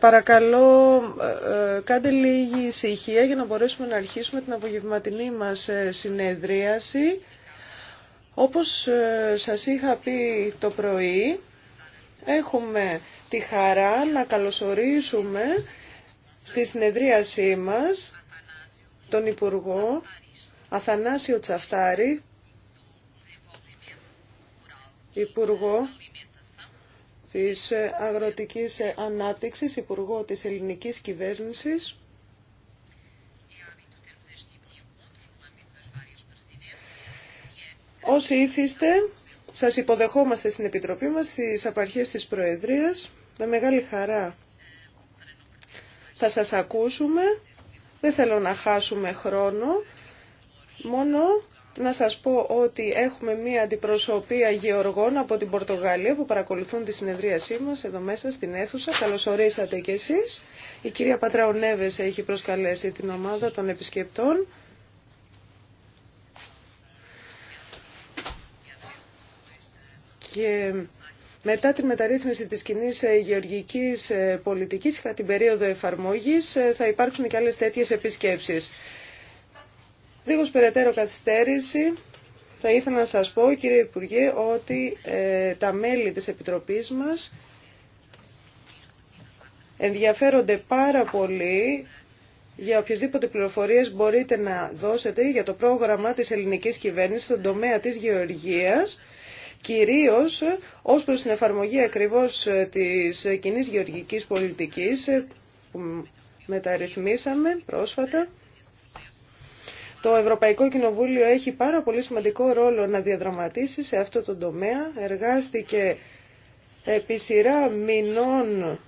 Παρακαλώ, κάντε λίγη ησυχία για να μπορέσουμε να αρχίσουμε την απογευματινή μας ε, συνεδρίαση. Όπως σα ε, σας είχα πει το πρωί, έχουμε τη χαρά να καλωσορίσουμε στη συνεδρίασή μας τον Υπουργό Αθανάσιο Τσαφτάρη Υπουργό της Αγροτικής Ανάπτυξης, Υπουργό της Ελληνικής Κυβέρνησης. Όσοι ήθιστε, σας υποδεχόμαστε στην Επιτροπή μας στις απαρχές της Προεδρίας. Με μεγάλη χαρά θα σας ακούσουμε. Δεν θέλω να χάσουμε χρόνο. Μόνο να σας πω ότι έχουμε μία αντιπροσωπεία γεωργών από την Πορτογαλία που παρακολουθούν τη συνεδρίασή μας εδώ μέσα στην αίθουσα. Καλώς ορίσατε κι εσείς. Η κυρία Πατραονέβες έχει προσκαλέσει την ομάδα των επισκεπτών. Και μετά τη μεταρρύθμιση της κοινή ε, γεωργικής ε, πολιτικής κατά την περίοδο εφαρμόγης ε, θα υπάρξουν και άλλες τέτοιες επισκέψεις. Δίχως περαιτέρω καθυστέρηση, θα ήθελα να σας πω, κύριε Υπουργέ, ότι ε, τα μέλη της Επιτροπής μας ενδιαφέρονται πάρα πολύ για οποιασδήποτε πληροφορίες μπορείτε να δώσετε για το πρόγραμμα της ελληνικής κυβέρνησης στον τομέα της γεωργίας, κυρίως ως προς την εφαρμογή ακριβώς ε, της κοινής γεωργικής πολιτικής ε, που μεταρρυθμίσαμε πρόσφατα. Το Ευρωπαϊκό Κοινοβούλιο έχει πάρα πολύ σημαντικό ρόλο να διαδραματίσει σε αυτό το τομέα. Εργάστηκε επί σειρά μηνών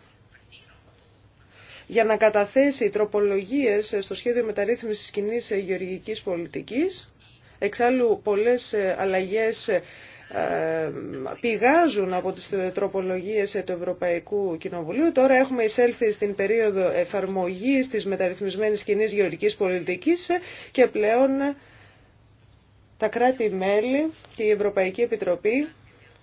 για να καταθέσει τροπολογίες στο σχέδιο μεταρρύθμισης κοινής γεωργικής πολιτικής. Εξάλλου πολλές αλλαγές ε, πηγάζουν από τις τροπολογίες του Ευρωπαϊκού Κοινοβουλίου. Τώρα έχουμε εισέλθει στην περίοδο εφαρμογής της μεταρρυθμισμένης κοινή γεωργικής πολιτικής και πλέον τα κράτη-μέλη και η Ευρωπαϊκή Επιτροπή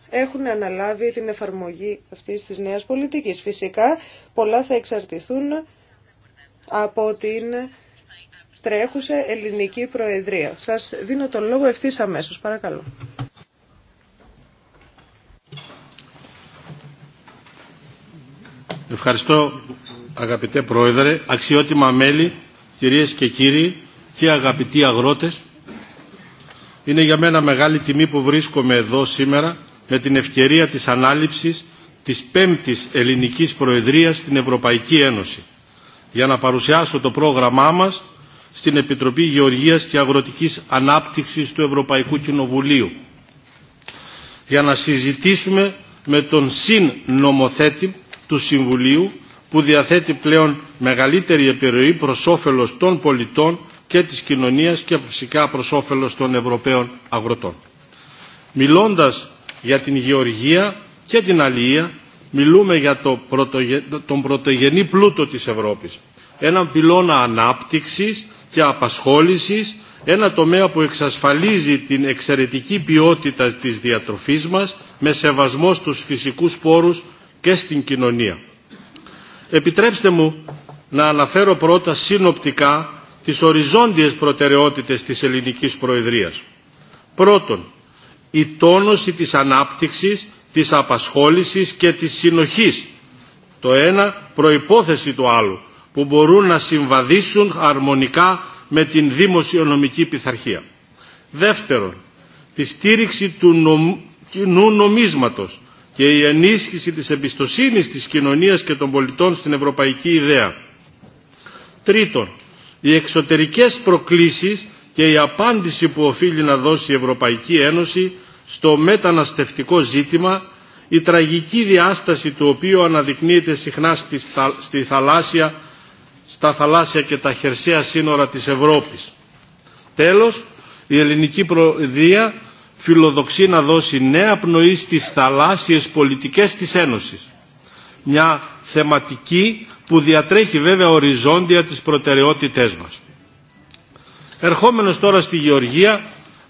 έχουν αναλάβει την εφαρμογή αυτής της νέας πολιτικής. Φυσικά πολλά θα εξαρτηθούν από την τρέχουσα ελληνική προεδρία. Σας δίνω τον λόγο ευθύ αμέσως. Παρακαλώ. Ευχαριστώ αγαπητέ Πρόεδρε, αξιότιμα μέλη, κυρίες και κύριοι και αγαπητοί αγρότες. Είναι για μένα μεγάλη τιμή που βρίσκομαι εδώ σήμερα με την ευκαιρία της ανάληψης της πέμπτης ελληνικής προεδρίας στην Ευρωπαϊκή Ένωση για να παρουσιάσω το πρόγραμμά μας στην Επιτροπή Γεωργίας και Αγροτικής Ανάπτυξης του Ευρωπαϊκού Κοινοβουλίου για να συζητήσουμε με τον νομοθέτη του Συμβουλίου που διαθέτει πλέον μεγαλύτερη επιρροή προς όφελος των πολιτών και της κοινωνίας και φυσικά προς όφελος των Ευρωπαίων αγροτών. Μιλώντας για την γεωργία και την αλληλεία, μιλούμε για το τον πρωτογενή πλούτο της Ευρώπης. Έναν πυλώνα ανάπτυξης και απασχόλησης, ένα τομέα που εξασφαλίζει την εξαιρετική ποιότητα της διατροφής μας με σεβασμό στους φυσικούς πόρους και στην κοινωνία. Επιτρέψτε μου να αναφέρω πρώτα συνοπτικά τις οριζόντιες προτεραιότητες της ελληνικής προεδρίας. Πρώτον, η τόνωση της ανάπτυξης, της απασχόλησης και της συνοχής. Το ένα προϋπόθεση του άλλου που μπορούν να συμβαδίσουν αρμονικά με την δημοσιονομική πειθαρχία. Δεύτερον, τη στήριξη του νομ... κοινού νομίσματος και η ενίσχυση της εμπιστοσύνης της κοινωνίας και των πολιτών στην ευρωπαϊκή ιδέα. Τρίτον, οι εξωτερικές προκλήσεις και η απάντηση που οφείλει να δώσει η Ευρωπαϊκή Ένωση στο μεταναστευτικό ζήτημα, η τραγική διάσταση του οποίου αναδεικνύεται συχνά στη θαλάσσια, στα θαλάσσια και τα χερσαία σύνορα της Ευρώπης. Τέλος, η ελληνική προεδρία φιλοδοξεί να δώσει νέα πνοή στις θαλάσσιες πολιτικές της Ένωσης. Μια θεματική που διατρέχει βέβαια οριζόντια τις προτεραιότητές μας. Ερχόμενος τώρα στη Γεωργία,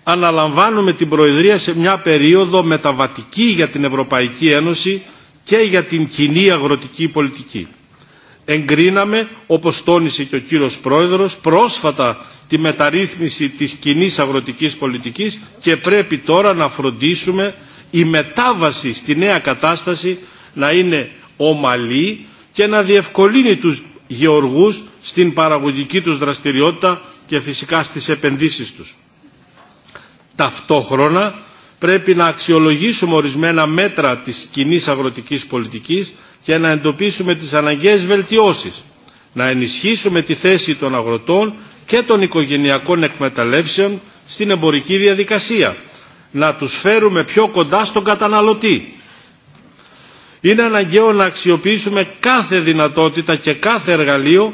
αναλαμβάνουμε την Προεδρία σε μια περίοδο μεταβατική για την Ευρωπαϊκή Ένωση και για την κοινή αγροτική πολιτική. Εγκρίναμε, όπως τόνισε και ο κύριος Πρόεδρος, πρόσφατα τη μεταρρύθμιση της κοινή αγροτικής πολιτικής και πρέπει τώρα να φροντίσουμε η μετάβαση στη νέα κατάσταση να είναι ομαλή και να διευκολύνει τους γεωργούς στην παραγωγική τους δραστηριότητα και φυσικά στις επενδύσεις τους. Ταυτόχρονα πρέπει να αξιολογήσουμε ορισμένα μέτρα της κοινή αγροτικής πολιτικής και να εντοπίσουμε τις αναγκαίες βελτιώσεις, να ενισχύσουμε τη θέση των αγροτών και των οικογενειακών εκμεταλλεύσεων στην εμπορική διαδικασία. Να τους φέρουμε πιο κοντά στον καταναλωτή. Είναι αναγκαίο να αξιοποιήσουμε κάθε δυνατότητα και κάθε εργαλείο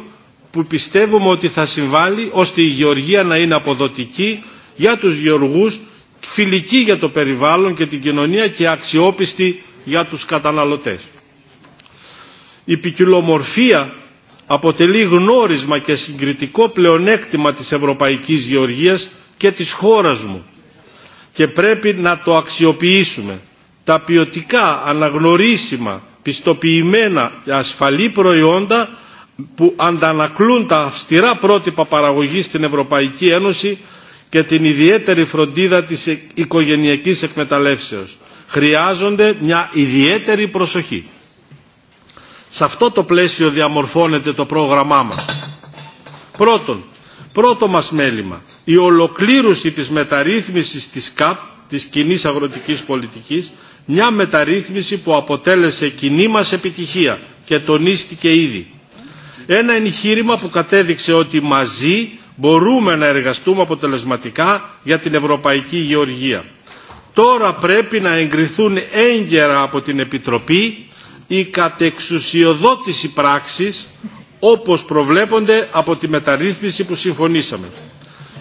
που πιστεύουμε ότι θα συμβάλλει ώστε η γεωργία να είναι αποδοτική για τους γεωργούς, φιλική για το περιβάλλον και την κοινωνία και αξιόπιστη για τους καταναλωτές. Η ποικιλομορφία αποτελεί γνώρισμα και συγκριτικό πλεονέκτημα της ευρωπαϊκής γεωργίας και της χώρας μου και πρέπει να το αξιοποιήσουμε. Τα ποιοτικά αναγνωρίσιμα πιστοποιημένα και ασφαλή προϊόντα που αντανακλούν τα αυστηρά πρότυπα παραγωγής στην Ευρωπαϊκή Ένωση και την ιδιαίτερη φροντίδα της οικογενειακής εκμεταλλεύσεως. Χρειάζονται μια ιδιαίτερη προσοχή. Σε αυτό το πλαίσιο διαμορφώνεται το πρόγραμμά μας. Πρώτον, πρώτο μας μέλημα, η ολοκλήρωση της μεταρρύθμισης της ΚΑΠ, της κοινή αγροτικής πολιτικής, μια μεταρρύθμιση που αποτέλεσε κοινή μας επιτυχία και τονίστηκε ήδη. Ένα εγχείρημα που κατέδειξε ότι μαζί μπορούμε να εργαστούμε αποτελεσματικά για την Ευρωπαϊκή Γεωργία. Τώρα πρέπει να εγκριθούν έγκαιρα από την Επιτροπή ή κατεξουσιοδότηση πράξης όπως προβλέπονται από τη μεταρρύθμιση που συμφωνήσαμε.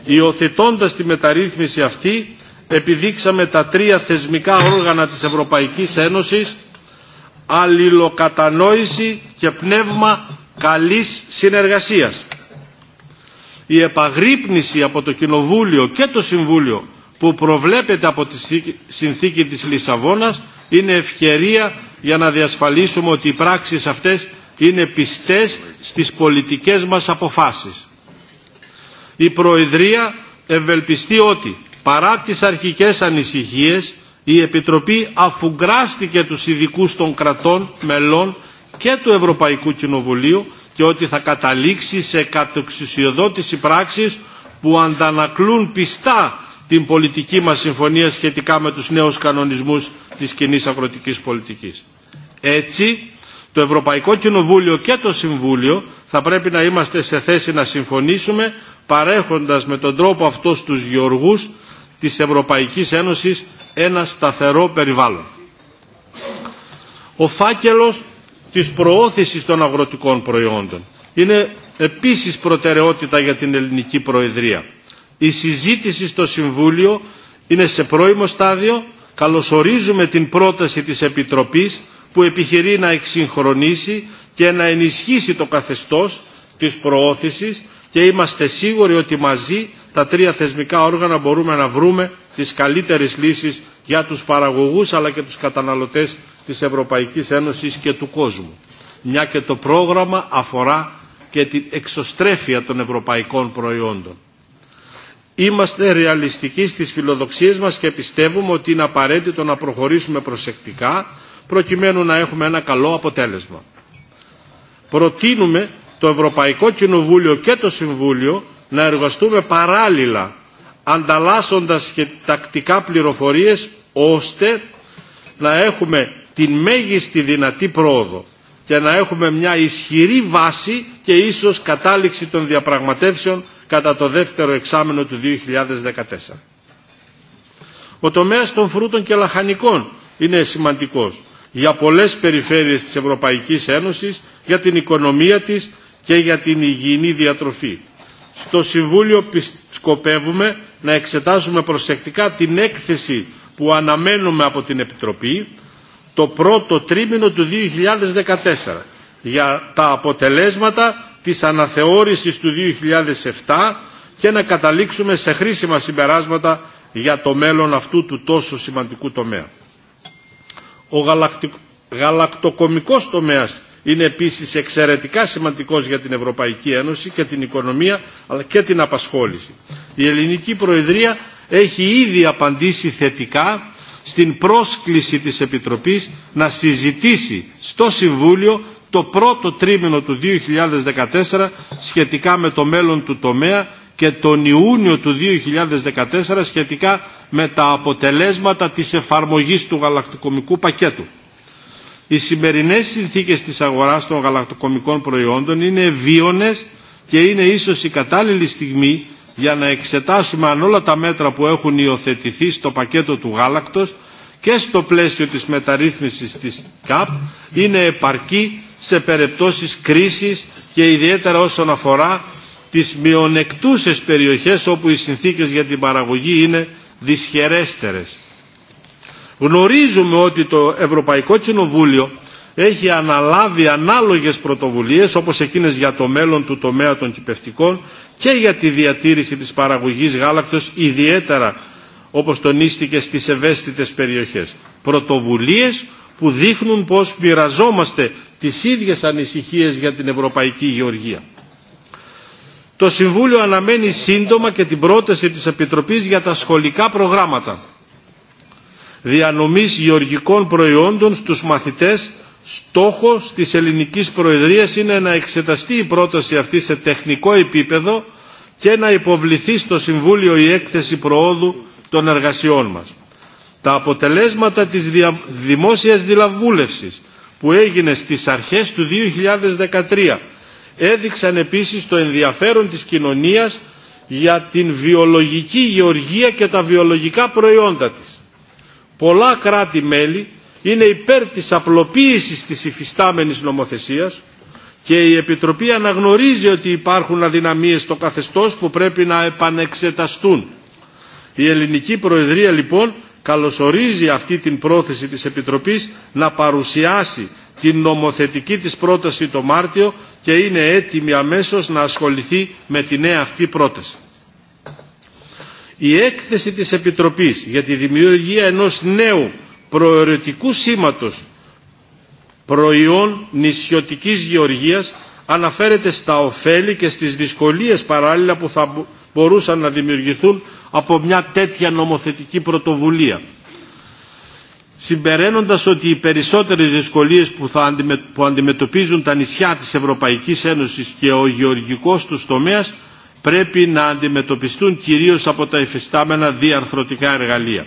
Υιοθετώντα τη μεταρρύθμιση αυτή επιδείξαμε τα τρία θεσμικά όργανα της Ευρωπαϊκής Ένωσης αλληλοκατανόηση και πνεύμα καλής συνεργασίας. Η κατεξουσιοδοτηση πραξης οπως προβλεπονται απο τη μεταρρυθμιση που συμφωνησαμε Υιοθετώντας τη μεταρρυθμιση αυτη επιδειξαμε τα από το Κοινοβούλιο και το Συμβούλιο που προβλέπεται από τη συνθήκη της Λισαβόνας είναι ευκαιρία για να διασφαλίσουμε ότι οι πράξεις αυτές είναι πιστές στις πολιτικές μας αποφάσεις. Η Προεδρία ευελπιστεί ότι παρά τις αρχικές ανησυχίες η Επιτροπή αφουγκράστηκε τους ειδικού των κρατών μελών και του Ευρωπαϊκού Κοινοβουλίου και ότι θα καταλήξει σε κατεξουσιοδότηση πράξεις που αντανακλούν πιστά την πολιτική μας συμφωνία σχετικά με τους νέους κανονισμούς της κοινή αγροτικής πολιτικής. Έτσι, το Ευρωπαϊκό Κοινοβούλιο και το Συμβούλιο θα πρέπει να είμαστε σε θέση να συμφωνήσουμε παρέχοντας με τον τρόπο αυτό στους γεωργούς της Ευρωπαϊκής Ένωσης ένα σταθερό περιβάλλον. Ο φάκελος της προώθησης των αγροτικών προϊόντων είναι επίσης προτεραιότητα για την ελληνική προεδρία η συζήτηση στο Συμβούλιο είναι σε πρώιμο στάδιο. Καλωσορίζουμε την πρόταση της Επιτροπής που επιχειρεί να εξυγχρονίσει και να ενισχύσει το καθεστώς της προώθησης και είμαστε σίγουροι ότι μαζί τα τρία θεσμικά όργανα μπορούμε να βρούμε τις καλύτερες λύσεις για τους παραγωγούς αλλά και τους καταναλωτές της Ευρωπαϊκής Ένωσης και του κόσμου. Μια και το πρόγραμμα αφορά και την εξωστρέφεια των ευρωπαϊκών προϊόντων. Είμαστε ρεαλιστικοί στις φιλοδοξίες μας και πιστεύουμε ότι είναι απαραίτητο να προχωρήσουμε προσεκτικά προκειμένου να έχουμε ένα καλό αποτέλεσμα. Προτείνουμε το Ευρωπαϊκό Κοινοβούλιο και το Συμβούλιο να εργαστούμε παράλληλα ανταλλάσσοντας και τακτικά πληροφορίες ώστε να έχουμε την μέγιστη δυνατή πρόοδο και να έχουμε μια ισχυρή βάση και ίσως κατάληξη των διαπραγματεύσεων κατά το δεύτερο εξάμενο του 2014. Ο τομέας των φρούτων και λαχανικών είναι σημαντικός για πολλές περιφέρειες της Ευρωπαϊκής Ένωσης, για την οικονομία της και για την υγιεινή διατροφή. Στο Συμβούλιο σκοπεύουμε να εξετάσουμε προσεκτικά την έκθεση που αναμένουμε από την Επιτροπή το πρώτο τρίμηνο του 2014 για τα αποτελέσματα της αναθεώρησης του 2007 και να καταλήξουμε σε χρήσιμα συμπεράσματα για το μέλλον αυτού του τόσο σημαντικού τομέα. Ο γαλακτοκομικός τομέας είναι επίσης εξαιρετικά σημαντικός για την Ευρωπαϊκή Ένωση και την οικονομία αλλά και την απασχόληση. Η Ελληνική Προεδρία έχει ήδη απαντήσει θετικά στην πρόσκληση της Επιτροπής να συζητήσει στο Συμβούλιο το πρώτο τρίμηνο του 2014 σχετικά με το μέλλον του τομέα και τον Ιούνιο του 2014 σχετικά με τα αποτελέσματα της εφαρμογής του γαλακτοκομικού πακέτου. Οι σημερινές συνθήκες της αγοράς των γαλακτοκομικών προϊόντων είναι βίωνες και είναι ίσως η κατάλληλη στιγμή για να εξετάσουμε αν όλα τα μέτρα που έχουν υιοθετηθεί στο πακέτο του γάλακτος και στο πλαίσιο της μεταρρύθμισης της ΚΑΠ είναι επαρκή σε περιπτώσεις κρίσης και ιδιαίτερα όσον αφορά τις μειονεκτούσες περιοχές όπου οι συνθήκες για την παραγωγή είναι δυσχερέστερες. Γνωρίζουμε ότι το Ευρωπαϊκό Κοινοβούλιο έχει αναλάβει ανάλογες πρωτοβουλίες όπως εκείνες για το μέλλον του τομέα των κυπευτικών και για τη διατήρηση της παραγωγής γάλακτος ιδιαίτερα όπως τονίστηκε στις ευαίσθητες περιοχές. Πρωτοβουλίες που δείχνουν πως μοιραζόμαστε τις ίδιες ανησυχίες για την Ευρωπαϊκή Γεωργία. Το Συμβούλιο αναμένει σύντομα και την πρόταση της Επιτροπής για τα σχολικά προγράμματα διανομής γεωργικών προϊόντων στους μαθητές στόχος της ελληνικής προεδρίας είναι να εξεταστεί η πρόταση αυτή σε τεχνικό επίπεδο και να υποβληθεί στο Συμβούλιο η έκθεση προόδου των εργασιών μας τα αποτελέσματα της δημόσιας δηλαβούλευσης που έγινε στις αρχές του 2013 έδειξαν επίσης το ενδιαφέρον της κοινωνίας για την βιολογική γεωργία και τα βιολογικά προϊόντα της. Πολλά κράτη-μέλη είναι υπέρ της απλοποίησης της υφιστάμενης νομοθεσίας και η Επιτροπή αναγνωρίζει ότι υπάρχουν αδυναμίες στο καθεστώς που πρέπει να επανεξεταστούν. Η Ελληνική Προεδρία λοιπόν καλωσορίζει αυτή την πρόθεση της Επιτροπής να παρουσιάσει την νομοθετική της πρόταση το Μάρτιο και είναι έτοιμη αμέσως να ασχοληθεί με τη νέα αυτή πρόταση. Η έκθεση της Επιτροπής για τη δημιουργία ενός νέου προαιρετικού σήματος προϊόν νησιωτικής γεωργίας αναφέρεται στα ωφέλη και στις δυσκολίες παράλληλα που θα μπορούσαν να δημιουργηθούν από μια τέτοια νομοθετική πρωτοβουλία. Συμπεραίνοντας ότι οι περισσότερες δυσκολίες που, θα αντιμετωπίζουν τα νησιά της Ευρωπαϊκής Ένωσης και ο γεωργικός τους τομέας πρέπει να αντιμετωπιστούν κυρίως από τα εφιστάμενα διαρθρωτικά εργαλεία.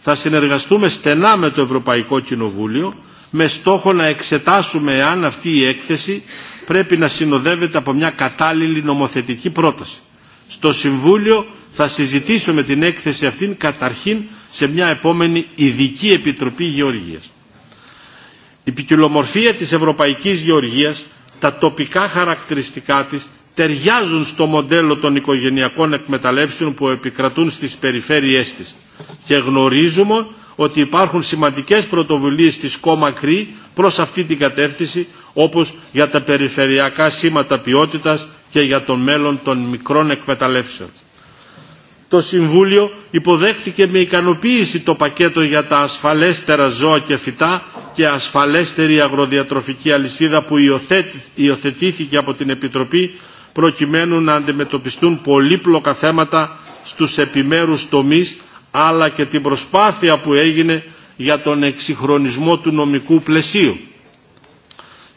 Θα συνεργαστούμε στενά με το Ευρωπαϊκό Κοινοβούλιο με στόχο να εξετάσουμε εάν αυτή η έκθεση πρέπει να συνοδεύεται από μια κατάλληλη νομοθετική πρόταση στο Συμβούλιο θα συζητήσουμε την έκθεση αυτήν καταρχήν σε μια επόμενη ειδική επιτροπή γεωργίας. Η ποικιλομορφία της ευρωπαϊκής γεωργίας, τα τοπικά χαρακτηριστικά της ταιριάζουν στο μοντέλο των οικογενειακών εκμεταλλεύσεων που επικρατούν στις περιφέρειές της και γνωρίζουμε ότι υπάρχουν σημαντικές πρωτοβουλίες της κόμμα προς αυτή την κατεύθυνση όπως για τα περιφερειακά σήματα ποιότητας, και για τον μέλλον των μικρών εκμεταλλεύσεων. Το Συμβούλιο υποδέχθηκε με ικανοποίηση το πακέτο για τα ασφαλέστερα ζώα και φυτά και ασφαλέστερη αγροδιατροφική αλυσίδα που υιοθετήθηκε από την Επιτροπή προκειμένου να αντιμετωπιστούν πολύπλοκα θέματα στους επιμέρους τομείς αλλά και την προσπάθεια που έγινε για τον εξυγχρονισμό του νομικού πλαισίου.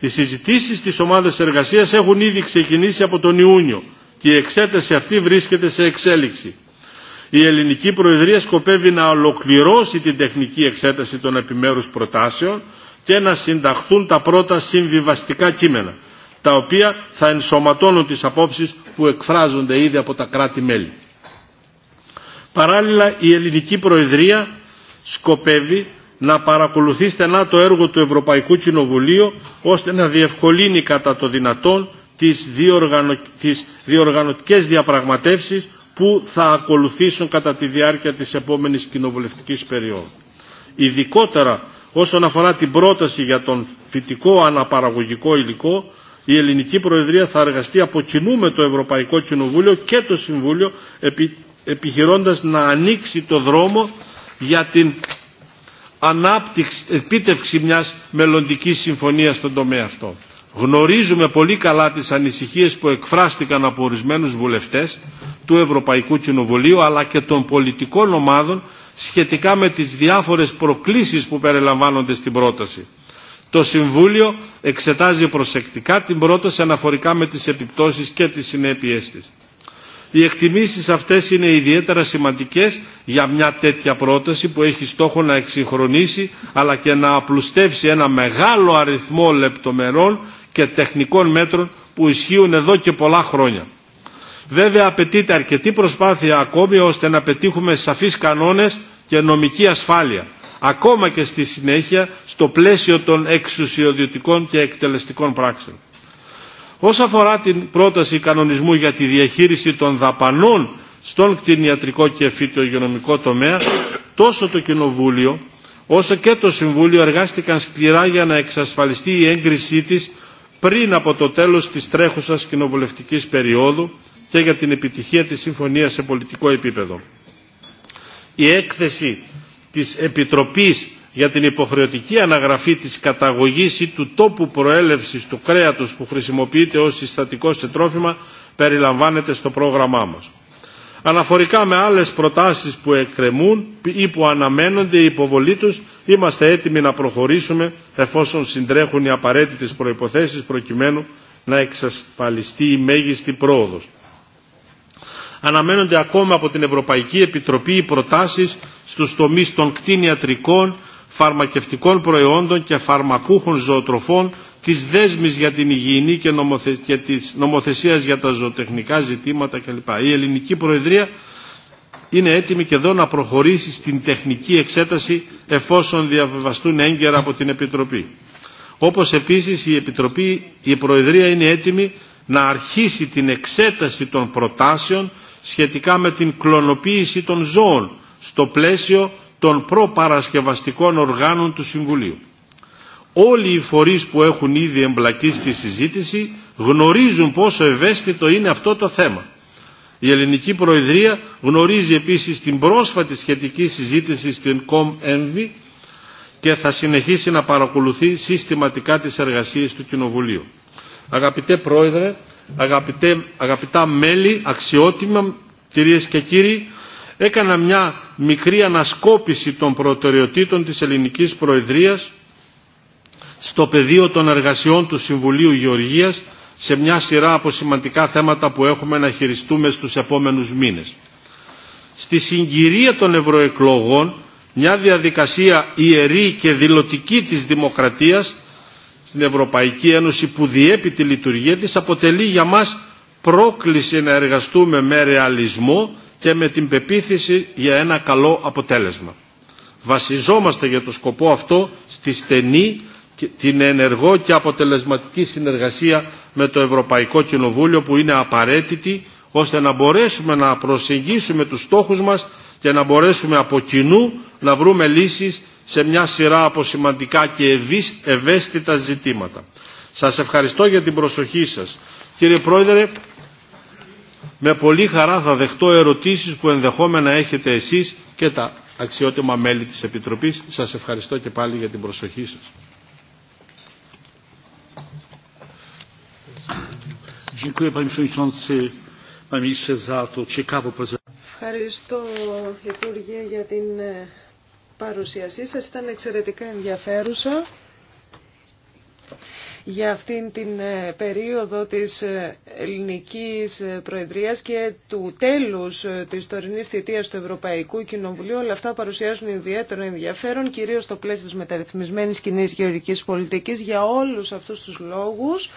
Οι συζητήσεις της ομάδας εργασίας έχουν ήδη ξεκινήσει από τον Ιούνιο και η εξέταση αυτή βρίσκεται σε εξέλιξη. Η ελληνική προεδρία σκοπεύει να ολοκληρώσει την τεχνική εξέταση των επιμέρους προτάσεων και να συνταχθούν τα πρώτα συμβιβαστικά κείμενα, τα οποία θα ενσωματώνουν τις απόψεις που εκφράζονται ήδη από τα κράτη-μέλη. Παράλληλα, η ελληνική προεδρία σκοπεύει να παρακολουθεί στενά το έργο του Ευρωπαϊκού Κοινοβουλίου ώστε να διευκολύνει κατά το δυνατόν τις, διοργανω... τις διοργανωτικές διαπραγματεύσεις που θα ακολουθήσουν κατά τη διάρκεια της επόμενης κοινοβουλευτικής περίοδου. Ειδικότερα όσον αφορά την πρόταση για τον φυτικό αναπαραγωγικό υλικό, η Ελληνική Προεδρία θα εργαστεί από κοινού με το Ευρωπαϊκό Κοινοβούλιο και το Συμβούλιο επιχειρώντας να ανοίξει το δρόμο για την ανάπτυξη, επίτευξη μιας μελλοντικής συμφωνίας στον τομέα αυτό. Γνωρίζουμε πολύ καλά τις ανησυχίες που εκφράστηκαν από ορισμένου βουλευτές του Ευρωπαϊκού Κοινοβουλίου αλλά και των πολιτικών ομάδων σχετικά με τις διάφορες προκλήσεις που περιλαμβάνονται στην πρόταση. Το Συμβούλιο εξετάζει προσεκτικά την πρόταση αναφορικά με τις επιπτώσεις και τις συνέπειές της οι εκτιμήσεις αυτές είναι ιδιαίτερα σημαντικές για μια τέτοια πρόταση που έχει στόχο να εξυγχρονίσει αλλά και να απλουστεύσει ένα μεγάλο αριθμό λεπτομερών και τεχνικών μέτρων που ισχύουν εδώ και πολλά χρόνια. Βέβαια απαιτείται αρκετή προσπάθεια ακόμη ώστε να πετύχουμε σαφείς κανόνες και νομική ασφάλεια ακόμα και στη συνέχεια στο πλαίσιο των εξουσιοδιωτικών και εκτελεστικών πράξεων. Όσο αφορά την πρόταση κανονισμού για τη διαχείριση των δαπανών στον κτηνιατρικό και υγειονομικό τομέα, τόσο το Κοινοβούλιο όσο και το Συμβούλιο εργάστηκαν σκληρά για να εξασφαλιστεί η έγκρισή της πριν από το τέλος της τρέχουσας κοινοβουλευτικής περίοδου και για την επιτυχία της συμφωνίας σε πολιτικό επίπεδο. Η έκθεση της Επιτροπής για την υποχρεωτική αναγραφή της καταγωγής ή του τόπου προέλευσης του κρέατος που χρησιμοποιείται ως συστατικό σε τρόφιμα περιλαμβάνεται στο πρόγραμμά μας. Αναφορικά με άλλες προτάσεις που εκκρεμούν ή που αναμένονται η υποβολή τους, είμαστε έτοιμοι να προχωρήσουμε εφόσον συντρέχουν οι απαραίτητες προϋποθέσεις προκειμένου να εξασφαλιστεί η μέγιστη πρόοδος. Αναμένονται ακόμα από την Ευρωπαϊκή Επιτροπή οι προτάσεις στους τομείς των κτηνιατρικών, φαρμακευτικών προϊόντων και φαρμακούχων ζωοτροφών της δέσμης για την υγιεινή και, νομοθε... και της νομοθεσίας για τα ζωοτεχνικά ζητήματα κλπ. Η ελληνική προεδρία είναι έτοιμη και εδώ να προχωρήσει στην τεχνική εξέταση εφόσον διαβεβαστούν έγκαιρα από την Επιτροπή. Όπως επίσης η Επιτροπή, η Προεδρία είναι έτοιμη να αρχίσει την εξέταση των προτάσεων σχετικά με την κλωνοποίηση των ζώων στο πλαίσιο των προπαρασκευαστικών οργάνων του Συμβουλίου. Όλοι οι φορείς που έχουν ήδη εμπλακεί στη συζήτηση γνωρίζουν πόσο ευαίσθητο είναι αυτό το θέμα. Η Ελληνική Προεδρία γνωρίζει επίσης την πρόσφατη σχετική συζήτηση στην ΚΟΜΕΝΒΗ και θα συνεχίσει να παρακολουθεί συστηματικά τις εργασίες του Κοινοβουλίου. Αγαπητέ Πρόεδρε, αγαπητά μέλη, αξιότιμα κυρίες και κύριοι, έκανα μια μικρή ανασκόπηση των προτεραιοτήτων της ελληνικής προεδρίας στο πεδίο των εργασιών του Συμβουλίου Γεωργίας σε μια σειρά από σημαντικά θέματα που έχουμε να χειριστούμε στους επόμενους μήνες. Στη συγκυρία των ευρωεκλογών, μια διαδικασία ιερή και δηλωτική της δημοκρατίας στην Ευρωπαϊκή Ένωση που διέπει τη λειτουργία της αποτελεί για μας πρόκληση να εργαστούμε με ρεαλισμό και με την πεποίθηση για ένα καλό αποτέλεσμα. Βασιζόμαστε για το σκοπό αυτό στη στενή, την ενεργό και αποτελεσματική συνεργασία με το Ευρωπαϊκό Κοινοβούλιο που είναι απαραίτητη ώστε να μπορέσουμε να προσεγγίσουμε τους στόχους μας και να μπορέσουμε από κοινού να βρούμε λύσεις σε μια σειρά από σημαντικά και ευαίσθητα ζητήματα. Σας ευχαριστώ για την προσοχή σας. Κύριε Πρόεδρε, με πολύ χαρά θα δεχτώ ερωτήσεις που ενδεχόμενα έχετε εσείς και τα αξιότιμα μέλη της Επιτροπής. Σας ευχαριστώ και πάλι για την προσοχή σας. Ευχαριστώ Υπουργέ για την ε, παρουσίασή σας. Ήταν εξαιρετικά ενδιαφέρουσα για αυτήν την ε, περίοδο της ε, ελληνικής ε, προεδρίας και του τέλους της τωρινής θητείας του Ευρωπαϊκού Κοινοβουλίου. Όλα αυτά παρουσιάζουν ιδιαίτερο ενδιαφέρον, κυρίως στο πλαίσιο της μεταρρυθμισμένης κοινή γεωργικής πολιτικής. Για όλους αυτούς τους λόγους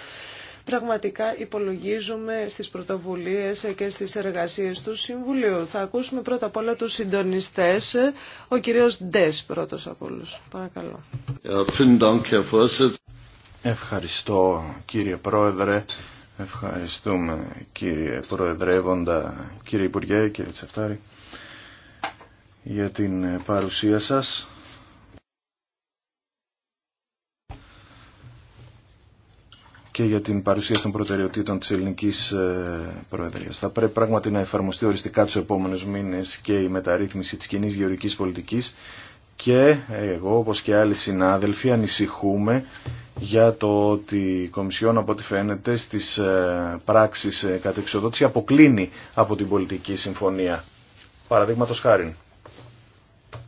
πραγματικά υπολογίζουμε στις πρωτοβουλίες και στις εργασίες του Συμβουλίου. Θα ακούσουμε πρώτα απ' όλα τους συντονιστές, ο κύριος Ντες πρώτος από όλους. Παρακαλώ. Ευχαριστώ κύριε Πρόεδρε, ευχαριστούμε κύριε Προεδρεύοντα, κύριε Υπουργέ, κύριε Τσεφτάρη για την παρουσία σας. και για την παρουσία των προτεραιοτήτων της ελληνικής ε, προεδρίας. Θα πρέπει πράγματι να εφαρμοστεί οριστικά τους επόμενους μήνες και η μεταρρύθμιση της κοινή γεωργικής πολιτικής και εγώ όπως και άλλοι συνάδελφοι ανησυχούμε για το ότι η Κομισιόν από ό,τι φαίνεται στις ε, πράξεις ε, κατεξοδότηση αποκλίνει από την πολιτική συμφωνία. Παραδείγματο χάρη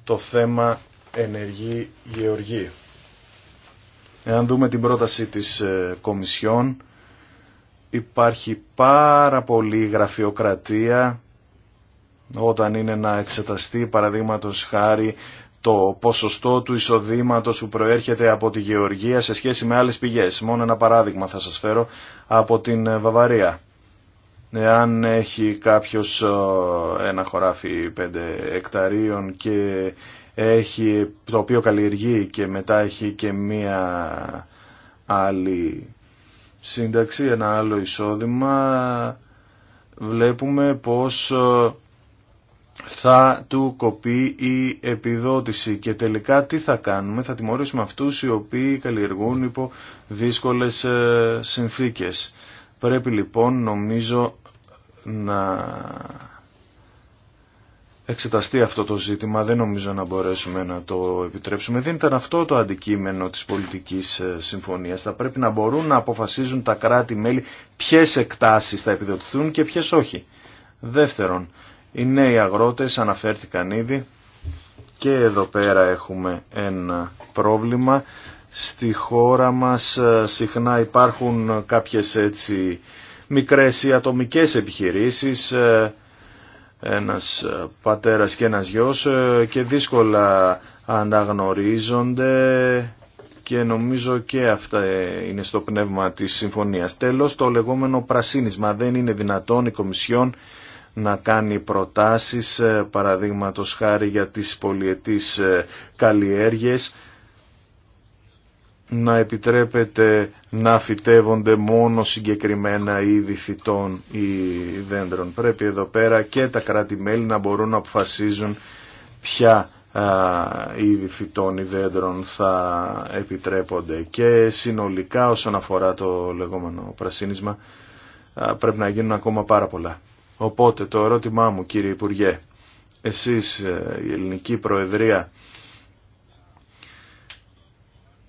το θέμα ενεργή γεωργή. Εάν δούμε την πρόταση της ε, Κομισιόν υπάρχει πάρα πολύ γραφειοκρατία όταν είναι να εξεταστεί παραδείγματο χάρη το ποσοστό του εισοδήματο που προέρχεται από τη γεωργία σε σχέση με άλλες πηγές. Μόνο ένα παράδειγμα θα σας φέρω από την ε, Βαβαρία. Εάν έχει κάποιος ε, ένα χωράφι 5 εκταρίων και έχει, το οποίο καλλιεργεί και μετά έχει και μία άλλη σύνταξη, ένα άλλο εισόδημα, βλέπουμε πως ε, θα του κοπεί η επιδότηση και τελικά τι θα κάνουμε, θα τιμωρήσουμε αυτούς οι οποίοι καλλιεργούν υπό δύσκολες ε, συνθήκες. Πρέπει λοιπόν νομίζω να εξεταστεί αυτό το ζήτημα, δεν νομίζω να μπορέσουμε να το επιτρέψουμε. Δεν ήταν αυτό το αντικείμενο της πολιτικής ε, συμφωνίας. Θα πρέπει να μπορούν να αποφασίζουν τα κράτη-μέλη ποιες εκτάσεις θα επιδοτηθούν και ποιες όχι. Δεύτερον, οι νέοι αγρότες αναφέρθηκαν ήδη και εδώ πέρα έχουμε ένα πρόβλημα. Στη χώρα μας ε, συχνά υπάρχουν κάποιες έτσι μικρές ή ατομικές επιχειρήσεις, ε, ένας πατέρας και ένας γιος ε, και δύσκολα αναγνωρίζονται και νομίζω και αυτά είναι στο πνεύμα της συμφωνίας. Τέλος, το λεγόμενο πρασίνισμα δεν είναι δυνατόν η Κομισιόν να κάνει προτάσεις, ε, παραδείγματος χάρη για τις πολιετής ε, καλλιέργειες, να επιτρέπεται να φυτεύονται μόνο συγκεκριμένα είδη φυτών ή δέντρων. Πρέπει εδώ πέρα και τα κράτη-μέλη να μπορούν να αποφασίζουν ποια είδη φυτών ή δέντρων θα επιτρέπονται και συνολικά όσον αφορά το λεγόμενο πρασίνισμα πρέπει να γίνουν ακόμα πάρα πολλά. Οπότε το ερώτημά μου κύριε Υπουργέ, εσείς ε, η ελληνική προεδρία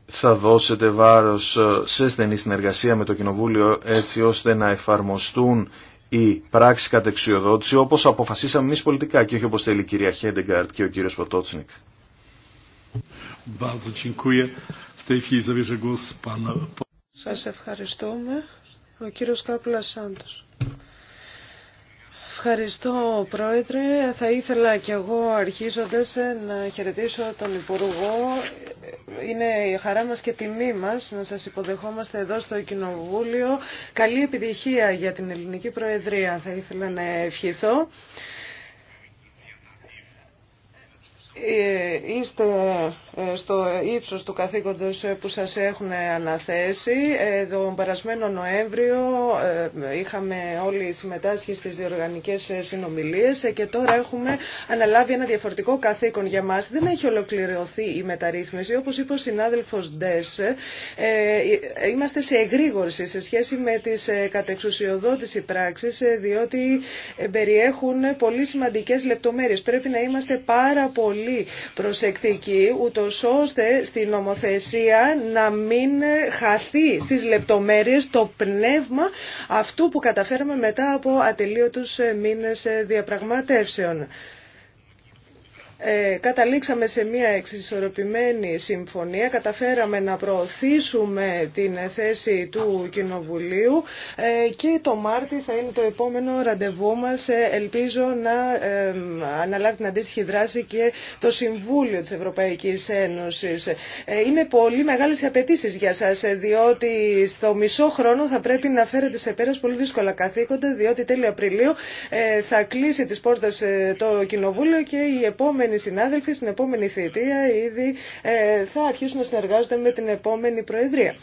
θα δώσετε βάρος ε, σε στενή συνεργασία με το Κοινοβούλιο έτσι ώστε να εφαρμοστούν οι πράξεις κατεξιοδότηση όπως αποφασίσαμε εμείς πολιτικά και όχι όπως θέλει η κυρία Χέντεγκαρτ και ο κύριος Ποτότσνικ. Σας ευχαριστούμε. Ο κύριος Κάπλας Σάντος. Ευχαριστώ Πρόεδρε. Θα ήθελα κι εγώ αρχίζοντας να χαιρετήσω τον Υπουργό. Είναι η χαρά μας και τιμή μας να σας υποδεχόμαστε εδώ στο Κοινοβούλιο. Καλή επιτυχία για την Ελληνική Προεδρία θα ήθελα να ευχηθώ. Ε, είστε ε, στο ύψος του καθήκοντος που σας έχουν αναθέσει. Ε, τον περασμένο Νοέμβριο είχαμε όλοι συμμετάσχει στις διοργανικές συνομιλίες και τώρα έχουμε αναλάβει ένα διαφορετικό καθήκον για μας. Δεν έχει ολοκληρωθεί η μεταρρύθμιση. Όπως είπε ο συνάδελφος Ντες, είμαστε σε εγρήγορση σε σχέση με τις κατεξουσιοδότηση πράξεις, διότι περιέχουν πολύ σημαντικές λεπτομέρειες. Πρέπει να είμαστε πάρα πολύ προσεκτική προσεκτική ούτω ώστε στην νομοθεσία να μην χαθεί στις λεπτομέρειες το πνεύμα αυτού που καταφέραμε μετά από ατελείωτους μήνες διαπραγματεύσεων. Ε, καταλήξαμε σε μια εξισορροπημένη συμφωνία. Καταφέραμε να προωθήσουμε την θέση του Κοινοβουλίου ε, και το Μάρτι θα είναι το επόμενο ραντεβού μας. Ε, ελπίζω να αναλάβει την αντίστοιχη δράση και το Συμβούλιο της Ευρωπαϊκής Ένωσης. είναι πολύ μεγάλες απαιτήσει για σας, διότι στο μισό χρόνο θα πρέπει να φέρετε σε πέρας πολύ δύσκολα καθήκοντα, διότι τέλη Απριλίου θα κλείσει τις πόρτες το Κοινοβούλιο και η επόμενη αγαπημένοι συνάδελφοι στην επόμενη θητεία ήδη ε, θα αρχίσουν να συνεργάζονται με την επόμενη Προεδρία.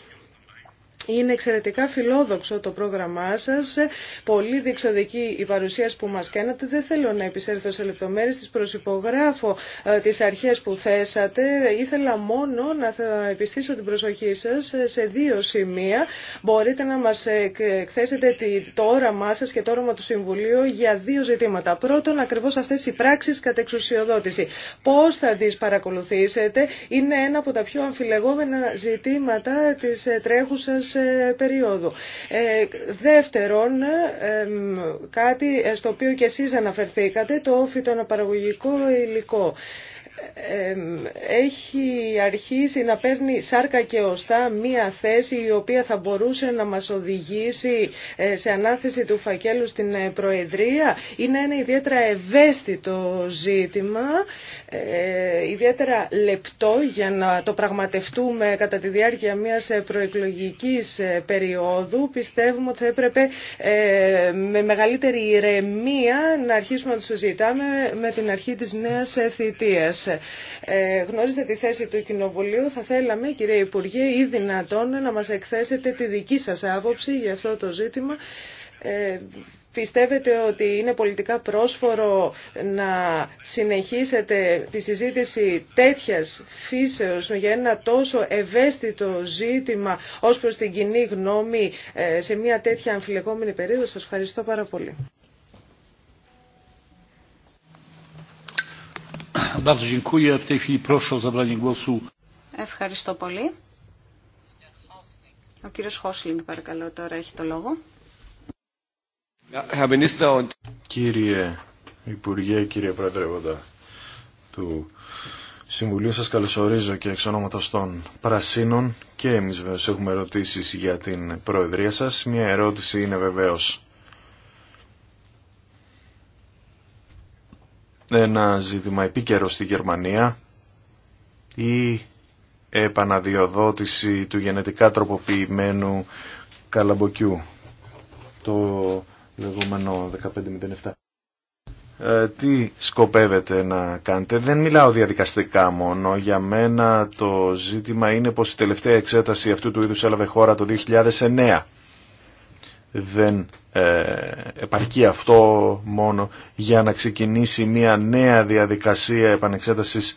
Είναι εξαιρετικά φιλόδοξο το πρόγραμμά σα. πολύ διεξοδική η παρουσία που μα κάνατε. Δεν θέλω να επισέλθω σε λεπτομέρειε τις προσυπογράφω ε, τι αρχέ που θέσατε. Ήθελα μόνο να θα επιστήσω την προσοχή σα σε δύο σημεία. Μπορείτε να μα εκθέσετε το όραμά σα και το όραμα του Συμβουλίου για δύο ζητήματα. Πρώτον, ακριβώ αυτέ οι πράξει κατά εξουσιοδότηση. Πώ θα τι παρακολουθήσετε. Είναι ένα από τα πιο αμφιλεγόμενα ζητήματα τη ε, τρέχουσας ε, περίοδου. Ε, δεύτερον, ε, κάτι στο οποίο και εσείς αναφερθήκατε, το φυτοναπαραγωγικό υλικό έχει αρχίσει να παίρνει σάρκα και οστά μία θέση η οποία θα μπορούσε να μας οδηγήσει ε, σε ανάθεση του φακέλου στην ε, Προεδρία. Είναι ένα ιδιαίτερα ευαίσθητο ζήτημα, ε, ιδιαίτερα λεπτό για να το πραγματευτούμε κατά τη διάρκεια μιας προεκλογικής περίοδου. Πιστεύουμε ότι θα έπρεπε με μεγαλύτερη ηρεμία να αρχίσουμε να το συζητάμε με την αρχή της νέας θητείας. Ε, Γνωρίζετε τη θέση του Κοινοβουλίου. Θα θέλαμε, κύριε Υπουργέ, ή δυνατόν να μας εκθέσετε τη δική σας άποψη για αυτό το ζήτημα. Ε, πιστεύετε ότι είναι πολιτικά πρόσφορο να συνεχίσετε τη συζήτηση τέτοιας φύσεως για ένα τόσο ευαίσθητο ζήτημα ως προς την κοινή γνώμη ε, σε μια τέτοια αμφιλεγόμενη περίοδο. Σας ευχαριστώ πάρα πολύ. Ευχαριστώ πολύ. Ο κύριος Χόσλινγκ παρακαλώ τώρα έχει το λόγο. Κύριε Υπουργέ, κύριε Πρόεδρε του Συμβουλίου, σας καλωσορίζω και εξ ονόματος των Πρασίνων και εμείς βεβαίως έχουμε ερωτήσεις για την Προεδρία σας. Μια ερώτηση είναι βεβαίως ένα ζήτημα επίκαιρο στη Γερμανία η επαναδιοδότηση του γενετικά τροποποιημένου καλαμποκιού το λεγόμενο 1507 ε, τι σκοπεύετε να κάνετε δεν μιλάω διαδικαστικά μόνο για μένα το ζήτημα είναι πως η τελευταία εξέταση αυτού του είδους έλαβε χώρα το 2009 δεν ε, επαρκεί αυτό μόνο για να ξεκινήσει μια νέα διαδικασία επανεξέτασης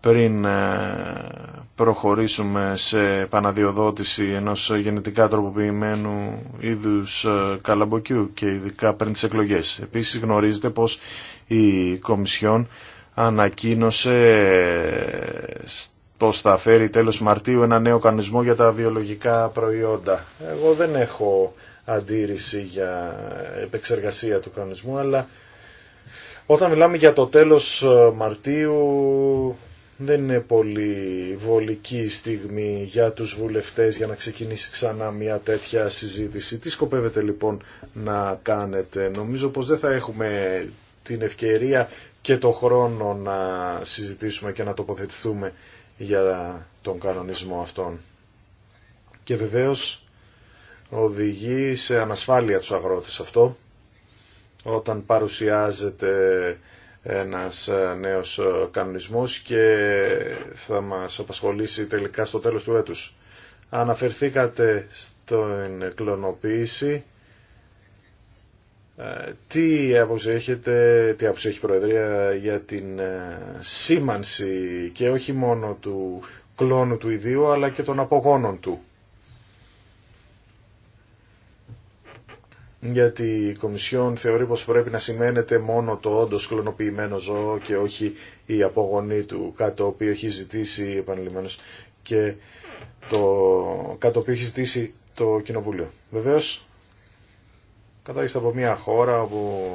πριν ε, προχωρήσουμε σε επαναδιοδότηση ενός γενετικά τροποποιημένου είδους ε, καλαμποκιού και ειδικά πριν τις εκλογές. Επίσης γνωρίζετε πως η Κομισιόν ανακοίνωσε Πώς θα φέρει τέλος Μαρτίου ένα νέο κανονισμό για τα βιολογικά προϊόντα. Εγώ δεν έχω αντίρρηση για επεξεργασία του κανονισμού, αλλά όταν μιλάμε για το τέλος ε, Μαρτίου δεν είναι πολύ βολική στιγμή για τους βουλευτές για να ξεκινήσει ξανά μια τέτοια συζήτηση. Τι σκοπεύετε λοιπόν να κάνετε. Νομίζω πως δεν θα έχουμε την ευκαιρία και το χρόνο να συζητήσουμε και να τοποθετηθούμε για τον κανονισμό αυτόν. Και βεβαίως οδηγεί σε ανασφάλεια τους αγρότες αυτό όταν παρουσιάζεται ένας ε, νέος ε, κανονισμός και θα μας απασχολήσει τελικά στο τέλος του έτους. Αναφερθήκατε στην κλωνοποίηση ε, τι άποψη έχετε, τι άποψη έχει η Προεδρία για την ε, σήμανση και όχι μόνο του κλόνου του ιδίου αλλά και των απογόνων του. Γιατί η Κομισιόν θεωρεί πως πρέπει να σημαίνεται μόνο το όντω κλωνοποιημένο ζώο και όχι η απογονή του, κάτι το οποίο έχει ζητήσει και το, κάτι το οποίο έχει ζητήσει το Κοινοβούλιο. Βεβαίως Κατάγεστε από μια χώρα που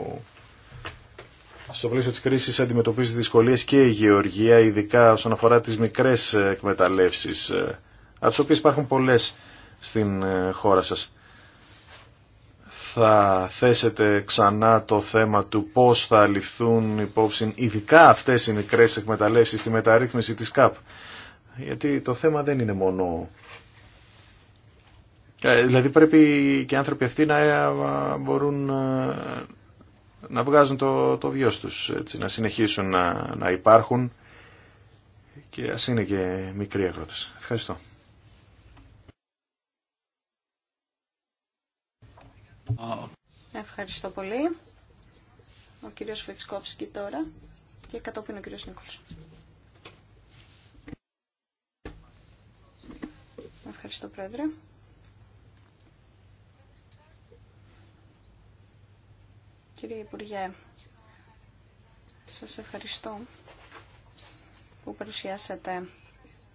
στο πλαίσιο της κρίσης αντιμετωπίζει δυσκολίες και η γεωργία, ειδικά όσον αφορά τις μικρές εκμεταλλεύσεις, ε, από τις οποίες υπάρχουν πολλές στην ε, χώρα σας. Θα θέσετε ξανά το θέμα του πώς θα ληφθούν υπόψη ειδικά αυτές οι μικρές εκμεταλλεύσεις στη μεταρρύθμιση της ΚΑΠ. Γιατί το θέμα δεν είναι μόνο ε, δηλαδή πρέπει και οι άνθρωποι αυτοί να ε, μπορούν ε, να βγάζουν το, το βιός τους, να συνεχίσουν να, υπάρχουν και ας είναι και μικροί αγρότες. Ευχαριστώ. Ευχαριστώ πολύ. Ο κύριος Φετσκόψκι τώρα και κατόπιν ο κύριος Νίκολς. Ευχαριστώ πρόεδρε. Κύριε Υπουργέ, σας ευχαριστώ που παρουσιάσατε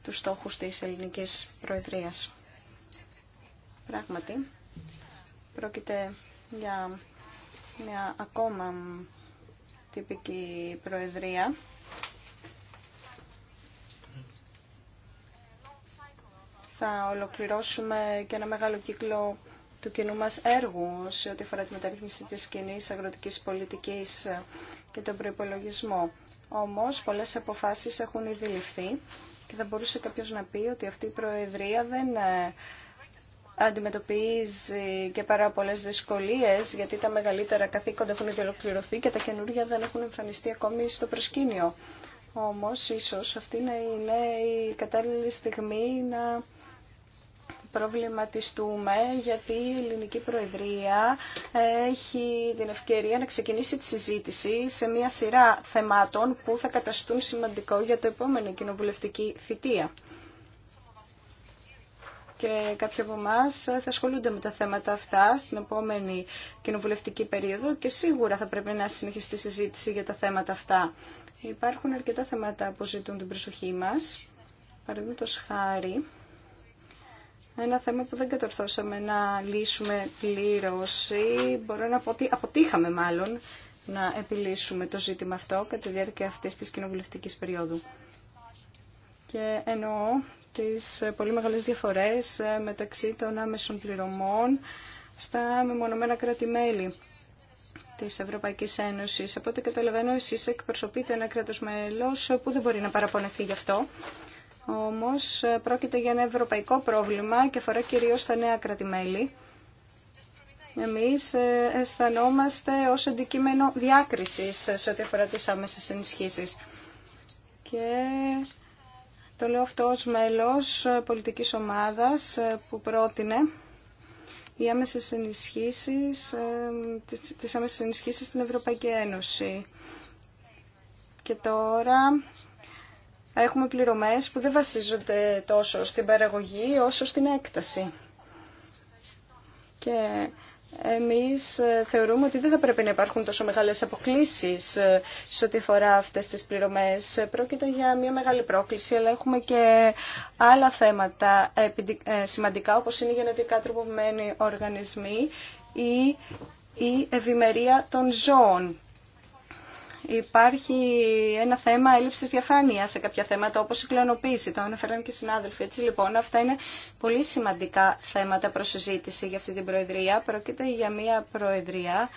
τους στόχους της ελληνικής προεδρίας. Πράγματι, πρόκειται για μια ακόμα τυπική προεδρία. Θα ολοκληρώσουμε και ένα μεγάλο κύκλο του κοινού μας έργου σε ό,τι αφορά τη μεταρρύθμιση της κοινή αγροτικής πολιτικής και τον προϋπολογισμό. Όμως, πολλές αποφάσεις έχουν ήδη ληφθεί και θα μπορούσε κάποιος να πει ότι αυτή η Προεδρία δεν ε, αντιμετωπίζει και πάρα πολλές δυσκολίες γιατί τα μεγαλύτερα καθήκοντα έχουν ήδη ολοκληρωθεί και τα καινούργια δεν έχουν εμφανιστεί ακόμη στο προσκήνιο. Όμως, ίσως αυτή να είναι η κατάλληλη στιγμή να προβληματιστούμε γιατί η ελληνική προεδρία έχει την ευκαιρία να ξεκινήσει τη συζήτηση σε μια σειρά θεμάτων που θα καταστούν σημαντικό για το επόμενο κοινοβουλευτική θητεία. Και κάποιοι από εμά θα ασχολούνται με τα θέματα αυτά στην επόμενη κοινοβουλευτική περίοδο και σίγουρα θα πρέπει να συνεχιστεί συζήτηση για τα θέματα αυτά. Υπάρχουν αρκετά θέματα που ζητούν την προσοχή μας. Παραδείγματο χάρη, ένα θέμα που δεν κατορθώσαμε να λύσουμε πλήρως ή μπορώ να πω ότι αποτύχαμε μάλλον να επιλύσουμε το ζήτημα αυτό κατά τη διάρκεια αυτής της κοινοβουλευτικής περίοδου. Και εννοώ τις πολύ μεγάλες διαφορές ε, μεταξύ των άμεσων πληρωμών στα μεμονωμένα κράτη-μέλη της Ευρωπαϊκής Ένωσης. Από ό,τι καταλαβαίνω, εσείς εκπροσωπείτε ένα κράτος μέλος που δεν μπορεί να παραπονεθεί γι' αυτό όμως ε, πρόκειται για ένα ευρωπαϊκό πρόβλημα και αφορά κυρίως τα νέα κρατημέλη. Εμείς ε, αισθανόμαστε ως αντικείμενο διάκρισης ε, σε ό,τι αφορά τις άμεσες ενισχύσεις. Και το λέω αυτό ως μέλος πολιτικής ομάδας που πρότεινε οι άμεσες ενισχύσεις, τις άμεσες ενισχύσεις στην Ευρωπαϊκή Ένωση. Και τώρα έχουμε πληρωμές που δεν βασίζονται τόσο στην παραγωγή όσο στην έκταση. Και εμείς ε, θεωρούμε ότι δεν θα πρέπει να υπάρχουν τόσο μεγάλες αποκλήσεις ε, σε ό,τι αφορά αυτές τις πληρωμές. Πρόκειται για μια μεγάλη πρόκληση, αλλά έχουμε και άλλα θέματα ε, σημαντικά, όπως είναι οι γενετικά τροποποιημένοι οργανισμοί ή η ευημερία των ζώων υπάρχει ένα θέμα έλλειψης διαφάνειας σε κάποια θέματα όπως η κλωνοποίηση. Το αναφέραν και οι συνάδελφοι. Έτσι λοιπόν αυτά είναι πολύ σημαντικά θέματα προς συζήτηση για αυτή την Προεδρία. Πρόκειται για μια Προεδρία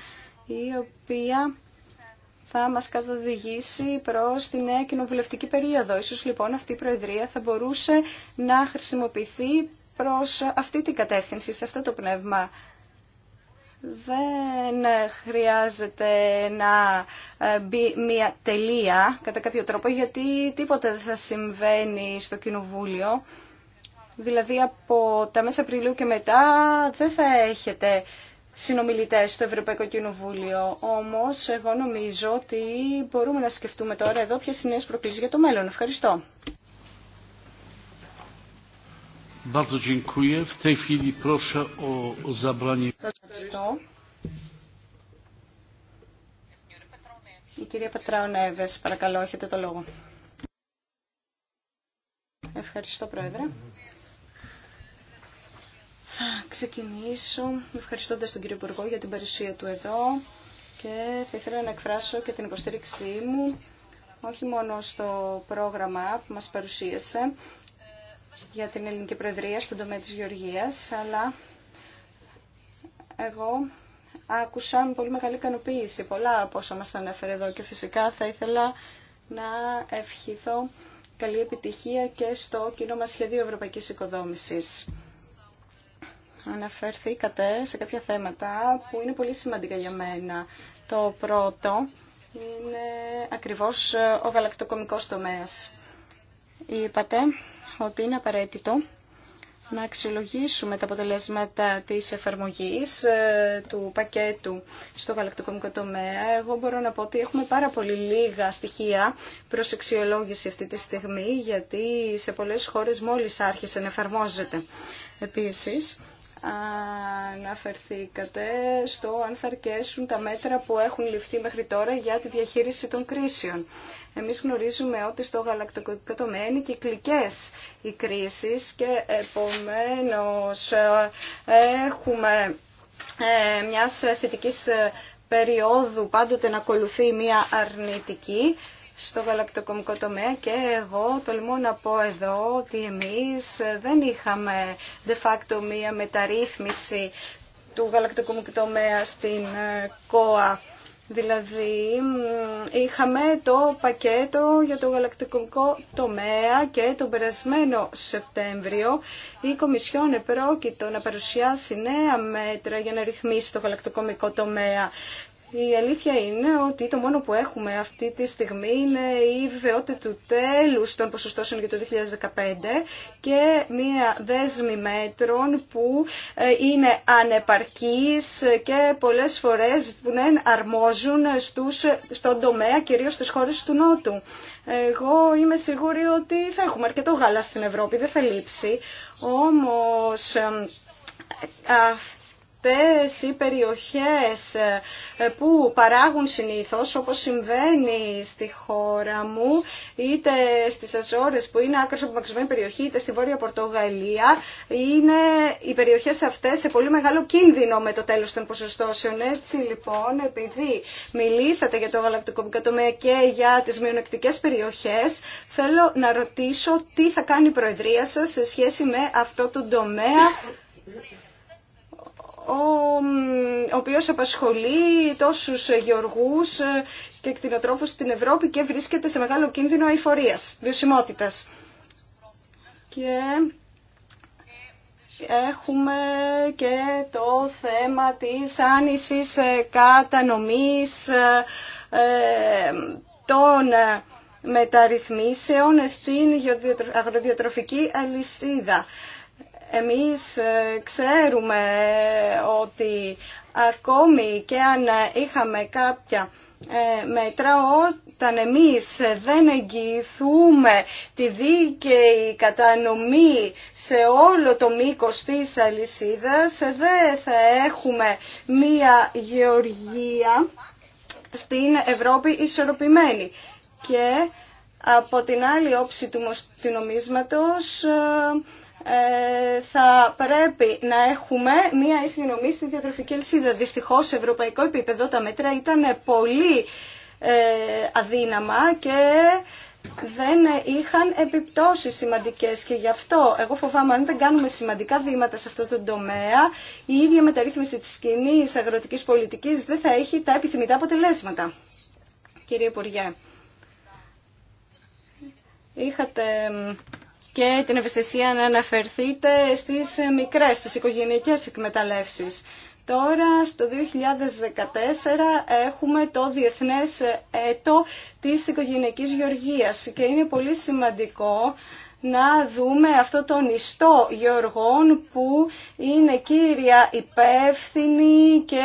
η οποία θα μας καθοδηγήσει προς τη νέα κοινοβουλευτική περίοδο. Ίσως λοιπόν αυτή η Προεδρία θα μπορούσε να χρησιμοποιηθεί προς αυτή την κατεύθυνση, σε αυτό το πνεύμα δεν χρειάζεται να ε, μπει μια τελεία κατά κάποιο τρόπο γιατί τίποτα δεν θα συμβαίνει στο Κοινοβούλιο. Δηλαδή από τα μέσα Απριλίου και μετά δεν θα έχετε συνομιλητές στο Ευρωπαϊκό Κοινοβούλιο. Όμως εγώ νομίζω ότι μπορούμε να σκεφτούμε τώρα εδώ ποιες είναι οι για το μέλλον. Ευχαριστώ. Bardzo dziękuję. W tej chwili proszę o zabranie. Ευχαριστώ. Η κυρία Πατράου παρακαλώ, έχετε το λόγο. Ευχαριστώ, Πρόεδρε. Θα ξεκινήσω ευχαριστώντας τον κύριο Υπουργό για την παρουσία του εδώ και θα ήθελα να εκφράσω και την υποστήριξή μου όχι μόνο στο πρόγραμμα που μας παρουσίασε, για την ελληνική προεδρία στον τομέα της γεωργίας, αλλά εγώ άκουσα με πολύ μεγάλη ικανοποίηση πολλά από όσα μας ανέφερε εδώ και φυσικά θα ήθελα να ευχηθώ καλή επιτυχία και στο κοινό μας σχεδίο Ευρωπαϊκής Οικοδόμησης. Αναφερθήκατε σε κάποια θέματα που είναι πολύ σημαντικά για μένα. Το πρώτο είναι ακριβώς ο γαλακτοκομικός τομέας. Είπατε ότι είναι απαραίτητο να αξιολογήσουμε τα αποτελέσματα της εφαρμογής ε, του πακέτου στο γαλακτοκομικό τομέα. Εγώ μπορώ να πω ότι έχουμε πάρα πολύ λίγα στοιχεία προς αξιολόγηση αυτή τη στιγμή, γιατί σε πολλές χώρες μόλις άρχισε να εφαρμόζεται. Επίσης, αναφερθήκατε στο αν θα αρκέσουν τα μέτρα που έχουν ληφθεί μέχρι τώρα για τη διαχείριση των κρίσεων. Εμείς γνωρίζουμε ότι στο γαλακτοκομικό τομέα είναι κυκλικές οι κρίσεις και επομένως ε, έχουμε ε, μια θετικής ε, περίοδου πάντοτε να ακολουθεί μια αρνητική στο γαλακτοκομικό τομέα και εγώ τολμώ να πω εδώ ότι εμείς δεν είχαμε de facto μία μεταρρύθμιση του γαλακτοκομικού τομέα στην ε, ΚΟΑ. Δηλαδή είχαμε το πακέτο για το γαλακτοκομικό τομέα και τον περασμένο Σεπτέμβριο η Κομισιόν επρόκειτο να παρουσιάσει νέα μέτρα για να ρυθμίσει το γαλακτοκομικό τομέα. Η αλήθεια είναι ότι το μόνο που έχουμε αυτή τη στιγμή είναι η βεβαιότητα του τέλους των ποσοστώσεων για το 2015 και μία δέσμη μέτρων που ε, είναι ανεπαρκής και πολλές φορές που δεν αρμόζουν στους, στον τομέα, κυρίως στις χώρες του Νότου. Εγώ είμαι σίγουρη ότι θα έχουμε αρκετό γάλα στην Ευρώπη, δεν θα λείψει. Όμως ε, ε, αυτές οι περιοχές ε, που παράγουν συνήθως, όπως συμβαίνει στη χώρα μου, είτε στις Αζόρες που είναι άκρως απομακρυσμένη περιοχή, είτε στη Βόρεια Πορτογαλία, είναι οι περιοχές αυτές σε πολύ μεγάλο κίνδυνο με το τέλος των ποσοστώσεων. Έτσι λοιπόν, επειδή μιλήσατε για το γαλακτικό τομέα και για τις μειονεκτικές περιοχές, θέλω να ρωτήσω τι θα κάνει η Προεδρία σας σε σχέση με αυτό το τομέα ο οποίος απασχολεί τόσους γεωργούς και κτηνοτρόφους στην Ευρώπη και βρίσκεται σε μεγάλο κίνδυνο αηφορίας, βιωσιμότητας. Και Έχουμε και το θέμα της άνησης ε, κατανομής ε, ε, των μεταρρυθμίσεων στην αγροδιοτροφική αλυσίδα. Εμείς ε, ξέρουμε ότι ακόμη και αν είχαμε κάποια ε, μέτρα όταν εμείς δεν εγγυηθούμε τη δίκαιη κατανομή σε όλο το μήκος της αλυσίδας δεν θα έχουμε μία γεωργία στην Ευρώπη ισορροπημένη. Και από την άλλη όψη του νομίσματος ε, ε, θα πρέπει να έχουμε μία ίση νομή στην διατροφική αλυσίδα. Δυστυχώ, σε ευρωπαϊκό επίπεδο τα μέτρα ήταν πολύ ε, αδύναμα και δεν είχαν επιπτώσεις σημαντικές και γι' αυτό εγώ φοβάμαι αν δεν κάνουμε σημαντικά βήματα σε αυτό το τομέα η ίδια μεταρρύθμιση της κοινή αγροτικής πολιτικής δεν θα έχει τα επιθυμητά αποτελέσματα. Κύριε Υπουργέ, είχατε και την ευαισθησία να αναφερθείτε στις μικρές, στις οικογενειακές εκμεταλλεύσεις. Τώρα, στο 2014, έχουμε το Διεθνές Έτο της Οικογενειακής Γεωργίας και είναι πολύ σημαντικό να δούμε αυτό τον ιστό γεωργών που είναι κύρια υπεύθυνοι και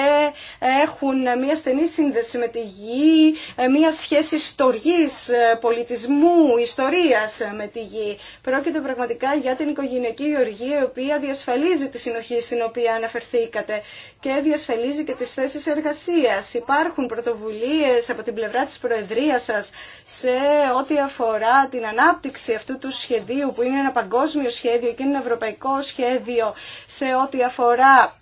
έχουν μια στενή σύνδεση με τη γη, ε, μια σχέση στοργής ε, πολιτισμού, ιστορίας ε, με τη γη. Πρόκειται πραγματικά για την οικογενειακή γεωργία η οποία διασφαλίζει τη συνοχή στην οποία αναφερθήκατε και διασφαλίζει και τις θέσεις εργασίας. Υπάρχουν πρωτοβουλίες από την πλευρά της Προεδρίας σας σε ό,τι αφορά την ανάπτυξη αυτού του σχεδίου που είναι ένα παγκόσμιο σχέδιο και είναι ένα ευρωπαϊκό σχέδιο σε ό,τι αφορά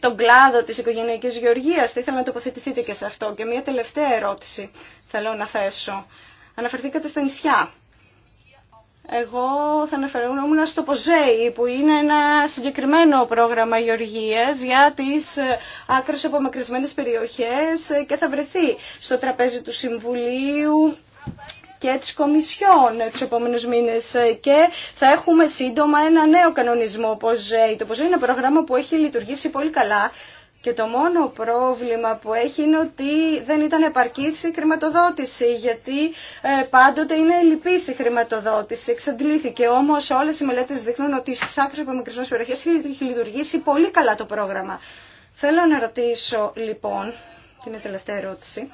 τον κλάδο της οικογενειακής γεωργίας. Θα ήθελα να τοποθετηθείτε και σε αυτό. Και μια τελευταία ερώτηση θέλω να θέσω. Αναφερθήκατε στα νησιά. Εγώ θα αναφερόμουν στο ΠΟΖΕΙ, που είναι ένα συγκεκριμένο πρόγραμμα γεωργίας για τις ε, άκρες απομακρυσμένες περιοχές ε, και θα βρεθεί στο τραπέζι του Συμβουλίου και της Κομισιόν τους επόμενους μήνες ε, και θα έχουμε σύντομα ένα νέο κανονισμό ΠΟΖΕΙ. Το ΠΟΖΕΙ είναι ένα πρόγραμμα που έχει λειτουργήσει πολύ καλά και το μόνο πρόβλημα που έχει είναι ότι δεν ήταν επαρκής η χρηματοδότηση, γιατί ε, πάντοτε είναι λυπής η χρηματοδότηση. Εξαντλήθηκε όμως όλες οι μελέτες δείχνουν ότι στις άκρες μικρές περιοχές έχει λειτουργήσει πολύ καλά το πρόγραμμα. Θέλω να ρωτήσω λοιπόν, και είναι τελευταία ερώτηση,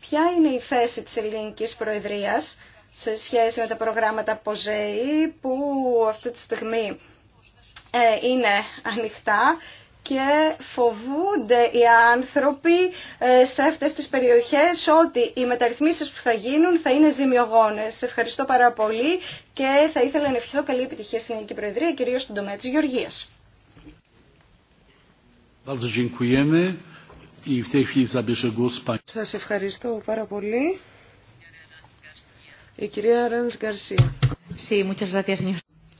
Ποια είναι η θέση της ελληνικής προεδρίας σε σχέση με τα προγράμματα ΠΟΖΕΗ που αυτή τη στιγμή ε, είναι ανοιχτά και φοβούνται οι άνθρωποι ε, σε αυτές τις περιοχές ότι οι μεταρρυθμίσεις που θα γίνουν θα είναι ζημιογόνες. Ευχαριστώ πάρα πολύ και θα ήθελα να ευχηθώ καλή επιτυχία στην Ελληνική Προεδρία, κυρίως στον τομέα της Γεωργίας. Σας ευχαριστώ πάρα πολύ. Η κυρία Ράνς Γκαρσία.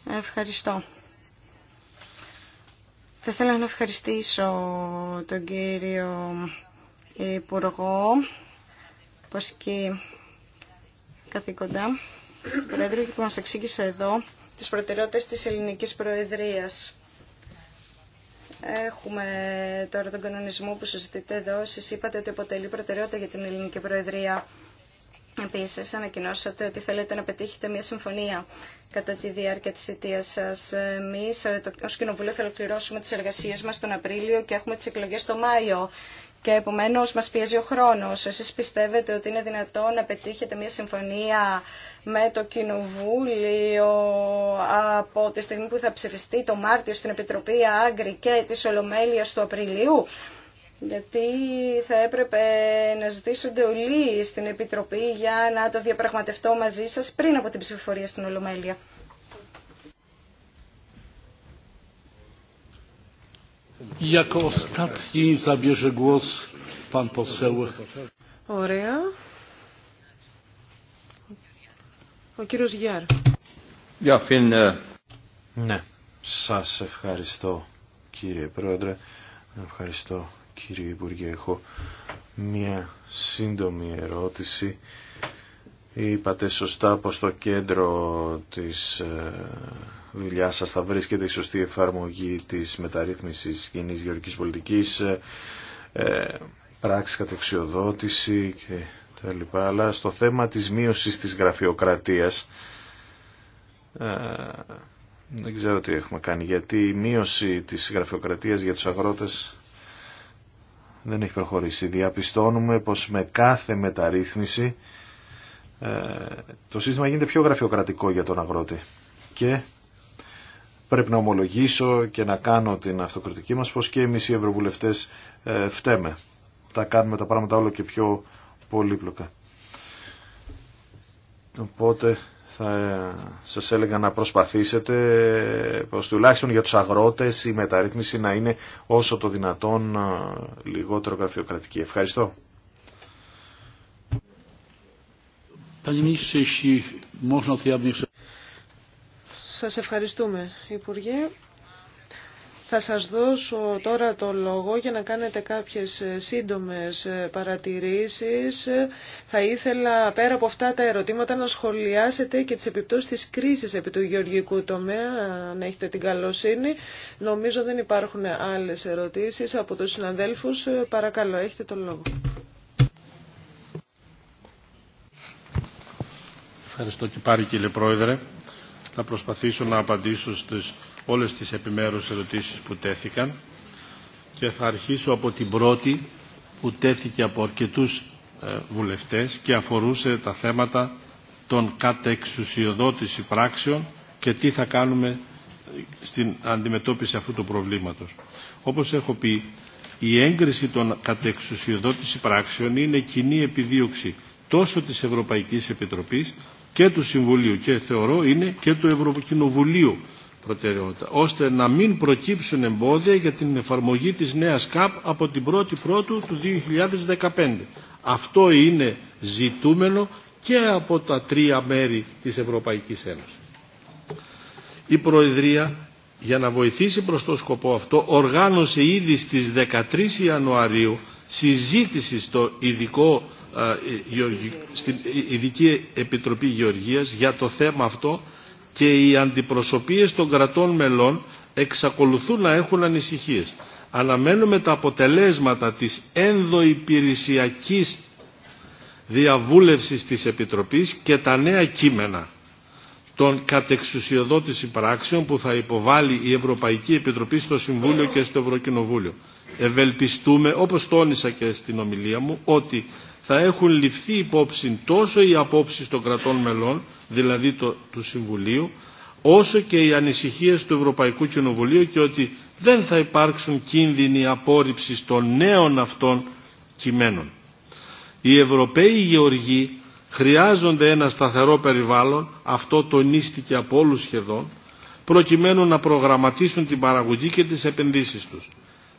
Ευχαριστώ. Θα ήθελα να ευχαριστήσω τον κύριο Υπουργό που και καθήκοντα Πρόεδρο και που μας εξήγησε εδώ τις προτεραιότητες της ελληνικής προεδρίας. Έχουμε τώρα τον κανονισμό που συζητείτε εδώ. Εσείς είπατε ότι αποτελεί προτεραιότητα για την ελληνική προεδρία. Επίσης, ανακοινώσατε ότι θέλετε να πετύχετε μια συμφωνία κατά τη διάρκεια της αιτίας σα. Εμεί, ε, ω Κοινοβούλιο θα ολοκληρώσουμε τις εργασίες μας τον Απρίλιο και έχουμε τις εκλογές τον Μάιο και επομένω μας πιέζει ο χρόνος. Εσείς πιστεύετε ότι είναι δυνατόν να πετύχετε μια συμφωνία με το Κοινοβούλιο από τη στιγμή που θα ψηφιστεί το Μάρτιο στην Επιτροπή Άγκρη και τη Ολομέλεια του Απριλίου. Γιατί θα έπρεπε να ζητήσονται όλοι στην Επιτροπή για να το διαπραγματευτώ μαζί σας πριν από την ψηφοφορία στην Ολομέλεια. Jako ostatni zabierze głos pan poseł. Ωραία. Ο κύριος Γιάρ. Ε, ναι, σας ευχαριστώ κύριε Πρόεδρε, ευχαριστώ κύριε Υπουργέ. Έχω μία σύντομη ερώτηση Είπατε σωστά πως το κέντρο της ε, δουλειάς σας θα βρίσκεται η σωστή εφαρμογή της μεταρρύθμισης κοινής γεωργικής πολιτικής, ε, ε, πράξη κατεξιοδότηση και τα λοιπά. Αλλά στο θέμα της μείωσης της γραφειοκρατίας, δεν ξέρω τι έχουμε κάνει, γιατί η μείωση της γραφειοκρατίας για τους αγρότες δεν έχει προχωρήσει. Διαπιστώνουμε πως με κάθε μεταρρύθμιση ε, το σύστημα γίνεται πιο γραφειοκρατικό για τον αγρότη. Και πρέπει να ομολογήσω και να κάνω την αυτοκριτική μας πως και εμείς οι ευρωβουλευτές ε, φταίμε. Τα κάνουμε τα πράγματα όλο και πιο πολύπλοκα. Οπότε θα ε, σας έλεγα να προσπαθήσετε πως τουλάχιστον για τους αγρότες η μεταρρύθμιση να είναι όσο το δυνατόν λιγότερο γραφειοκρατική. Ευχαριστώ. Σας ευχαριστούμε, Υπουργέ. Θα σας δώσω τώρα το λόγο για να κάνετε κάποιες ε, σύντομες ε, παρατηρήσεις. Θα ήθελα πέρα από αυτά τα ερωτήματα να σχολιάσετε και τις επιπτώσεις της κρίσης επί του γεωργικού τομέα, αν έχετε την καλοσύνη. Νομίζω δεν υπάρχουν άλλες ερωτήσεις από τους συναδέλφους. Ε, παρακαλώ, έχετε το λόγο. Ευχαριστώ και πάλι κύριε Πρόεδρε. Θα προσπαθήσω να απαντήσω στις όλες τις επιμέρους ερωτήσεις που τέθηκαν και θα αρχίσω από την πρώτη που τέθηκε από αρκετούς ε, βουλευτές και αφορούσε τα θέματα των κατεξουσιοδότηση πράξεων και τι θα κάνουμε ε, στην αντιμετώπιση αυτού του προβλήματος. Όπως έχω πει, η έγκριση των κατεξουσιοδότηση πράξεων είναι κοινή επιδίωξη τόσο της Ευρωπαϊκής Επιτροπής και του Συμβουλίου και θεωρώ είναι και του Ευρωκοινοβουλίου προτεραιότητα, ώστε να μην προκύψουν εμπόδια για την εφαρμογή της νέας ΚΑΠ από την 1η Πρώτου του 2015. Αυτό είναι ζητούμενο και από τα τρία μέρη της Ευρωπαϊκής Ένωσης. Η Προεδρία για να βοηθήσει προς το σκοπό αυτό οργάνωσε ήδη στις 13 Ιανουαρίου συζήτηση στο ειδικό στην Ειδική Επιτροπή Γεωργίας για το θέμα αυτό και οι αντιπροσωπείες των κρατών μελών εξακολουθούν να έχουν ανησυχίες. Αναμένουμε τα αποτελέσματα της ενδοϊπηρησιακής διαβούλευσης της Επιτροπής και τα νέα κείμενα των κατεξουσιοδότηση πράξεων που θα υποβάλει η Ευρωπαϊκή Επιτροπή στο Συμβούλιο και στο Ευρωκοινοβούλιο. Ευελπιστούμε, όπως τόνισα και στην ομιλία μου, ότι θα έχουν ληφθεί υπόψη τόσο οι απόψεις των κρατών μελών, δηλαδή το, του Συμβουλίου, όσο και οι ανησυχίες του Ευρωπαϊκού Κοινοβουλίου και ότι δεν θα υπάρξουν κίνδυνοι απόρριψη των νέων αυτών κειμένων. Οι Ευρωπαίοι γεωργοί χρειάζονται ένα σταθερό περιβάλλον, αυτό τονίστηκε από όλους σχεδόν, προκειμένου να προγραμματίσουν την παραγωγή και τις επενδύσεις τους.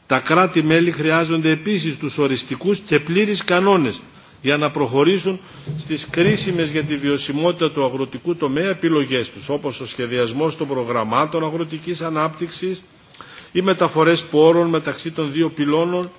Τα κράτη-μέλη χρειάζονται επίσης τους οριστικούς και πλήρεις κανόνες για να προχωρήσουν στις κρίσιμες για τη βιωσιμότητα του αγροτικού τομέα επιλογές τους, όπως ο σχεδιασμός των προγραμμάτων αγροτικής ανάπτυξης, οι μεταφορές πόρων μεταξύ των δύο πυλώνων,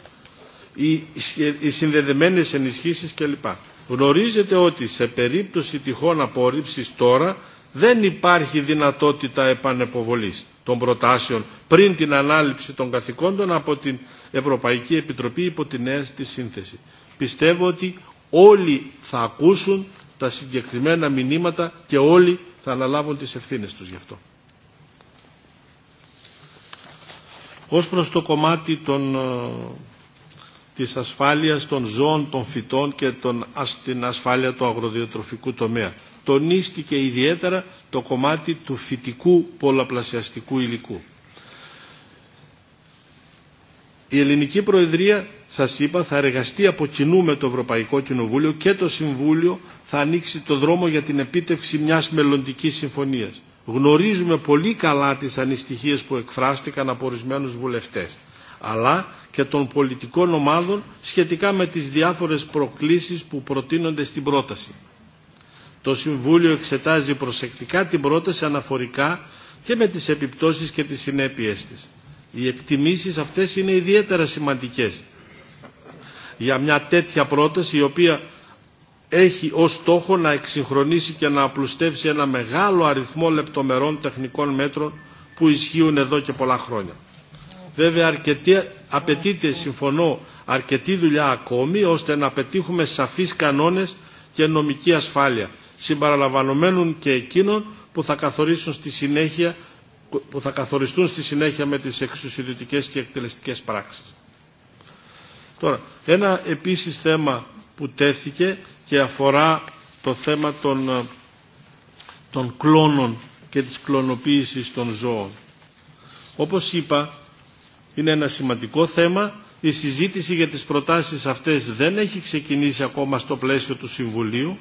οι συνδεδεμένες ενισχύσεις κλπ. Γνωρίζετε ότι σε περίπτωση τυχόν απόρριψης τώρα δεν υπάρχει δυνατότητα επανεποβολής των προτάσεων πριν την ανάληψη των καθηκόντων από την Ευρωπαϊκή Επιτροπή υπό τη νέα τη σύνθεση. Πιστεύω ότι Όλοι θα ακούσουν τα συγκεκριμένα μηνύματα και όλοι θα αναλάβουν τις ευθύνες τους γι' αυτό. Ως προς το κομμάτι των, ε, της ασφάλειας των ζώων, των φυτών και των, την ασφάλεια του αγροδιοτροφικού τομέα. Τονίστηκε ιδιαίτερα το κομμάτι του φυτικού πολλαπλασιαστικού υλικού. Η ελληνική Προεδρία, σας είπα, θα εργαστεί από κοινού με το Ευρωπαϊκό Κοινοβούλιο και το Συμβούλιο θα ανοίξει το δρόμο για την επίτευξη μιας μελλοντικής συμφωνίας. Γνωρίζουμε πολύ καλά τις ανησυχίες που εκφράστηκαν από ορισμένους βουλευτές, αλλά και των πολιτικών ομάδων σχετικά με τις διάφορες προκλήσεις που προτείνονται στην πρόταση. Το Συμβούλιο εξετάζει προσεκτικά την πρόταση αναφορικά και με τις επιπτώσεις και τις συνέπειές της. Οι εκτιμήσεις αυτές είναι ιδιαίτερα σημαντικές για μια τέτοια πρόταση η οποία έχει ως στόχο να εξυγχρονίσει και να απλουστεύσει ένα μεγάλο αριθμό λεπτομερών τεχνικών μέτρων που ισχύουν εδώ και πολλά χρόνια. Βέβαια αρκετή, απαιτείται, συμφωνώ, αρκετή δουλειά ακόμη ώστε να πετύχουμε σαφείς κανόνες και νομική ασφάλεια συμπαραλαμβανομένων και εκείνων που θα καθορίσουν στη συνέχεια που θα καθοριστούν στη συνέχεια με τις εξουσιοδητικές και εκτελεστικές πράξεις. Τώρα, ένα επίσης θέμα που τέθηκε και αφορά το θέμα των, ε, των κλώνων και της κλωνοποίησης των ζώων. Όπως είπα, είναι ένα σημαντικό θέμα. Η συζήτηση για τις προτάσεις αυτές δεν έχει ξεκινήσει ακόμα στο πλαίσιο του Συμβουλίου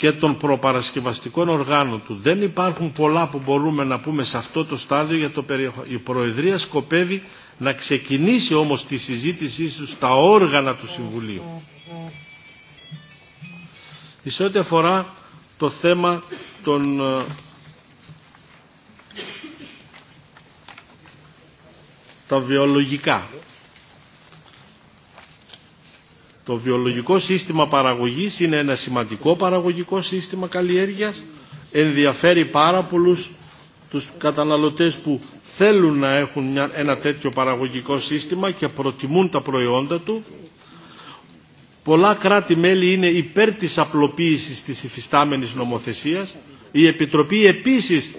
και των προπαρασκευαστικών οργάνων του. Δεν υπάρχουν πολλά που μπορούμε να πούμε σε αυτό το στάδιο για το περιεχόμενο. Η Προεδρία σκοπεύει να ξεκινήσει όμως τη συζήτησή του στα όργανα του Συμβουλίου. Σε ό,τι αφορά το θέμα των ε, τα βιολογικά. Το βιολογικό σύστημα παραγωγής είναι ένα σημαντικό παραγωγικό σύστημα καλλιέργειας, ενδιαφέρει πάρα πολλούς τους καταναλωτές που θέλουν να έχουν ένα τέτοιο παραγωγικό σύστημα και προτιμούν τα προϊόντα του. Πολλά κράτη-μέλη είναι υπέρ της απλοποίησης της υφιστάμενης νομοθεσίας. Η Επιτροπή επίσης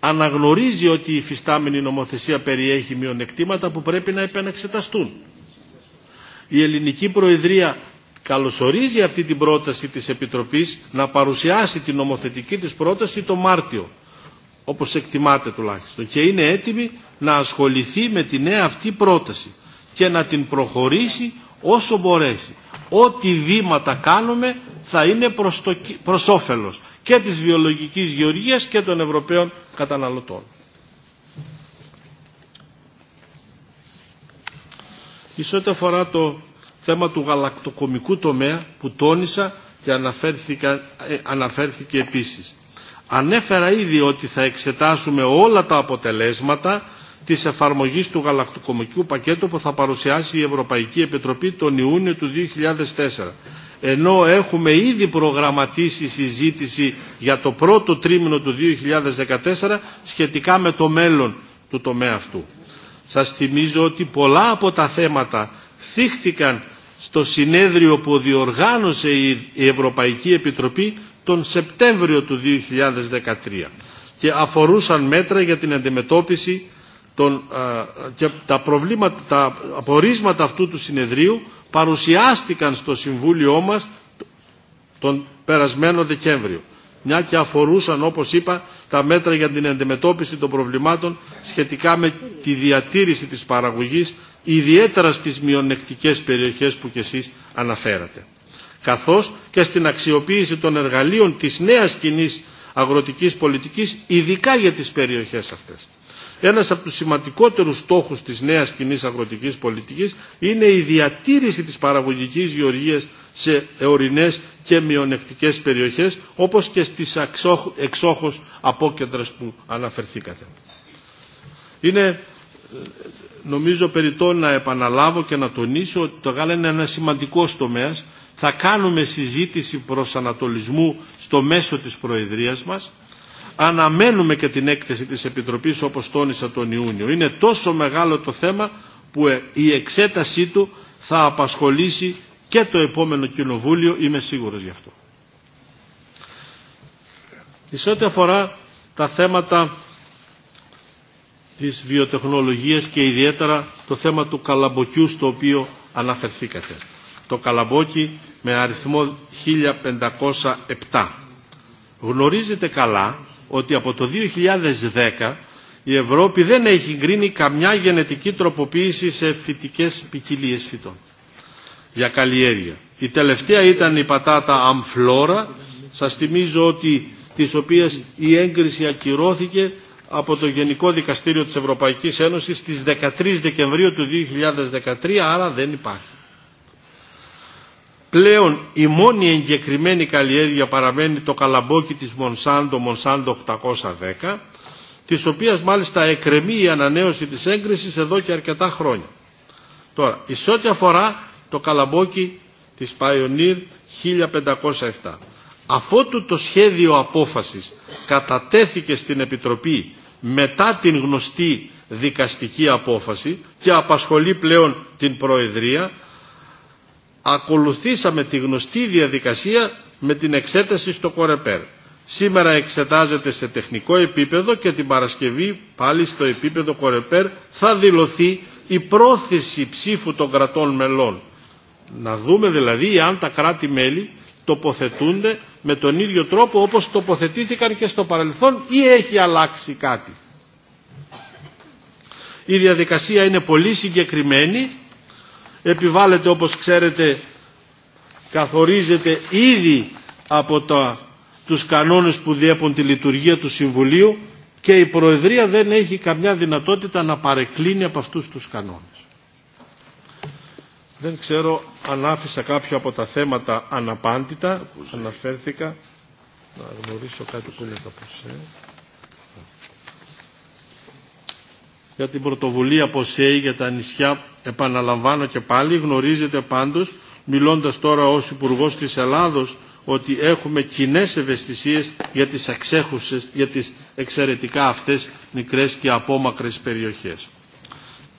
αναγνωρίζει ότι η υφιστάμενη νομοθεσία περιέχει μειονεκτήματα που πρέπει να επαναξεταστούν η ελληνική προεδρία καλωσορίζει αυτή την πρόταση της Επιτροπής να παρουσιάσει την νομοθετική της πρόταση το Μάρτιο, όπως εκτιμάται τουλάχιστον, και είναι έτοιμη να ασχοληθεί με την νέα αυτή πρόταση και να την προχωρήσει όσο μπορέσει. Ό,τι βήματα κάνουμε θα είναι προς, το, προς όφελος και της βιολογικής γεωργίας και των Ευρωπαίων καταναλωτών. Σε ό,τι αφορά το θέμα του γαλακτοκομικού τομέα που τόνισα και ε, αναφέρθηκε επίσης. Ανέφερα ήδη ότι θα εξετάσουμε όλα τα αποτελέσματα της εφαρμογής του γαλακτοκομικού πακέτου που θα παρουσιάσει η Ευρωπαϊκή Επιτροπή τον Ιούνιο του 2004. Ενώ έχουμε ήδη προγραμματίσει συζήτηση για το πρώτο τρίμηνο του 2014 σχετικά με το μέλλον του τομέα αυτού. Σας θυμίζω ότι πολλά από τα θέματα θύχθηκαν στο συνέδριο που διοργάνωσε η Ευρωπαϊκή Επιτροπή τον Σεπτέμβριο του 2013 και αφορούσαν μέτρα για την αντιμετώπιση των, και τα, προβλήματα, τα απορίσματα αυτού του συνεδρίου παρουσιάστηκαν στο Συμβούλιο μας τον περασμένο Δεκέμβριο. Μια και αφορούσαν όπως είπα τα μέτρα για την αντιμετώπιση των προβλημάτων σχετικά με τη διατήρηση της παραγωγής, ιδιαίτερα στις μειονεκτικές περιοχές που κι εσείς αναφέρατε. Καθώς και στην αξιοποίηση των εργαλείων της νέας κοινή αγροτικής πολιτικής, ειδικά για τις περιοχές αυτές ένας από τους σημαντικότερους στόχους της νέας κοινή αγροτικής πολιτικής είναι η διατήρηση της παραγωγικής γεωργίας σε ορεινές και μειονεκτικές περιοχές όπως και στις εξόχως απόκεντρες που αναφερθήκατε. Είναι νομίζω περιττό να επαναλάβω και να τονίσω ότι το γάλα είναι ένα σημαντικό τομέα. Θα κάνουμε συζήτηση προς ανατολισμού στο μέσο της Προεδρίας μας Αναμένουμε και την έκθεση της Επιτροπής όπως τόνισα τον Ιούνιο. Είναι τόσο μεγάλο το θέμα που ε, η εξέτασή του θα απασχολήσει και το επόμενο κοινοβούλιο, είμαι σίγουρος γι' αυτό. Σε ό,τι αφορά τα θέματα της βιοτεχνολογίας και ιδιαίτερα το θέμα του καλαμποκιού στο οποίο αναφερθήκατε. Το καλαμπόκι με αριθμό 1507. Γνωρίζετε καλά ότι από το 2010 η Ευρώπη δεν έχει γκρίνει καμιά γενετική τροποποίηση σε φυτικές ποικιλίε φυτών για καλλιέργεια. Η τελευταία ήταν η πατάτα αμφλόρα, σας θυμίζω ότι της οποίας η έγκριση ακυρώθηκε από το Γενικό Δικαστήριο της Ευρωπαϊκής Ένωσης στις 13 Δεκεμβρίου του 2013, άρα δεν υπάρχει πλέον η μόνη εγκεκριμένη καλλιέργεια παραμένει το καλαμπόκι της Μονσάντο, Μονσάντο 810, της οποίας μάλιστα εκρεμεί η ανανέωση της έγκρισης εδώ και αρκετά χρόνια. Τώρα, σε ό,τι αφορά το καλαμπόκι της παίονιρ 1507. Αφότου το σχέδιο απόφασης κατατέθηκε στην Επιτροπή μετά την γνωστή δικαστική απόφαση και απασχολεί πλέον την Προεδρία, ακολουθήσαμε τη γνωστή διαδικασία με την εξέταση στο Κορεπέρ. Σήμερα εξετάζεται σε τεχνικό επίπεδο και την Παρασκευή πάλι στο επίπεδο Κορεπέρ θα δηλωθεί η πρόθεση ψήφου των κρατών μελών. Να δούμε δηλαδή αν τα κράτη-μέλη τοποθετούνται με τον ίδιο τρόπο όπως τοποθετήθηκαν και στο παρελθόν ή έχει αλλάξει κάτι. Η διαδικασία είναι πολύ συγκεκριμένη επιβάλλεται όπως ξέρετε καθορίζεται ήδη από τα, τους κανόνες που διέπουν τη λειτουργία του Συμβουλίου και η Προεδρία δεν έχει καμιά δυνατότητα να παρεκκλίνει από αυτούς τους κανόνες. Δεν ξέρω αν άφησα κάποιο από τα θέματα αναπάντητα, αναφέρθηκα. Να γνωρίσω κάτι που είναι το για την πρωτοβουλία Ποσέη για τα νησιά, επαναλαμβάνω και πάλι, γνωρίζετε πάντως, μιλώντας τώρα ως υπουργό της Ελλάδος, ότι έχουμε κοινέ ευαισθησίες για τις, αξέχουσες, για τις εξαιρετικά αυτές μικρές και απόμακρες περιοχές.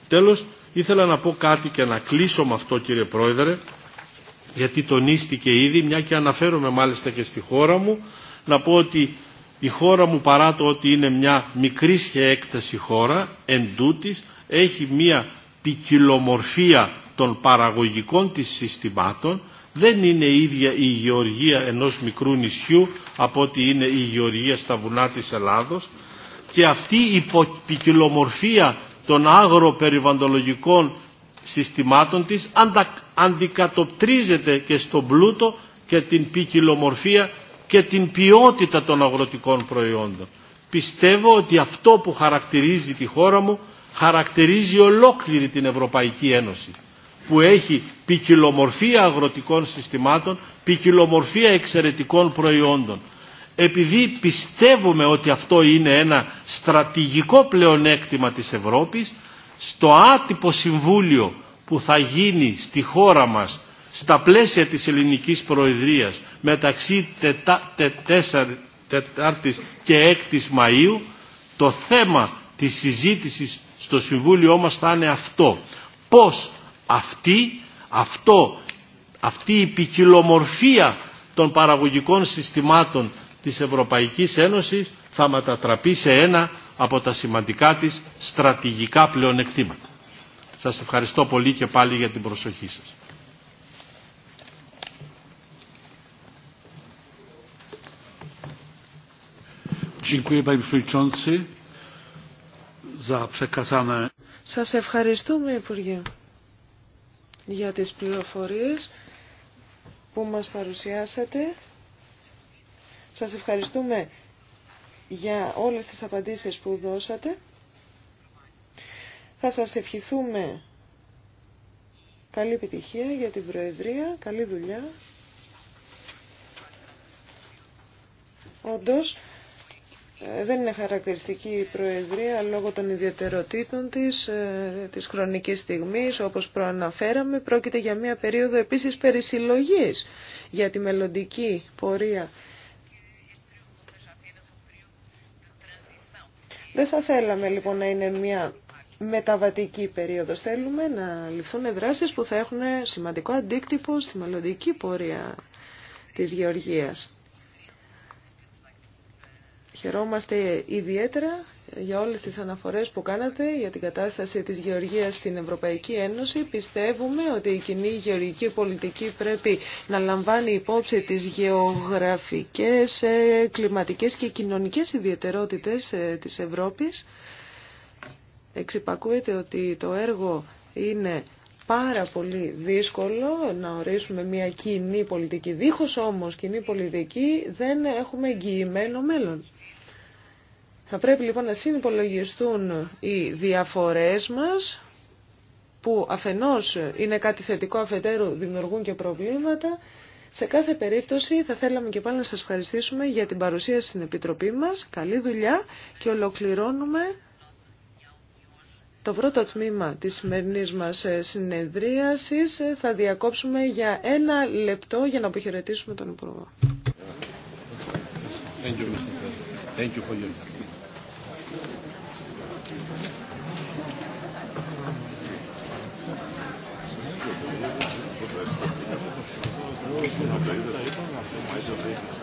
Τέλος, ήθελα να πω κάτι και να κλείσω με αυτό κύριε Πρόεδρε, γιατί τονίστηκε ήδη, μια και αναφέρομαι μάλιστα και στη χώρα μου, να πω ότι η χώρα μου παρά το ότι είναι μια μικρή έκταση χώρα, εν τούτης, έχει μια ποικιλομορφία των παραγωγικών της συστημάτων, δεν είναι ίδια η γεωργία ενός μικρού νησιού από ότι είναι η γεωργία στα βουνά της Ελλάδος και αυτή η ποικιλομορφία των αγροπεριβαντολογικών συστημάτων της αντικατοπτρίζεται και στον πλούτο και την ποικιλομορφία και την ποιότητα των αγροτικών προϊόντων. Πιστεύω ότι αυτό που χαρακτηρίζει τη χώρα μου χαρακτηρίζει ολόκληρη την Ευρωπαϊκή Ένωση που έχει ποικιλομορφία αγροτικών συστημάτων, ποικιλομορφία εξαιρετικών προϊόντων. Επειδή πιστεύουμε ότι αυτό είναι ένα στρατηγικό πλεονέκτημα της Ευρώπης, στο άτυπο συμβούλιο που θα γίνει στη χώρα μας στα πλαίσια της ελληνικής προεδρίας μεταξύ 4ης και 6 Μαΐου το θέμα της συζήτησης στο Συμβούλιο μας θα είναι αυτό. Πώς αυτή, αυτό, αυτή η ποικιλομορφία των παραγωγικών συστημάτων της Ευρωπαϊκής Ένωσης θα μετατραπεί σε ένα από τα σημαντικά της στρατηγικά πλεονεκτήματα. Σας ευχαριστώ πολύ και πάλι για την προσοχή σας. Σας ευχαριστούμε, Υπουργέ, για τις πληροφορίες που μας παρουσιάσατε. Σας ευχαριστούμε για όλες τις απαντήσεις που δώσατε. Θα σας ευχηθούμε καλή επιτυχία για την Προεδρία, καλή δουλειά. Όντως, δεν είναι χαρακτηριστική η Προεδρία λόγω των ιδιαιτεροτήτων της, ε, της χρονικής στιγμής, όπως προαναφέραμε. Πρόκειται για μια περίοδο επίσης περισυλλογής για τη μελλοντική πορεία. Δεν θα θέλαμε λοιπόν να είναι μια μεταβατική περίοδος. Θέλουμε να ληφθούν δράσεις που θα έχουν σημαντικό αντίκτυπο στη μελλοντική πορεία της Γεωργίας. Χαιρόμαστε ιδιαίτερα για όλες τις αναφορές που κάνατε για την κατάσταση της γεωργίας στην Ευρωπαϊκή Ένωση. Πιστεύουμε ότι η κοινή γεωργική πολιτική πρέπει να λαμβάνει υπόψη τις γεωγραφικές, ε, κλιματικές και κοινωνικές ιδιαιτερότητες ε, της Ευρώπης. Εξυπακούεται ότι το έργο είναι πάρα πολύ δύσκολο να ορίσουμε μια κοινή πολιτική. Δίχως όμως κοινή πολιτική δεν έχουμε εγγυημένο μέλλον. Θα πρέπει λοιπόν να συνυπολογιστούν οι διαφορές μας που αφενός είναι κάτι θετικό αφετέρου δημιουργούν και προβλήματα. Σε κάθε περίπτωση θα θέλαμε και πάλι να σας ευχαριστήσουμε για την παρουσία στην Επιτροπή μας. Καλή δουλειά και ολοκληρώνουμε το πρώτο τμήμα της σημερινής μας ε, συνεδρίασης. Ε, θα διακόψουμε για ένα λεπτό για να αποχαιρετήσουμε τον Υπουργό. Thank you, for your Υπότιτλοι AUTHORWAVE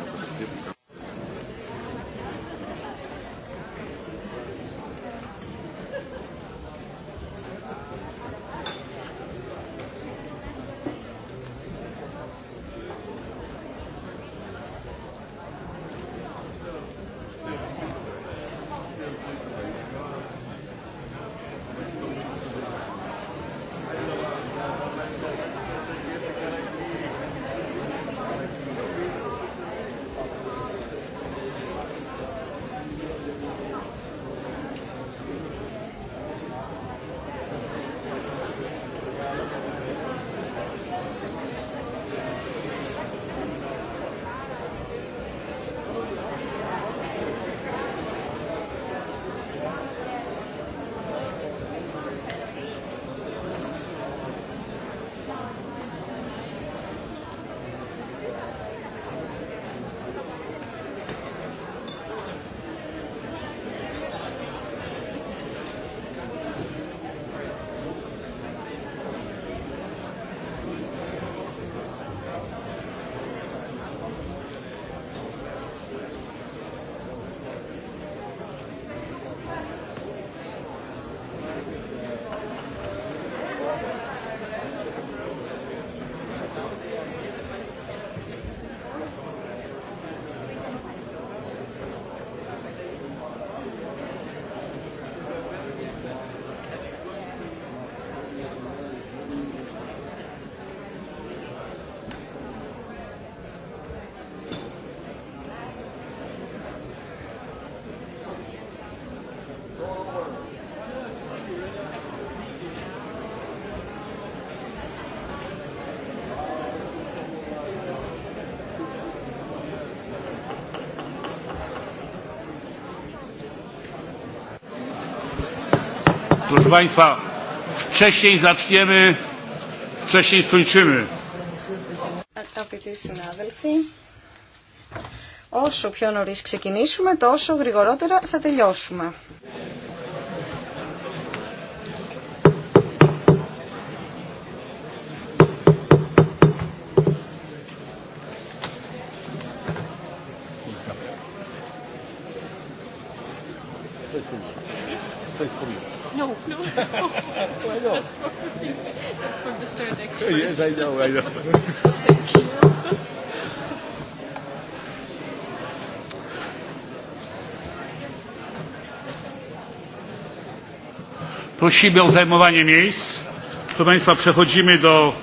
Państwa, wcześniej zaczniemy, wcześniej skończymy. όσο πιο νωρίς ξεκινήσουμε, τόσο γρηγορότερα θα τελειώσουμε. to jest pomimo. No, no. I know. That's from the third expert. Yes, I know, I know. Thank you. Prosimy o zajmowanie miejsc. Proszę Państwa, przechodzimy do...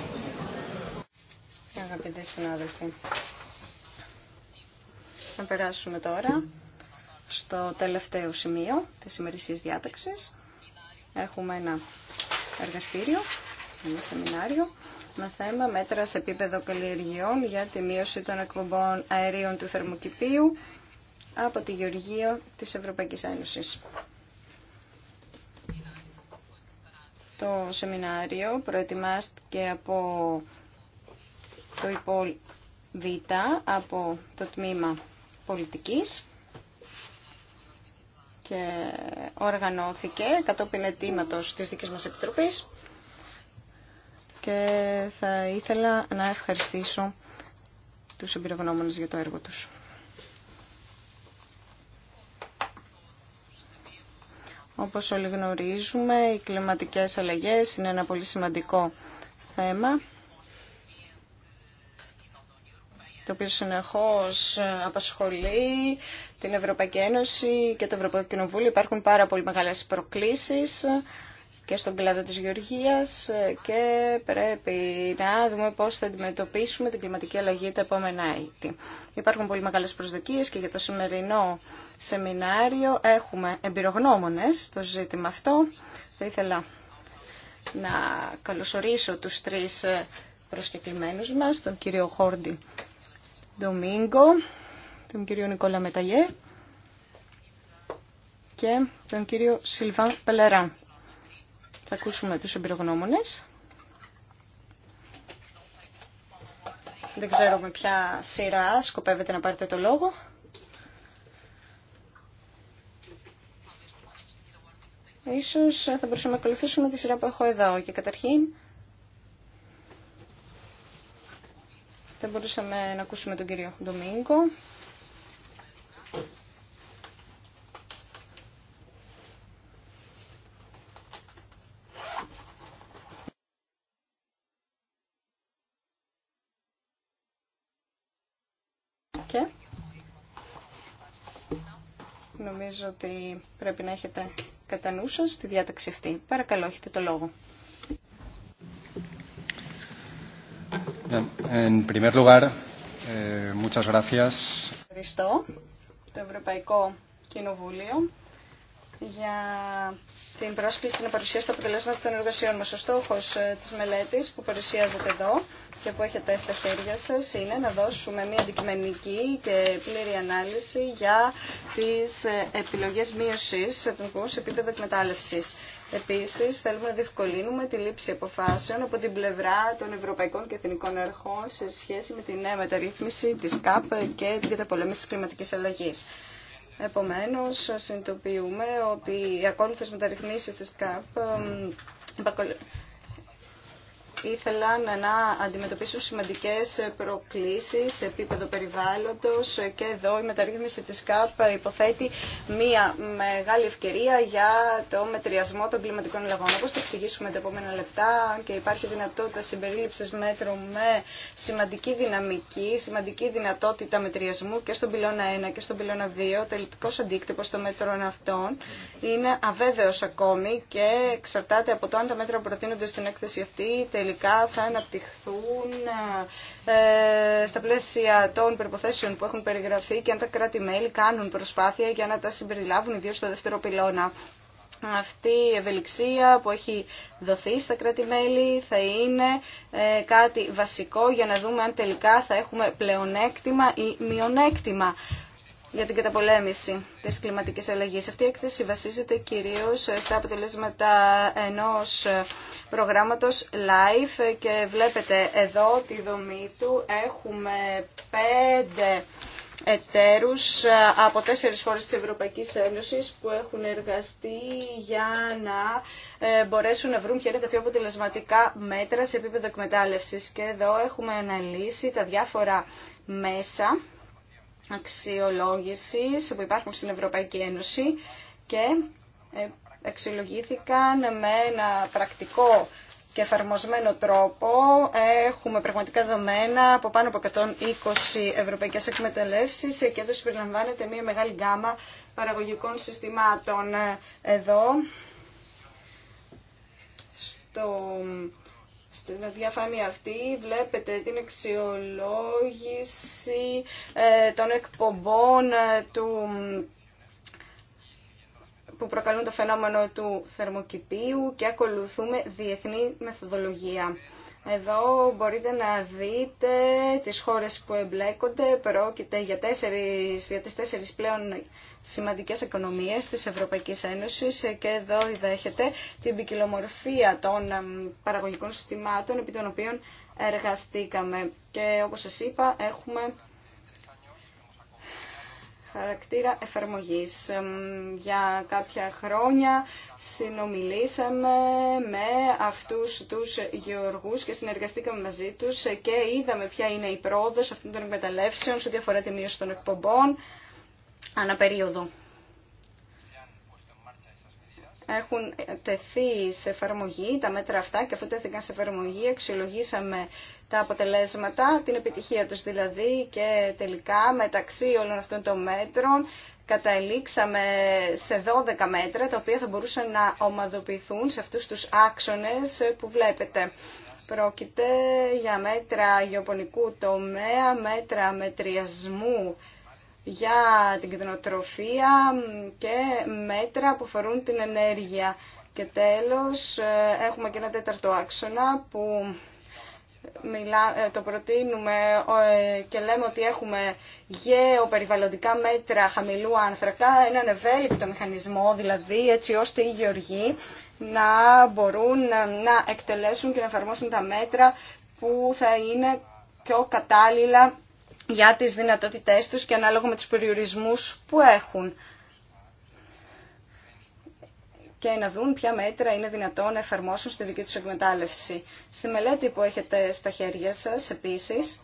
Αγαπητοί συνάδελφοι, να περάσουμε τώρα στο τελευταίο σημείο της ημερησίας διάταξης. Έχουμε ένα εργαστήριο, ένα σεμινάριο με θέμα μέτρα σε επίπεδο καλλιεργειών για τη μείωση των εκπομπών αερίων του θερμοκηπίου από τη Γεωργία της Ευρωπαϊκής Ένωσης. Το σεμινάριο προετοιμάστηκε από το υπόλοιπο Β, από το τμήμα πολιτικής και οργανώθηκε κατόπιν αιτήματος της δικής μας Επιτροπής και θα ήθελα να ευχαριστήσω τους εμπειρογνώμονες για το έργο τους. Όπως όλοι γνωρίζουμε, οι κλιματικές αλλαγές είναι ένα πολύ σημαντικό θέμα το οποίο συνεχώς ε, απασχολεί την Ευρωπαϊκή Ένωση και το Ευρωπαϊκό Κοινοβούλιο. Υπάρχουν πάρα πολύ μεγάλες προκλήσεις ε, και στον κλάδο της γεωργίας ε, και πρέπει να δούμε πώς θα αντιμετωπίσουμε την κλιματική αλλαγή τα επόμενα έτη. Υπάρχουν πολύ μεγάλες προσδοκίες και για το σημερινό σεμινάριο έχουμε εμπειρογνώμονες στο ζήτημα αυτό. Θα ήθελα να καλωσορίσω τους τρεις προσκεκλημένους μας, τον κύριο Χόρντι Ντομίνγκο, τον κύριο Νικόλα Μεταγέ και τον κύριο Σιλβάν Πελερά. Θα ακούσουμε τους εμπειρογνώμονες. Δεν ξέρω με ποια σειρά σκοπεύετε να πάρετε το λόγο. Ίσως θα μπορούσαμε να ακολουθήσουμε τη σειρά που έχω εδώ και καταρχήν Θα μπορούσαμε να ακούσουμε τον κύριο Ντομίνκο. Και νομίζω ότι πρέπει να έχετε κατά νου σας τη διάταξη αυτή. Παρακαλώ, έχετε το λόγο. Eh, Ευχαριστώ το Ευρωπαϊκό Κοινοβούλιο για την πρόσκληση να παρουσιάσει τα αποτελέσματα των εργασιών μας. Ο στόχος ε, της μελέτης που παρουσιάζεται εδώ και που έχετε στα χέρια σας είναι να δώσουμε μια αντικειμενική και πλήρη ανάλυση για τις ε, επιλογές μείωσης των σε επίπεδο εκμετάλλευσης. Επίσης, θέλουμε να διευκολύνουμε τη λήψη αποφάσεων από την πλευρά των ευρωπαϊκών και εθνικών αρχών σε σχέση με τη νέα μεταρρύθμιση της ΚΑΠ και την καταπολέμηση της κλιματική αλλαγή. Επομένως, συνειδητοποιούμε ότι οι ακόλουθες μεταρρυθμίσεις της ΚΑΠ ήθελαν να αντιμετωπίσουν σημαντικές προκλήσεις σε επίπεδο περιβάλλοντος και εδώ η μεταρρύθμιση της ΚΑΠ υποθέτει μία μεγάλη ευκαιρία για το μετριασμό των κλιματικών λαγών. Όπως θα εξηγήσουμε τα επόμενα λεπτά και υπάρχει δυνατότητα συμπερίληψης μέτρων με σημαντική δυναμική, σημαντική δυνατότητα μετριασμού και στον πυλώνα 1 και στον πυλώνα 2. Ο τελικός αντίκτυπος των μέτρων αυτών είναι αβέβαιος ακόμη και εξαρτάται από το αν τα μέτρα προτείνονται στην έκθεση αυτή τελικά θα αναπτυχθούν ε, στα πλαίσια των προποθέσεων που έχουν περιγραφεί και αν τα κράτη-μέλη κάνουν προσπάθεια για να τα συμπεριλάβουν ιδίως στο δεύτερο πυλώνα. Αυτή η ευελιξία που έχει δοθεί στα κράτη-μέλη θα είναι ε, κάτι βασικό για να δούμε αν τελικά θα έχουμε πλεονέκτημα ή μειονέκτημα για την καταπολέμηση της κλιματικής αλλαγής. Αυτή η έκθεση βασίζεται κυρίως στα αποτελέσματα ενός προγράμματος live και βλέπετε εδώ τη δομή του. Έχουμε πέντε εταίρους από τέσσερις χώρες της Ευρωπαϊκής Ένωσης που έχουν εργαστεί για να ε, μπορέσουν να βρουν τα πιο αποτελεσματικά μέτρα σε επίπεδο εκμετάλλευσης. Και εδώ έχουμε αναλύσει τα διάφορα μέσα αξιολόγησης που υπάρχουν στην Ευρωπαϊκή Ένωση και ε, αξιολογήθηκαν με ένα πρακτικό και εφαρμοσμένο τρόπο. Έχουμε πραγματικά δεδομένα από πάνω από 120 ευρωπαϊκές εκμεταλλεύσεις και εδώ συμπεριλαμβάνεται μια μεγάλη γκάμα παραγωγικών συστημάτων. Εδώ, στο στην διαφάνεια αυτή βλέπετε την αξιολόγηση ε, των εκπομπών ε, του που προκαλούν το φαινόμενο του θερμοκηπίου και ακολουθούμε διεθνή μεθοδολογία. Εδώ μπορείτε να δείτε τις χώρες που εμπλέκονται. Πρόκειται για, τέσσερις, για τις τέσσερις πλέον σημαντικές οικονομίες της Ευρωπαϊκής Ένωσης και εδώ δέχεται την ποικιλομορφία των παραγωγικών συστημάτων επί των οποίων εργαστήκαμε. Και όπως σας είπα έχουμε χαρακτήρα εφαρμογής. Για κάποια χρόνια συνομιλήσαμε με αυτούς τους γεωργούς και συνεργαστήκαμε μαζί τους και είδαμε ποια είναι η πρόοδος αυτών των εκμεταλλεύσεων σε ό,τι τη μείωση των εκπομπών ανά περίοδο έχουν τεθεί σε εφαρμογή τα μέτρα αυτά και αφού τέθηκαν σε εφαρμογή αξιολογήσαμε τα αποτελέσματα, την επιτυχία τους δηλαδή και τελικά μεταξύ όλων αυτών των μέτρων καταλήξαμε σε 12 μέτρα τα οποία θα μπορούσαν να ομαδοποιηθούν σε αυτούς τους άξονες που βλέπετε. Πρόκειται για μέτρα γεωπονικού τομέα, μέτρα μετριασμού για την κτηνοτροφία και μέτρα που αφορούν την ενέργεια. Και τέλος ε, έχουμε και ένα τέταρτο άξονα που μιλά, ε, το προτείνουμε ε, και λέμε ότι έχουμε γεωπεριβαλλοντικά μέτρα χαμηλού άνθρακα, έναν ευέλικτο μηχανισμό δηλαδή έτσι ώστε οι γεωργοί να μπορούν να εκτελέσουν και να εφαρμόσουν τα μέτρα που θα είναι πιο κατάλληλα για τις δυνατότητές τους και ανάλογα με τους περιορισμούς που έχουν και να δουν ποια μέτρα είναι δυνατόν να εφαρμόσουν στη δική τους εκμετάλλευση. Στη μελέτη που έχετε στα χέρια σας, επίσης,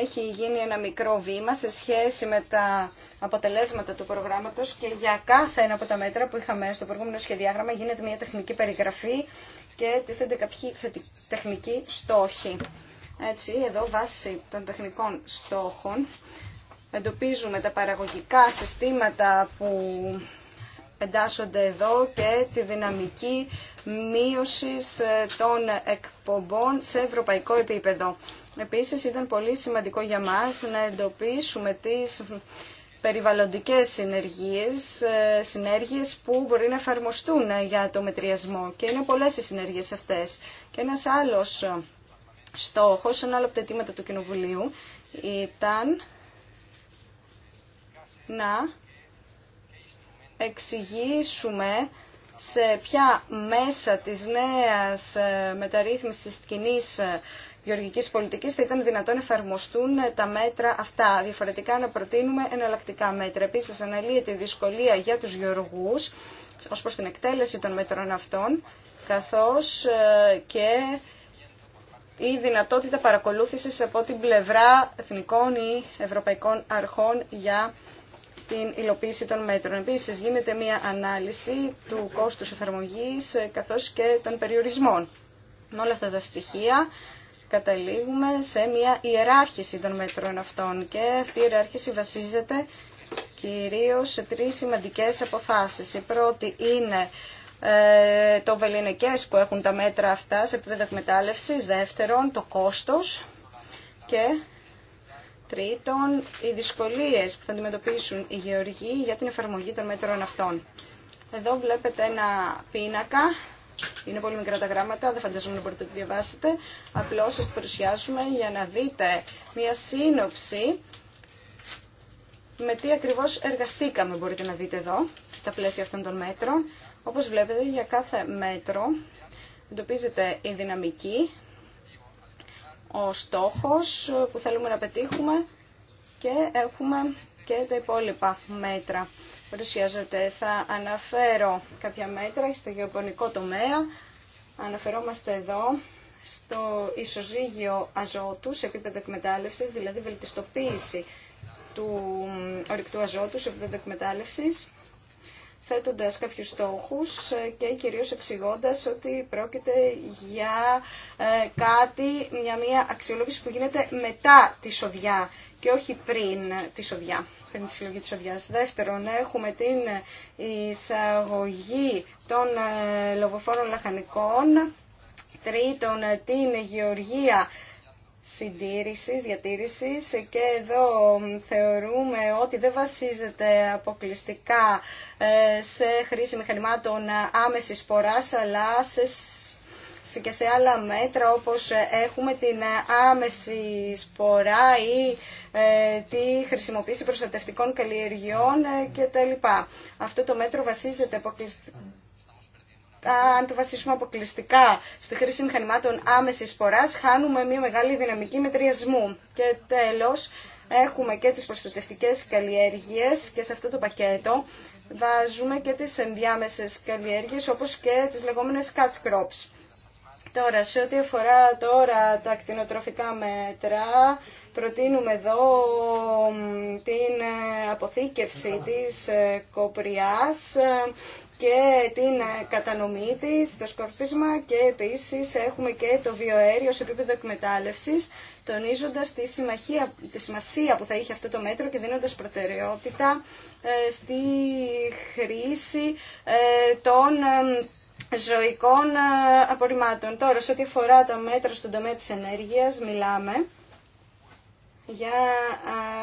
έχει γίνει ένα μικρό βήμα σε σχέση με τα αποτελέσματα του προγράμματος και για κάθε ένα από τα μέτρα που είχαμε στο προηγούμενο σχεδιάγραμμα γίνεται μια τεχνική περιγραφή και τίθενται κάποιοι τεχνικοί στόχοι. Έτσι, εδώ βάσει των τεχνικών στόχων εντοπίζουμε τα παραγωγικά συστήματα που εντάσσονται εδώ και τη δυναμική μείωση ε, των εκπομπών σε ευρωπαϊκό επίπεδο. Επίσης ήταν πολύ σημαντικό για μας να εντοπίσουμε τις περιβαλλοντικές συνεργίες, ε, συνέργειες που μπορεί να εφαρμοστούν για το μετριασμό και είναι πολλές οι συνέργειες αυτές. Και ένας άλλος στόχος, ένα άλλο από τα αιτήματα του Κοινοβουλίου, ήταν να εξηγήσουμε σε ποια μέσα της νέας ε, μεταρρύθμισης της κοινή ε, γεωργικής πολιτικής θα ήταν δυνατόν να εφαρμοστούν ε, τα μέτρα αυτά. Διαφορετικά να προτείνουμε εναλλακτικά μέτρα. Επίσης αναλύεται η δυσκολία για τους γεωργούς ως προς την εκτέλεση των μέτρων αυτών, καθώς και η δυνατότητα παρακολούθησης από την πλευρά εθνικών ή ευρωπαϊκών αρχών για την υλοποίηση των μέτρων. Επίσης γίνεται μια ανάλυση του κόστους εφαρμογής ε, καθώς και των περιορισμών. Με όλα αυτά τα στοιχεία καταλήγουμε σε μια ιεράρχηση των μέτρων αυτών και αυτή η ιεράρχηση βασίζεται κυρίως σε τρεις σημαντικές αποφάσεις. Η πρώτη είναι ε, το βελινικές που έχουν τα μέτρα αυτά σε επίπεδο εκμετάλλευση, δεύτερον το κόστος και τρίτον οι δυσκολίες που θα αντιμετωπίσουν οι γεωργοί για την εφαρμογή των μέτρων αυτών. Εδώ βλέπετε ένα πίνακα, είναι πολύ μικρά τα γράμματα, δεν φαντάζομαι να μπορείτε να το διαβάσετε, απλώς σας το παρουσιάζουμε για να δείτε μια σύνοψη με τι ακριβώς εργαστήκαμε μπορείτε να δείτε εδώ, στα πλαίσια αυτών των μέτρων. Όπως βλέπετε, για κάθε μέτρο εντοπίζεται η δυναμική, ο στόχος που θέλουμε να πετύχουμε και έχουμε και τα υπόλοιπα μέτρα. θα αναφέρω κάποια μέτρα στο γεωπονικό τομέα. Αναφερόμαστε εδώ στο ισοζύγιο αζότου σε επίπεδο εκμετάλλευσης, δηλαδή βελτιστοποίηση του ορυκτού αζότου σε επίπεδο εκμετάλλευσης θέτοντας κάποιους στόχους και κυρίως εξηγώντας ότι πρόκειται για ε, κάτι, μια, μια αξιολόγηση που γίνεται μετά τη σοδιά και όχι πριν τη σοδιά, πριν τη συλλογή της σοδιάς. Δεύτερον, έχουμε την εισαγωγή των ε, λογοφόρων λαχανικών. Τρίτον, την γεωργία συντήρησης, διατήρησης και εδώ θεωρούμε ότι δεν βασίζεται αποκλειστικά ε, σε χρήση μηχανημάτων άμεσης σποράς αλλά σε και σε άλλα μέτρα όπως έχουμε την άμεση σπορά ή ε, τη χρησιμοποίηση προστατευτικών καλλιεργειών ε, κτλ. Αυτό το μέτρο βασίζεται αποκλειστικά αν το βασίσουμε αποκλειστικά στη χρήση μηχανημάτων άμεσης ποράς, χάνουμε μια μεγάλη δυναμική μετριασμού. Και τέλος, έχουμε και τις προστατευτικές καλλιέργειες και σε αυτό το πακέτο βάζουμε και τις ενδιάμεσες καλλιέργειες όπως και τις λεγόμενες catch crops. Τώρα, σε ό,τι αφορά τώρα τα ακτινοτροφικά μέτρα, προτείνουμε εδώ την ε, αποθήκευση της ε, κοπριάς ε, και την ε, κατανομή τη, το σκορπίσμα και επίσης έχουμε και το βιοαέριο σε επίπεδο εκμετάλλευση, τονίζοντας τη, τη σημασία που θα είχε αυτό το μέτρο και δίνοντας προτεραιότητα ε, στη χρήση ε, των ζωικών απορριμμάτων. Τώρα, σε ό,τι αφορά τα μέτρα στον τομέα της ενέργειας, μιλάμε για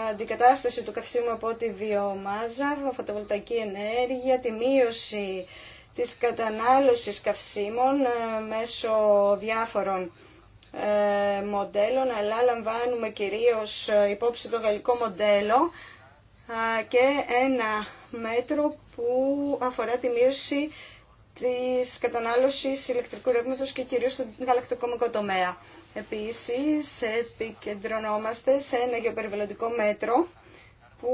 αντικατάσταση του καυσίμου από τη βιομάζα, φωτοβολταϊκή ενέργεια, τη μείωση της κατανάλωσης καυσίμων ε, μέσω διάφορων ε, μοντέλων, αλλά λαμβάνουμε κυρίως ε, υπόψη το γαλλικό μοντέλο και ένα μέτρο που αφορά τη μείωση της κατανάλωσης ηλεκτρικού ρεύματος και κυρίως στον γαλακτοκομικό τομέα. Επίσης, επικεντρωνόμαστε σε ένα γεωπεριβαλλοντικό μέτρο που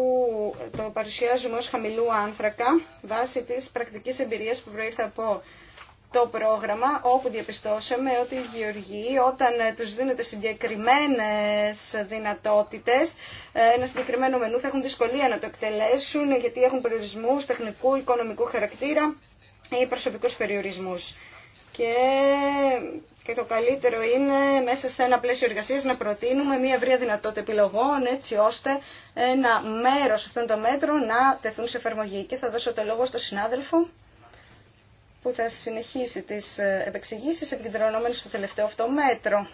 το παρουσιάζουμε ως χαμηλού άνθρακα βάσει της πρακτικής εμπειρίας που προήρθε από το πρόγραμμα όπου διαπιστώσαμε ότι οι γεωργοί όταν τους δίνονται συγκεκριμένες δυνατότητες, ένα συγκεκριμένο μενού θα έχουν δυσκολία να το εκτελέσουν γιατί έχουν περιορισμούς τεχνικού, οικονομικού χαρακτήρα ή προσωπικούς περιορισμούς. Και και το καλύτερο είναι μέσα σε ένα πλαίσιο εργασίας να προτείνουμε μια ευρεία δυνατότητα επιλογών έτσι ώστε ένα μέρος αυτών των μέτρων να τεθούν σε εφαρμογή. Και θα δώσω το λόγο στον συνάδελφο που θα συνεχίσει τις επεξηγήσεις επικεντρωνόμενος στο τελευταίο αυτό μέτρο.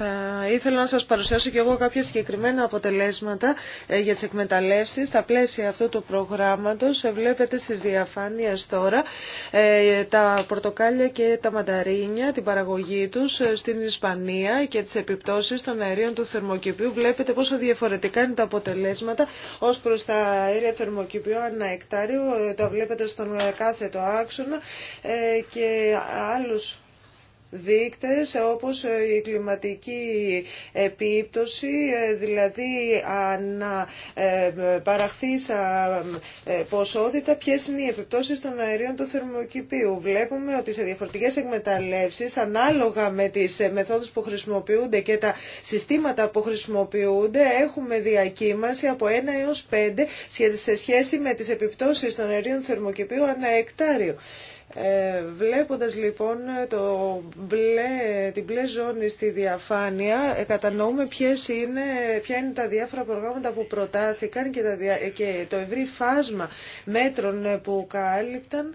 Θα ήθελα να σας παρουσιάσω και εγώ κάποια συγκεκριμένα αποτελέσματα ε, για τις εκμεταλλεύσεις στα πλαίσια αυτού του προγράμματος. Ε, βλέπετε στις διαφάνειες τώρα ε, τα πορτοκάλια και τα μανταρίνια, την παραγωγή τους στην Ισπανία και τις επιπτώσεις των αερίων του θερμοκηπίου. Βλέπετε πόσο διαφορετικά είναι τα αποτελέσματα ως προς τα αέρια θερμοκηπίου ανά εκτάριο. Τα βλέπετε στον κάθετο άξονα και άλλους δείκτες όπως η κλιματική επίπτωση, ε, δηλαδή αν ε, παραχθεί ε, ποσότητα, ποιες είναι οι επιπτώσεις των αερίων του θερμοκηπίου. Βλέπουμε ότι σε διαφορετικές εκμεταλλεύσεις, ανάλογα με τις μεθόδους που χρησιμοποιούνται και τα συστήματα που χρησιμοποιούνται, έχουμε διακύμαση από 1 έως 5 σε σχέση με τις επιπτώσεις των αερίων θερμοκηπίου ανά εκτάριο. Ε, βλέποντας λοιπόν το την μπλε ζώνη στη διαφάνεια, ε, κατανοούμε ποιες είναι, ποια είναι τα διάφορα προγράμματα που προτάθηκαν και, τα, και το ευρύ φάσμα μέτρων που κάλυπταν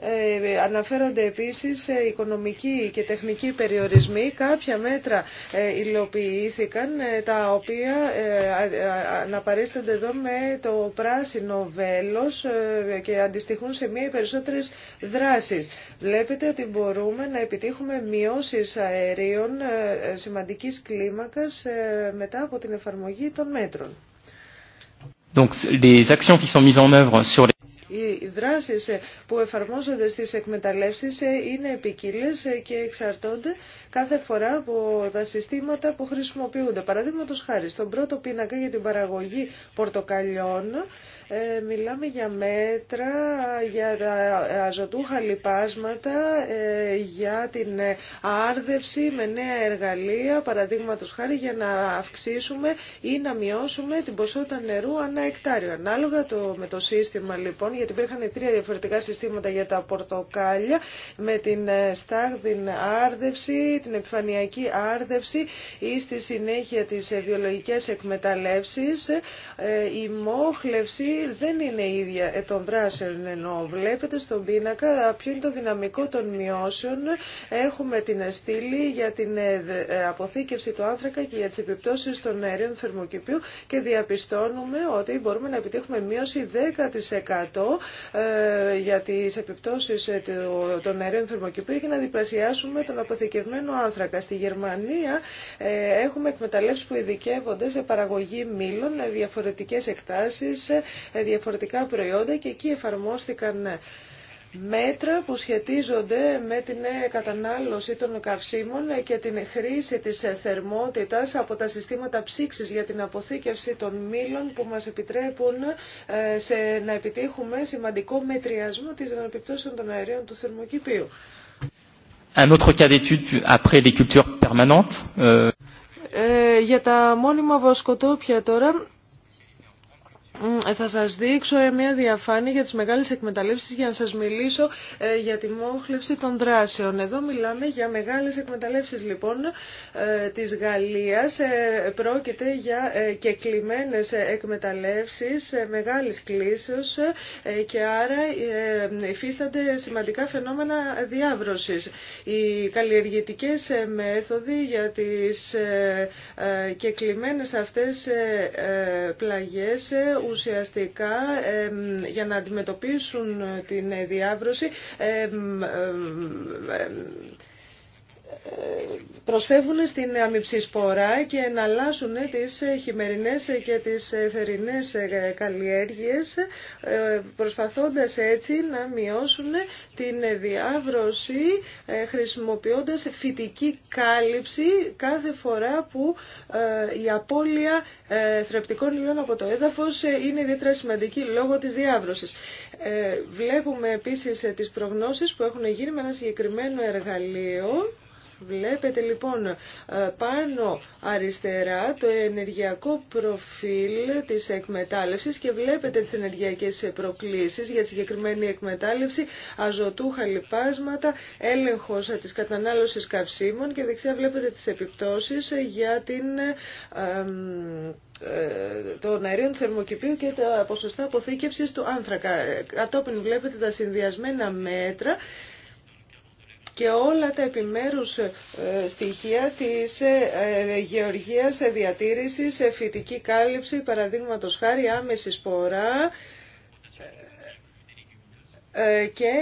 ε, αναφέρονται επίσης οικονομικοί και τεχνικοί περιορισμοί. Κάποια μέτρα ε, υλοποιήθηκαν, ε, τα οποία αναπαρίστανται εδώ με το πράσινο βέλος και αντιστοιχούν σε μία ή περισσότερες δράσεις. Βλέπετε ότι μπορούμε να επιτύχουμε μειώσεις αερίων σημαντικής κλίμακας μετά από την εφαρμογή των μέτρων. Donc, les actions οι δράσεις που εφαρμόζονται στις εκμεταλλεύσεις είναι επικύλε και εξαρτώνται κάθε φορά από τα συστήματα που χρησιμοποιούνται. Παραδείγματος χάρη, στον πρώτο πίνακα για την παραγωγή πορτοκαλιών ε, μιλάμε για μέτρα, για αζωτούχα λιπάσματα, ε, για την ε, άρδευση με νέα εργαλεία, παραδείγματο χάρη για να αυξήσουμε ή να μειώσουμε την ποσότητα νερού ανά εκτάριο. Ανάλογα το, με το σύστημα λοιπόν, γιατί υπήρχαν τρία διαφορετικά συστήματα για τα πορτοκάλια, με την στάγδιν άρδευση, την επιφανειακή άρδευση ή στη συνέχεια τις βιολογικές εκμεταλλεύσεις, η μόχλευση δεν είναι η ίδια ε, των δράσεων ενώ βλέπετε στον πίνακα ποιο είναι το δυναμικό των μειώσεων. Έχουμε την στήλη για την ε, ε, αποθήκευση του άνθρακα και για τις επιπτώσεις των αερίων θερμοκηπίου και διαπιστώνουμε ότι μπορούμε να επιτύχουμε μείωση 10% για τις επιπτώσεις των αερίων θερμοκηπίου και να διπλασιάσουμε τον αποθηκευμένο άνθρακα. Στη Γερμανία έχουμε εκμεταλλεύσει που ειδικεύονται σε παραγωγή μήλων, διαφορετικές εκτάσεις, ε, διαφορετικά προϊόντα και εκεί εφαρμόστηκαν μέτρα που σχετίζονται με την ε, κατανάλωση των καυσίμων ε, και την χρήση της θερμότητας από τα συστήματα ψήξης για την αποθήκευση των μήλων που μας επιτρέπουν σε, να επιτύχουμε σημαντικό μετριασμό της αναπηπτώσεων των αερίων του θερμοκηπίου. Un autre cas d'étude après les cultures permanentes. Euh, για τα μόνιμα βοσκοτόπια τώρα, θα σας δείξω ε, μια διαφάνεια για τις μεγάλες εκμεταλλεύσεις για να σας μιλήσω ε, για τη μόχλευση των δράσεων. Εδώ μιλάμε για μεγάλες εκμεταλλεύσεις λοιπόν ε, της Γαλλίας. Πρόκειται για κεκλειμένες εκμεταλλεύσεις μεγάλες κλίσεως και άρα υφίστανται σημαντικά φαινόμενα διάβρωσης. Οι καλλιεργητικές μέθοδοι για τις κεκλειμένες αυτές πλαγιές ουσιαστικά για να αντιμετωπίσουν την διάβρωση προσφεύγουν στην αμυψή σπορά και εναλλάσσουν τις χειμερινές και τις θερινές καλλιέργειες ε, προσπαθώντας έτσι να μειώσουν την διάβρωση ε, χρησιμοποιώντας φυτική κάλυψη κάθε φορά που ε, η απώλεια θρεπτικών υλών από το έδαφος είναι ιδιαίτερα σημαντική λόγω της διάβρωσης. Βλέπουμε επίσης τις προγνώσεις που έχουν γίνει με ένα συγκεκριμένο εργαλείο Βλέπετε λοιπόν ε, πάνω αριστερά το ενεργειακό προφίλ της εκμετάλλευσης και βλέπετε τις ενεργειακές προκλήσεις για τη συγκεκριμένη εκμετάλλευση, αζωτού, χαλιπάσματα, έλεγχος της κατανάλωσης καυσίμων και δεξιά βλέπετε τις επιπτώσεις για την ε, των αερίων θερμοκηπίου και τα ποσοστά αποθήκευσης του άνθρακα. Κατόπιν βλέπετε τα συνδυασμένα μέτρα και όλα τα επιμέρους ε, στοιχεία της ε, ε, γεωργίας διατήρησης, φυτική κάλυψη, παραδείγματος χάρη άμεση σπορά, και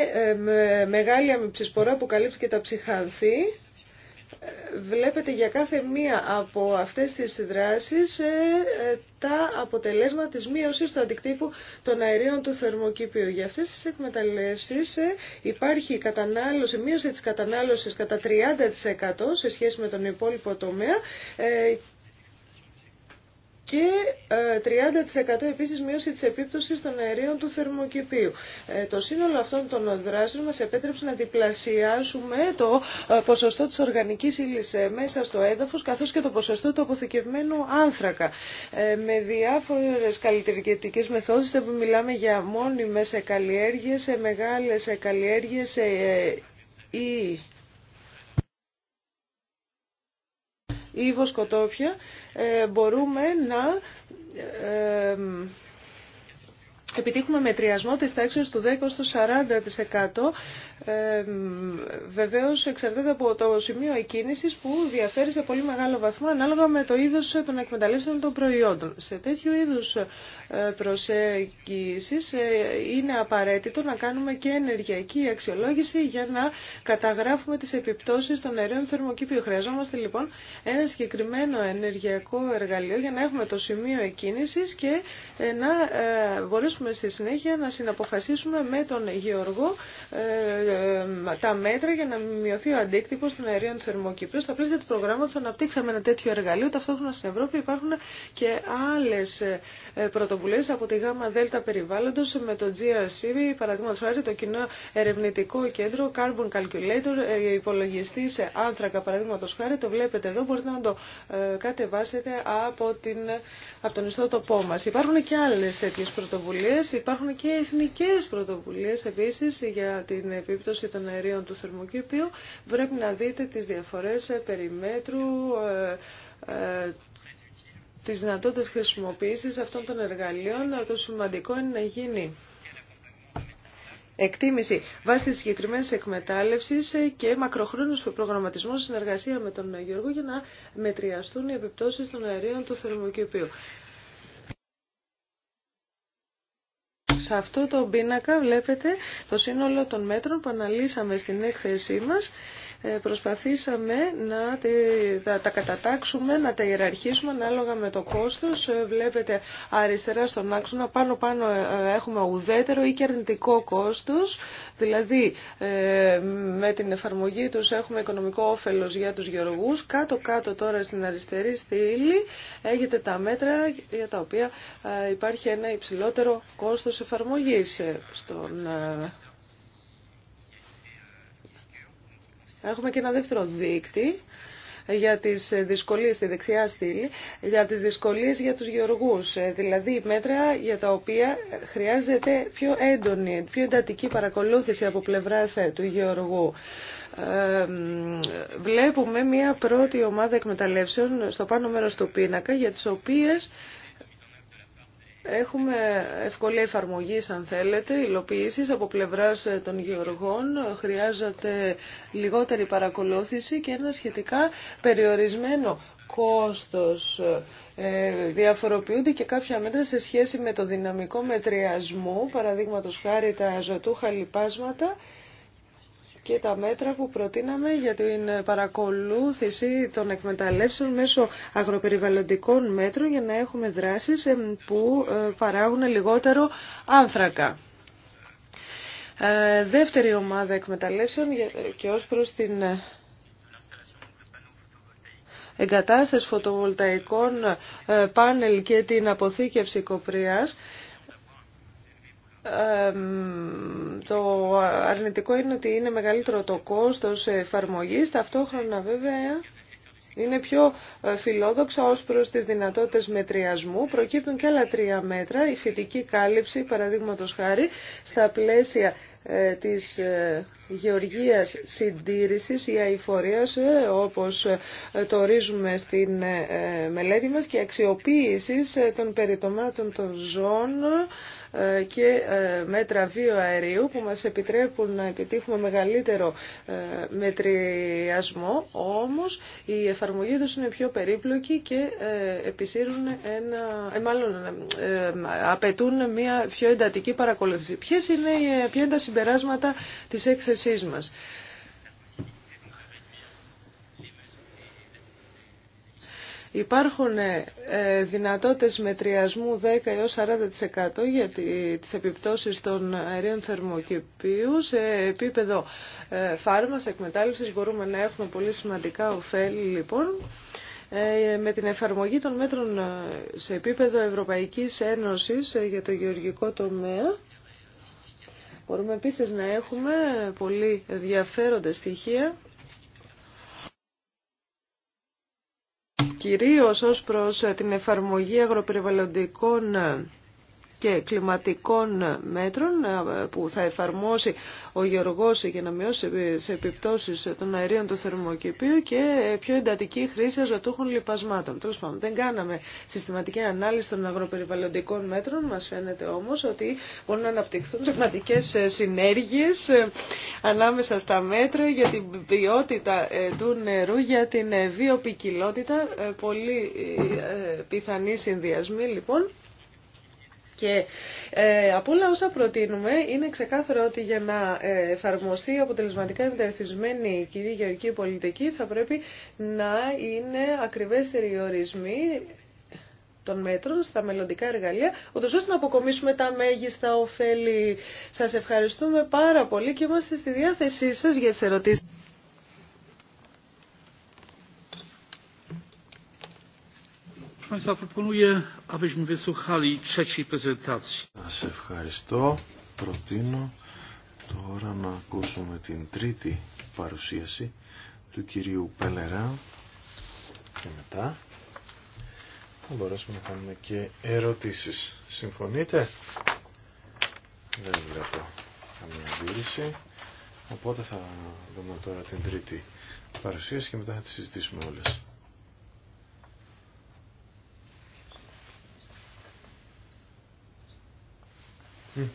μεγάλη σπορά που καλύπτει και τα ψυχανθή βλέπετε για κάθε μία από αυτές τις δράσεις ε, ε, τα αποτελέσματα της μείωσης του αντικτύπου των αερίων του θερμοκήπιου. Για αυτές τις εκμεταλλεύσεις ε, υπάρχει κατανάλωση, μείωση της κατανάλωσης κατά 30% σε σχέση με τον υπόλοιπο τομέα και 30% ε, επίσης μείωση της επίπτωσης των αερίων του θερμοκηπίου. Ε, το σύνολο αυτών των δράσεων μας επέτρεψε να διπλασιάσουμε το ε, ποσοστό της οργανικής ύλης μέσα στο έδαφος καθώς και το ποσοστό του αποθηκευμένου άνθρακα. Με διάφορες καλλιτεργητικές μεθόδους, δεν μιλάμε για μόνιμες καλλιέργειες, μεγάλες καλλιέργειες ή ή βοσκοτόπια ε, μπορούμε να ε, ε, επιτύχουμε μετριασμό της τάξης του 10% στο 40% ε, βεβαίως εξαρτάται από το σημείο εκκίνηση που διαφέρει σε πολύ μεγάλο βαθμό ανάλογα με το είδος των εκμεταλλεύσεων των προϊόντων. Σε τέτοιου είδου ε, προσέγγιση ε, είναι απαραίτητο να κάνουμε και ενεργειακή αξιολόγηση για να καταγράφουμε τις επιπτώσεις των αερίων θερμοκήπιου. Χρειαζόμαστε λοιπόν ένα συγκεκριμένο ενεργειακό εργαλείο για να έχουμε το σημείο εκκίνηση και ε, να μπορέσουμε στη συνέχεια να συναποφασίσουμε με τον Γεωργό ε, τα μέτρα για να μειωθεί ο αντίκτυπο των αερίων θερμοκηπίων. Στα πλαίσια του προγράμματο αναπτύξαμε ένα τέτοιο εργαλείο. Ταυτόχρονα στην Ευρώπη υπάρχουν και άλλε πρωτοβουλίε από τη ΓΑΜΑ ΔΕΛΤΑ περιβάλλοντο με το GRC, παραδείγματο χάρη το κοινό ερευνητικό κέντρο Carbon Calculator, ε, υπολογιστή σε άνθρακα παραδείγματο χάρη. Το βλέπετε εδώ, μπορείτε να το ε, κατεβάσετε από, την, από τον ιστότοπό μα. Υπάρχουν και άλλε τέτοιε πρωτοβουλίε, υπάρχουν και εθνικέ πρωτοβουλίε επίση για την περίπτωση των αερίων του θερμοκήπιου, πρέπει να δείτε τις διαφορές ε, περιμέτρου, ε, ε, τις δυνατότητες χρησιμοποίησης αυτών των εργαλείων. Το σημαντικό είναι να γίνει εκτίμηση βάσει της συγκεκριμένη εκμετάλλευσης και μακροχρόνιος προγραμματισμός συνεργασία με τον Γιώργο για να μετριαστούν οι επιπτώσεις των αερίων του θερμοκηπίου. Σε αυτό το πίνακα βλέπετε το σύνολο των μέτρων που αναλύσαμε στην έκθεσή μας ε, προσπαθήσαμε να τα κατατάξουμε, να τα ιεραρχήσουμε ανάλογα με το κόστος. Ε, βλέπετε αριστερά στον άξονα πάνω-πάνω ε, έχουμε ουδέτερο ή και αρνητικό κόστος, δηλαδή με την εφαρμογή τους έχουμε οικονομικό όφελος για τους γεωργούς. Κάτω-κάτω τώρα στην αριστερή στήλη έχετε τα μέτρα για τα οποία υπάρχει ένα υψηλότερο κόστος εφαρμογής στον Έχουμε και ένα δεύτερο δίκτυ για τις δυσκολίες στη δεξιά στήλη, για τις δυσκολίες για τους γεωργούς, ε, δηλαδή μέτρα για τα οποία χρειάζεται πιο έντονη, πιο εντατική παρακολούθηση από πλευράς ε, του γεωργού. Βλέπουμε μία πρώτη ομάδα εκμεταλλεύσεων στο πάνω μέρος του πίνακα, για τις οποίες Έχουμε ευκολία εφαρμογή, αν θέλετε, υλοποίηση από πλευρά ε, των γεωργών. Χρειάζεται λιγότερη παρακολούθηση και ένα σχετικά περιορισμένο κόστος ε, διαφοροποιούνται και κάποια μέτρα σε σχέση με το δυναμικό μετριασμό, παραδείγματο χάρη τα ζωτούχα λοιπάσματα και τα μέτρα που προτείναμε για την παρακολούθηση των εκμεταλλεύσεων μέσω αγροπεριβαλλοντικών μέτρων για να έχουμε δράσεις που ε, παράγουν λιγότερο άνθρακα. Ε, δεύτερη ομάδα εκμεταλλεύσεων ε, και ως προς την εγκατάσταση φωτοβολταϊκών πάνελ και την αποθήκευση κοπριάς το αρνητικό είναι ότι είναι μεγαλύτερο το κόστος εφαρμογής, ταυτόχρονα βέβαια είναι πιο ε, φιλόδοξα ως προς τις δυνατότητες μετριασμού. Προκύπτουν και άλλα τρία μέτρα, η φυτική κάλυψη, παραδείγματος χάρη, στα πλαίσια ε, της ε, γεωργίας συντήρησης ή αηφορίας όπως το ορίζουμε στην μελέτη μας και αξιοποίησης των περιτομάτων των ζώων ε, και ε, μέτρα βιοαερίου που μας επιτρέπουν να επιτύχουμε μεγαλύτερο ε, μετριασμό, όμως η εφαρμογή τους είναι πιο περίπλοκη και επισύρουν ένα, μάλλον απαιτούν μια πιο εντατική παρακολούθηση. Ποιες είναι, οι είναι συμπεράσματα της έκθεσής μας. Υπάρχουν ε, ε, δυνατότητες μετριασμού 10 έως 40% για τις επιπτώσεις των αερίων θερμοκηπίου σε επίπεδο ε, φάρμας εκμετάλλευσης μπορούμε να έχουμε πολύ σημαντικά ωφέλη λοιπόν με την εφαρμογή των μέτρων σε επίπεδο Ευρωπαϊκής Ένωσης για το γεωργικό τομέα μπορούμε επίσης να έχουμε πολύ ενδιαφέροντα στοιχεία κυρίως ως προς την εφαρμογή αγροπεριβαλλοντικών και κλιματικών μέτρων ε, που θα εφαρμόσει ο Γεωργός για να μειώσει τις επιπτώσεις των αερίων του θερμοκηπίου και πιο εντατική χρήση αζωτούχων λιπασμάτων. Τέλος πάντων, δεν κάναμε συστηματική ανάλυση των αγροπεριβαλλοντικών μέτρων. Μας φαίνεται όμως ότι μπορούν να αναπτυχθούν σημαντικές ε, συνέργειες ε, ανάμεσα στα μέτρα για την ποιότητα του νερού, για την βιοπικιλότητα. Πολύ πιθανή συνδυασμή λοιπόν. Και ε, από όλα όσα προτείνουμε είναι ξεκάθαρο ότι για να ε, εφαρμοστεί αποτελεσματικά η μεταρρυθμισμένη κυρία γεωργική πολιτική θα πρέπει να είναι ακριβέστεροι οι ορισμοί των μέτρων στα μελλοντικά εργαλεία, ούτως ώστε να αποκομίσουμε τα μέγιστα ωφέλη. Σας ευχαριστούμε πάρα πολύ και είμαστε στη διάθεσή σας για τις ερωτήσεις. Σας ευχαριστώ. Προτείνω τώρα να ακούσουμε την τρίτη παρουσίαση του κυρίου Πελερά και μετά θα μπορέσουμε να κάνουμε και ερωτήσεις. Συμφωνείτε? Δεν βλέπω καμία αντίρρηση. Οπότε θα δούμε τώρα την τρίτη παρουσίαση και μετά θα τη συζητήσουμε όλες. Mm.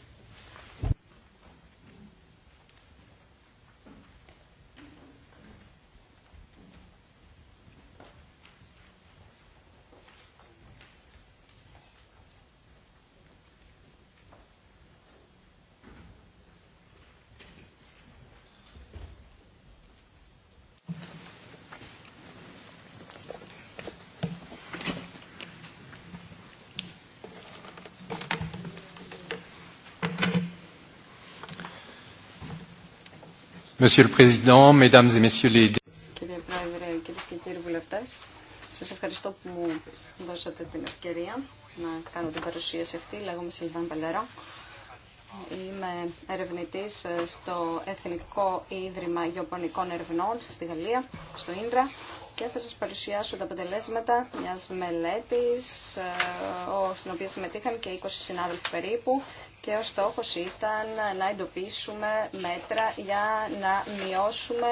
Monsieur le Président, Mesdames et Messieurs les Κύριε Πρόεδρε, κυρίε και κύριοι βουλευτέ, σα ευχαριστώ που μου δώσατε την ευκαιρία να κάνω την παρουσίαση αυτή. Λέγομαι Σιλβάν Παλέρα. Είμαι ερευνητή στο Εθνικό Ίδρυμα Γεωπονικών Ερευνών στη Γαλλία, στο Ίντρα, και θα σας παρουσιάσω τα αποτελέσματα μιας μελέτης ε, στην οποία συμμετείχαν και 20 συνάδελφοι περίπου και ο στόχος ήταν να εντοπίσουμε μέτρα για να μειώσουμε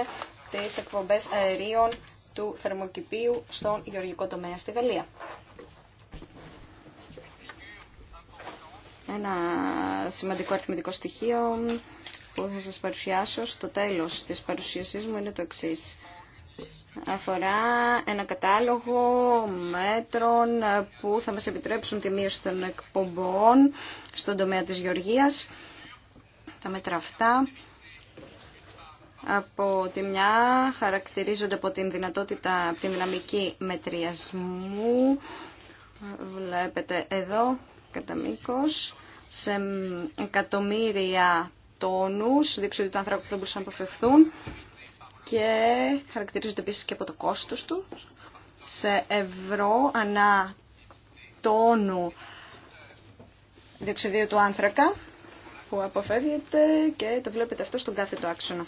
τις εκπομπές αερίων του θερμοκηπίου στον γεωργικό τομέα στη Γαλλία. Ένα σημαντικό αριθμητικό στοιχείο που θα σας παρουσιάσω στο τέλος της παρουσίασής μου είναι το εξής αφορά ένα κατάλογο μέτρων που θα μας επιτρέψουν τη μείωση των εκπομπών στον τομέα της γεωργίας. Τα μέτρα αυτά από τη μια χαρακτηρίζονται από την δυνατότητα, από την δυναμική μετριασμού. Βλέπετε εδώ κατά μήκο. σε εκατομμύρια τόνους, δείξω ότι το που δεν μπορούσαν να αποφευθούν και χαρακτηρίζονται επίσης και από το κόστος του σε ευρώ ανά τόνου διοξιδίου του άνθρακα που αποφεύγεται και το βλέπετε αυτό στον κάθε το άξονα.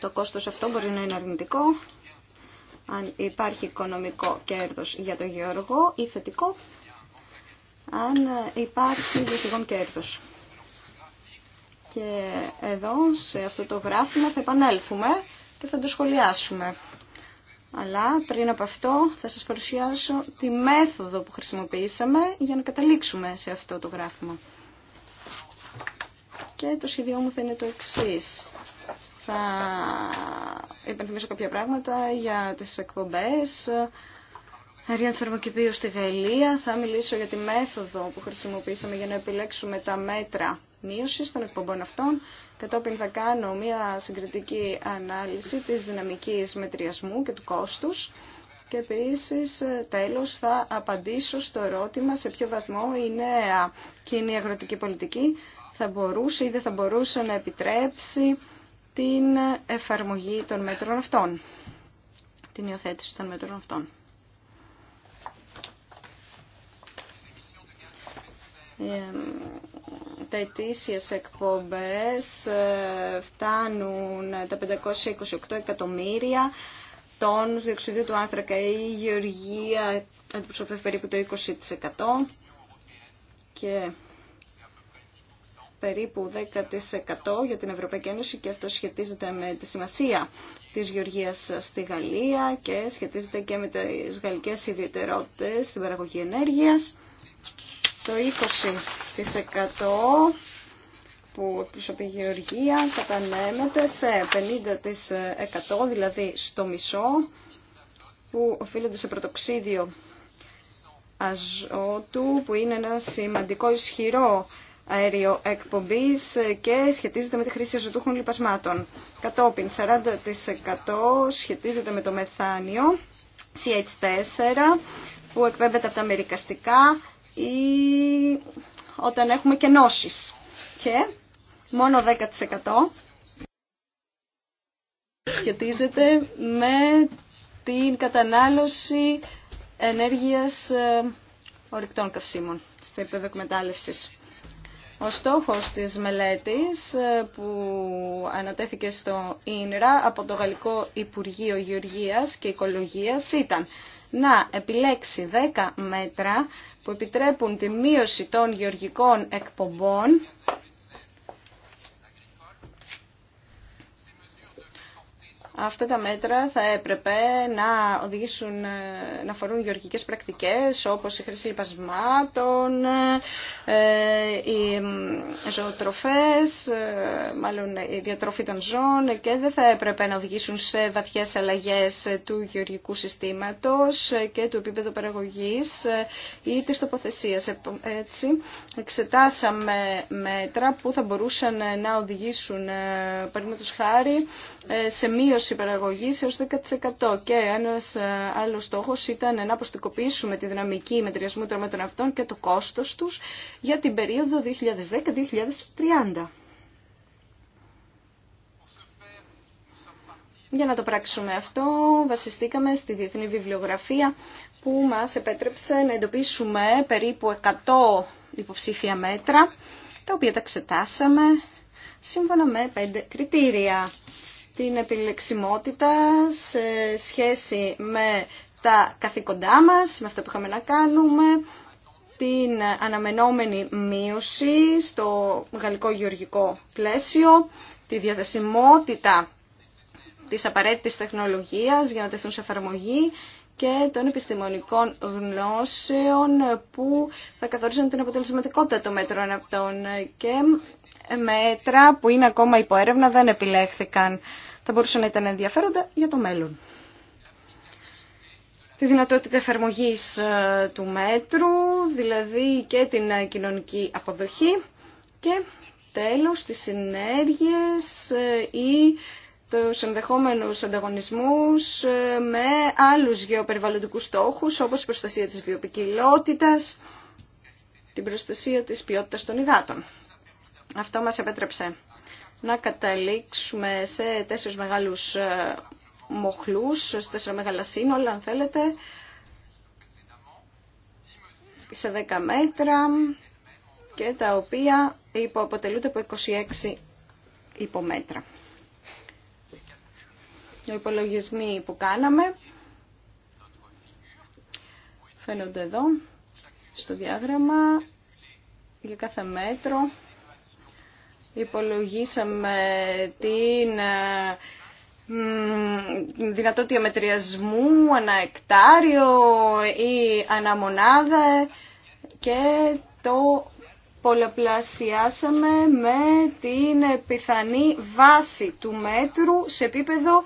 Το κόστος αυτό μπορεί να είναι αρνητικό αν υπάρχει οικονομικό κέρδος για το γεωργό ή θετικό αν υπάρχει διεθνικό κέρδος. Και εδώ, σε αυτό το γράφημα, θα επανέλθουμε και θα το σχολιάσουμε. Αλλά πριν από αυτό θα σας παρουσιάσω τη μέθοδο που χρησιμοποιήσαμε για να καταλήξουμε σε αυτό το γράφημα. Και το σχέδιό μου θα είναι το εξή. Θα υπενθυμίσω κάποια πράγματα για τις εκπομπές, Αριάν θερμοκηπίου στη Γαλλία. Θα μιλήσω για τη μέθοδο που χρησιμοποιήσαμε για να επιλέξουμε τα μέτρα μείωση των εκπομπών αυτών. Κατόπιν θα κάνω μια συγκριτική ανάλυση της δυναμικής μετριασμού και του κόστου. Και επίση, τέλο, θα απαντήσω στο ερώτημα σε ποιο βαθμό η νέα κοινή αγροτική πολιτική θα μπορούσε ή δεν θα μπορούσε να επιτρέψει την εφαρμογή των μέτρων αυτών, την υιοθέτηση των μέτρων αυτών. τα ετήσια εκπομπές ε, φτάνουν τα 528 εκατομμύρια τόνους διοξιδίου του άνθρακα. Η γεωργία αντιπροσωπεύει περίπου το 20% και περίπου 10% για την Ευρωπαϊκή Ένωση και αυτό σχετίζεται με τη σημασία της γεωργίας στη Γαλλία και σχετίζεται και με τις γαλλικές ιδιαιτερότητες στην παραγωγή ενέργειας το 20% που εκπροσωπεί η γεωργία κατανέμεται σε 50% δηλαδή στο μισό που οφείλεται σε πρωτοξίδιο αζότου που είναι ένα σημαντικό ισχυρό αέριο εκπομπής και σχετίζεται με τη χρήση αζωτούχων λιπασμάτων. Κατόπιν 40% σχετίζεται με το μεθάνιο CH4 που εκπέμπεται από τα μερικαστικά ή όταν έχουμε και νόσεις. Και μόνο 10% σχετίζεται με την κατανάλωση ενέργειας ε, ορυκτών καυσίμων στο επίπεδο εκμετάλλευση. Ο στόχος της μελέτης ε, που ανατέθηκε στο ΙΝΡΑ από το Γαλλικό Υπουργείο Γεωργίας και Οικολογίας ήταν να επιλέξει 10 μέτρα που επιτρέπουν τη μείωση των γεωργικών εκπομπών αυτά τα μέτρα θα έπρεπε να οδηγήσουν, ε, να αφορούν γεωργικές πρακτικές όπως η χρήση λιπασμάτων, ε, οι ζωοτροφές, ε, μάλλον η διατροφή των ζώων και δεν θα έπρεπε να οδηγήσουν σε βαθιές αλλαγές του γεωργικού συστήματος και του επίπεδου παραγωγής ή της τοποθεσίας. Έτσι, εξετάσαμε μέτρα που θα μπορούσαν να οδηγήσουν, παραδείγματος χάρη, σε μείωση υπεραγωγή παραγωγής 10% και ένας ε, άλλος στόχος ήταν να αποστικοποιήσουμε τη δυναμική μετριασμού των αυτών και το κόστος τους για την περίοδο 2010-2030. Για να το πράξουμε αυτό, βασιστήκαμε στη διεθνή βιβλιογραφία που μας επέτρεψε να εντοπίσουμε περίπου 100 υποψήφια μέτρα, τα οποία τα εξετάσαμε σύμφωνα με πέντε κριτήρια την επιλεξιμότητα σε σχέση με τα καθήκοντά μας, με αυτό που είχαμε να κάνουμε, την αναμενόμενη μείωση στο γαλλικό γεωργικό πλαίσιο, τη διαθεσιμότητα της απαραίτητης τεχνολογίας για να τεθούν σε εφαρμογή και των επιστημονικών γνώσεων που θα καθορίζουν την αποτελεσματικότητα των μέτρων αυτών και μέτρα που είναι ακόμα υπό έρευνα δεν επιλέχθηκαν θα μπορούσαν να ήταν ενδιαφέροντα για το μέλλον. Τη δυνατότητα εφαρμογής ε, του μέτρου, δηλαδή και την ε, κοινωνική αποδοχή και τέλος τις συνέργειες ε, ή τους ενδεχόμενους ανταγωνισμούς με άλλους γεωπεριβαλλοντικούς στόχους όπως η του ενδεχομενους ανταγωνισμους με αλλους γεωπεριβαλλοντικους στοχους οπως η προστασια της βιοπικιλότητας, την προστασία της ποιότητας των υδάτων. Αυτό μας επέτρεψε να καταλήξουμε σε τέσσερις μεγάλους ε, μοχλούς, σε τέσσερα μεγάλα σύνολα, αν θέλετε, σε δέκα μέτρα και τα οποία υποαποτελούνται από 26 υπομέτρα. Οι υπολογισμοί που κάναμε φαίνονται εδώ στο διάγραμμα για κάθε μέτρο υπολογίσαμε την ε, δυνατότητα μετριασμού, ανά εκτάριο ή αναμονάδα και το πολλαπλασιάσαμε με την πιθανή βάση του μέτρου σε επίπεδο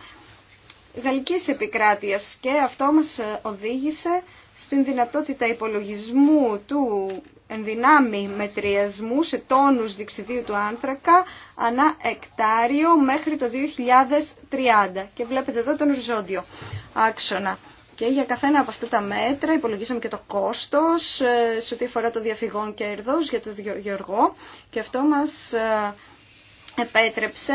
γαλλικής επικράτειας και αυτό μας ε, οδήγησε στην δυνατότητα υπολογισμού του ενδυνάμει μετριασμού σε τόνους διεξιδίου του άνθρακα ανά εκτάριο μέχρι το 2030. Και βλέπετε εδώ τον οριζόντιο άξονα. Και για καθένα από αυτά τα μέτρα υπολογίσαμε και το κόστος ε, σε ό,τι αφορά το διαφυγόν κέρδος για το Γεωργό και αυτό μας ε, επέτρεψε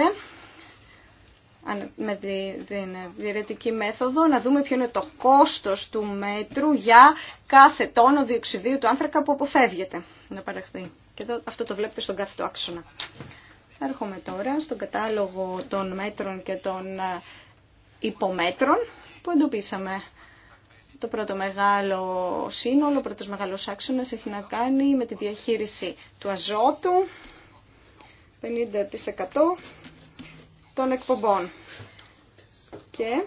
με την διαιρετική μέθοδο, να δούμε ποιο είναι το κόστος του μέτρου για κάθε τόνο διοξιδίου του άνθρακα που αποφεύγεται να παραχθεί. Και εδώ, αυτό το βλέπετε στον κάθε του άξονα. Έρχομαι τώρα στον κατάλογο των μέτρων και των ε, υπομέτρων που εντοπίσαμε. Το πρώτο μεγάλο σύνολο, ο πρώτος μεγάλος άξονας έχει να κάνει με τη διαχείριση του αζότου, 50% των εκπομπών. Και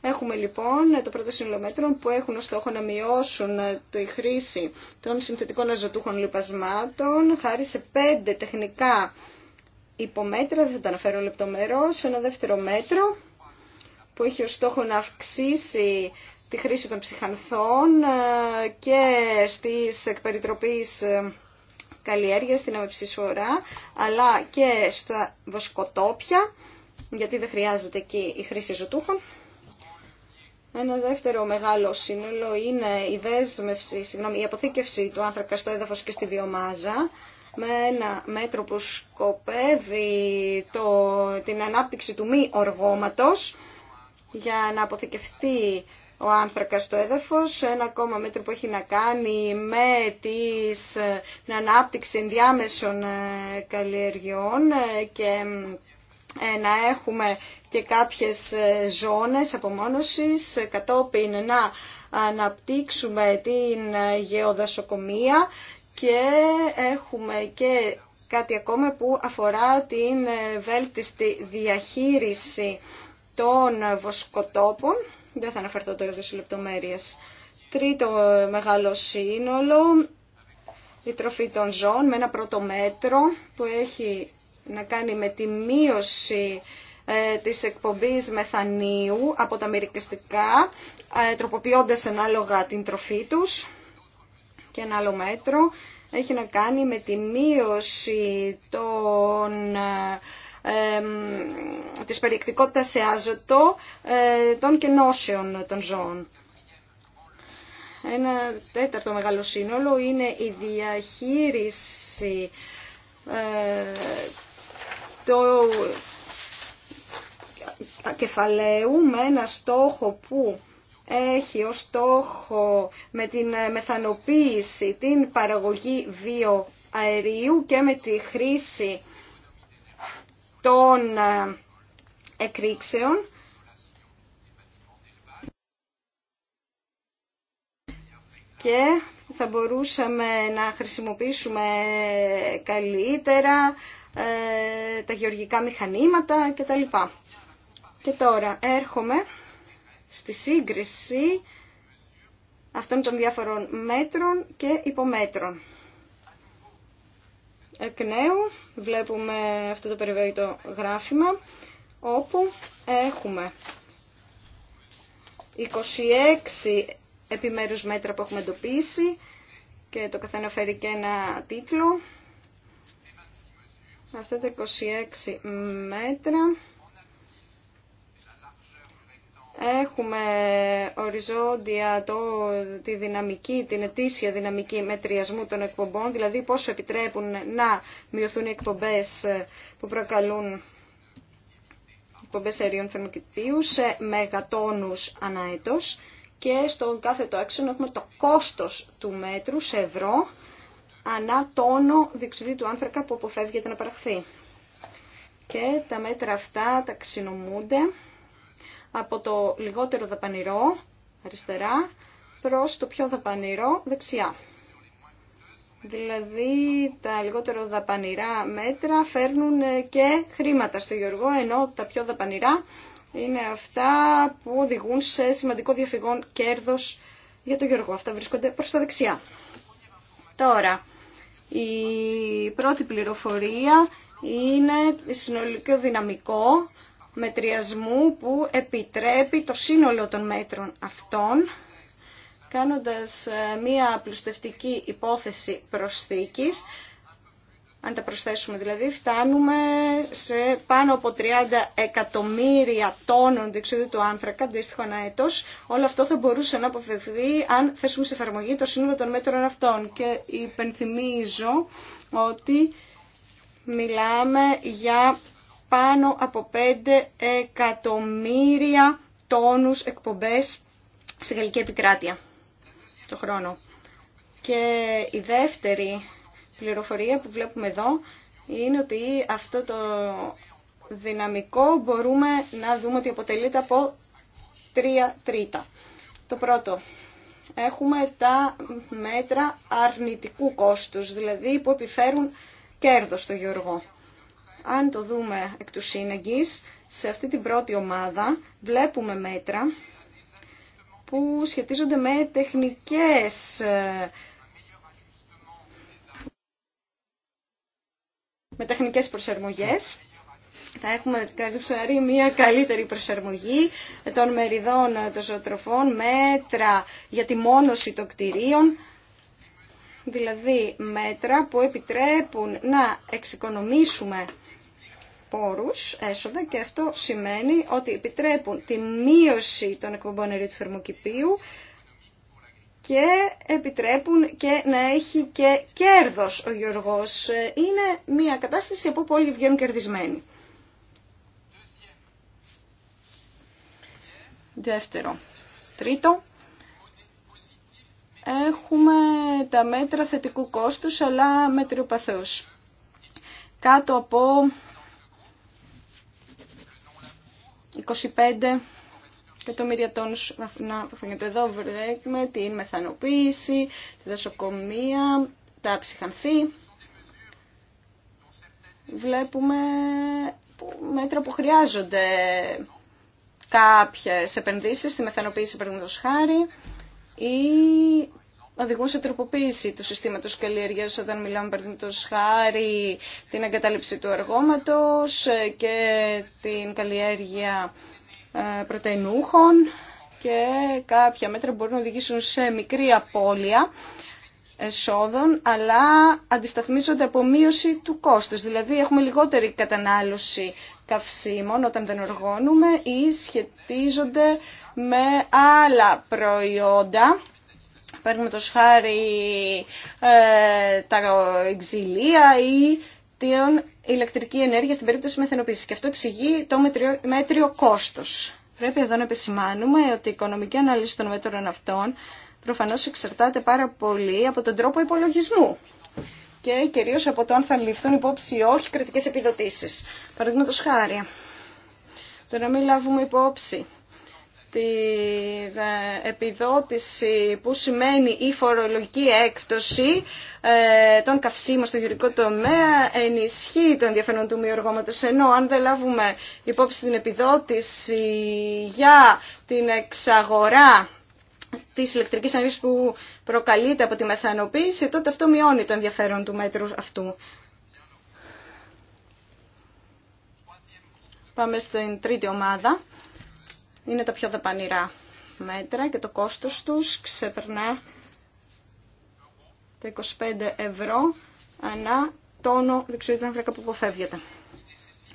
έχουμε λοιπόν το πρώτο σύνολο μέτρων που έχουν ως στόχο να μειώσουν ε, τη χρήση των συνθετικών αζωτούχων λιπασμάτων χάρη σε πέντε τεχνικά υπομέτρα, δεν θα τα αναφέρω λεπτομερώς, σε ένα δεύτερο μέτρο που έχει ως στόχο να αυξήσει τη χρήση των ψυχανθών ε, και στις εκπεριτροπής ε, καλλιέργεια, στην αμεψισφορά, αλλά και στα βοσκοτόπια, γιατί δεν χρειάζεται εκεί η χρήση ζωτούχων. Ένα δεύτερο μεγάλο σύνολο είναι η, δέσμευση, συγγνώμη, η αποθήκευση του άνθρακα στο έδαφος και στη βιομάζα με ένα μέτρο που σκοπεύει το, την ανάπτυξη του μη οργώματος για να αποθηκευτεί ο άνθρακας στο έδαφος. Ένα ακόμα μέτρο που έχει να κάνει με τις, ε, την ανάπτυξη ενδιάμεσων ε, καλλιεργειών ε, και να έχουμε και κάποιες ζώνες απομόνωσης κατόπιν να αναπτύξουμε την γεωδασοκομεία και έχουμε και κάτι ακόμα που αφορά την βέλτιστη διαχείριση των βοσκοτόπων δεν θα αναφερθώ τώρα σε λεπτομέρειες. Τρίτο μεγάλο σύνολο, η τροφή των ζώων με ένα πρώτο μέτρο που έχει να κάνει με τη μείωση ε, της εκπομπής μεθανίου από τα μυρικιστικά, ε, τροποποιώντας ανάλογα την τροφή τους. Και ένα άλλο μέτρο έχει να κάνει με τη μείωση των ε, της περιεκτικότητας σε άζωτο ε, των κενώσεων των ζώων. Ένα τέταρτο μεγάλο σύνολο είναι η διαχείριση ε, του κεφαλαίου με ένα στόχο που έχει ως στόχο με την μεθανοποίηση την παραγωγή βιοαερίου και με τη χρήση των ε, εκρήξεων. Και θα μπορούσαμε να χρησιμοποιήσουμε καλύτερα ε, τα γεωργικά μηχανήματα κτλ. Και τώρα έρχομαι στη σύγκριση αυτών των διάφορων μέτρων και υπομέτρων. Εκ νέου βλέπουμε αυτό το περιβόητο γράφημα όπου έχουμε 26 επιμέρους μέτρα που έχουμε εντοπίσει και το καθένα φέρει και ένα τίτλο. Αυτά τα 26 μέτρα έχουμε οριζόντια το, τη δυναμική, την ετήσια δυναμική μετριασμού των εκπομπών, δηλαδή πόσο επιτρέπουν να μειωθούν οι εκπομπές που προκαλούν εκπομπές αερίων θερμοκηπίου σε μεγατόνους αναέτος και στον κάθε το άξονα έχουμε το κόστος του μέτρου σε ευρώ ανά τόνο διοξιδίου του άνθρακα που αποφεύγεται να παραχθεί. Και τα μέτρα αυτά ταξινομούνται από το λιγότερο δαπανηρό, αριστερά, προς το πιο δαπανηρό, δεξιά. Δηλαδή τα λιγότερο δαπανηρά μέτρα φέρνουν ε, και χρήματα στο Γιώργο, ενώ τα πιο δαπανηρά είναι αυτά που οδηγούν σε σημαντικό διαφυγόν κέρδος για το Γιώργο. Αυτά βρίσκονται προς τα δεξιά. Τώρα, η πρώτη πληροφορία είναι συνολικό δυναμικό μετριασμού που επιτρέπει το σύνολο των μέτρων αυτών, κάνοντας ε, μία πλουστευτική υπόθεση προσθήκης, αν τα προσθέσουμε δηλαδή, φτάνουμε σε πάνω από 30 εκατομμύρια τόνων διεξιδίου του άνθρακα, αντίστοιχο ένα έτος. Όλο αυτό θα μπορούσε να αποφευθεί αν θέσουμε σε εφαρμογή το σύνολο των μέτρων αυτών. Και υπενθυμίζω ότι μιλάμε για πάνω από 5 εκατομμύρια τόνους εκπομπές στη Γαλλική Επικράτεια το χρόνο. Και η δεύτερη πληροφορία που βλέπουμε εδώ είναι ότι αυτό το δυναμικό μπορούμε να δούμε ότι αποτελείται από τρία τρίτα. Το πρώτο, έχουμε τα μέτρα αρνητικού κόστους, δηλαδή που επιφέρουν κέρδος στο γεωργό. Αν το δούμε εκ του σύνεγγυς, σε αυτή την πρώτη ομάδα βλέπουμε μέτρα που σχετίζονται με τεχνικές με τεχνικές προσαρμογές. Θα έχουμε καλύτερη μια καλύτερη προσαρμογή των μεριδών των ζωοτροφών, μέτρα για τη μόνωση των κτηρίων, δηλαδή μέτρα που επιτρέπουν να εξοικονομήσουμε πόρους, έσοδα και αυτό σημαίνει ότι επιτρέπουν τη μείωση των εκπομπών αερίου του θερμοκηπίου και επιτρέπουν και να έχει και κέρδος ο Γιωργός. Είναι μια κατάσταση από που όλοι βγαίνουν κερδισμένοι. Δεύτερο. Τρίτο. Έχουμε τα μέτρα θετικού κόστους αλλά μετριοπαθέως. Κάτω από 25 εκατομμύρια τόνους να φαίνεται εδώ βρέχουμε την μεθανοποίηση, τη δασοκομεία, τα ψυχανθή. Βλέπουμε μέτρα που χρειάζονται κάποιες επενδύσεις στη μεθανοποίηση, παραδείγματος χάρη, ή οδηγούν σε τροποποίηση του συστήματος καλλιέργεια όταν μιλάμε παραδείγματο χάρη την εγκατάλειψη του αργώματο ε, και την καλλιέργεια ε, πρωτεϊνούχων και κάποια μέτρα μπορούν να οδηγήσουν σε μικρή απώλεια εσόδων, αλλά αντισταθμίζονται από μείωση του κόστους. Δηλαδή έχουμε λιγότερη κατανάλωση καυσίμων όταν δεν οργώνουμε ή σχετίζονται με άλλα προϊόντα παίρνουμε το σχάρι ε, τα εξηλία ή την ηλεκτρική ενέργεια στην περίπτωση μεθενοποίησης. Και αυτό εξηγεί το μέτριο, μέτριο κόστος. Πρέπει εδώ να επισημάνουμε ότι η οικονομική ανάλυση των μέτρων αυτών προφανώς εξαρτάται πάρα πολύ από τον τρόπο υπολογισμού και κυρίως από το αν θα ληφθούν υπόψη ή όχι κρατικές επιδοτήσεις. Παραδείγματος χάρη, το να μην λάβουμε υπόψη την ε, επιδότηση που σημαίνει η φορολογική έκπτωση ε, των καυσίμων στο γεωργικό τομέα ενισχύει το ενδιαφέρον του μειοργώματος. Ενώ αν δεν λάβουμε υπόψη την επιδότηση για την εξαγορά της ηλεκτρικής ανάγκης που προκαλείται από τη μεθανοποίηση, τότε αυτό μειώνει το ενδιαφέρον του μέτρου αυτού. Πάμε στην τρίτη ομάδα είναι τα πιο δαπανηρά μέτρα και το κόστος τους ξεπερνά τα 25 ευρώ ανά τόνο δεξιότητα άνθρακα που αποφεύγεται.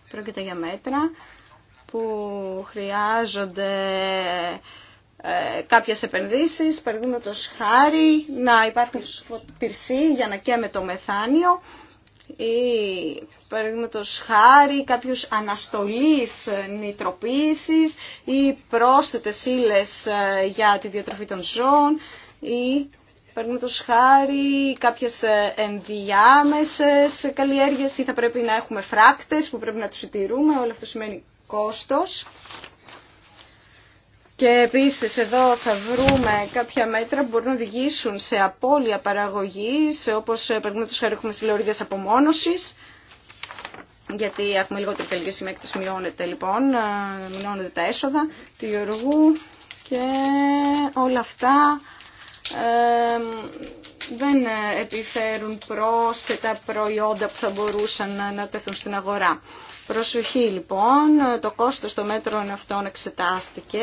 Πρόκειται για μέτρα που χρειάζονται ε, κάποιες επενδύσεις, παραδείγματο χάρη, να υπάρχουν πυρσί για να καίμε το μεθάνιο ή παραδείγματο χάρη κάποιους αναστολής νητροποίησης ή πρόσθετες ύλε ε, για τη διατροφή των ζώων ή παραδείγματο χάρη κάποιες ε, ενδιάμεσες καλλιέργειες ή θα πρέπει να έχουμε φράκτες που πρέπει να τους συντηρούμε, όλο αυτό σημαίνει κόστος. Και επίσης εδώ θα βρούμε κάποια μέτρα που μπορούν να οδηγήσουν σε απώλεια παραγωγής, όπως ε, παραδείγματος χάρη έχουμε στις απομόνωσης, γιατί έχουμε λιγότερη τελική συμμέκτηση, μειώνεται λοιπόν, ε, μειώνονται τα έσοδα του γεωργού και όλα αυτά δεν επιφέρουν πρόσθετα προϊόντα που θα μπορούσαν να, να τεθούν στην αγορά. Προσοχή λοιπόν, το κόστος των μέτρων αυτών εξετάστηκε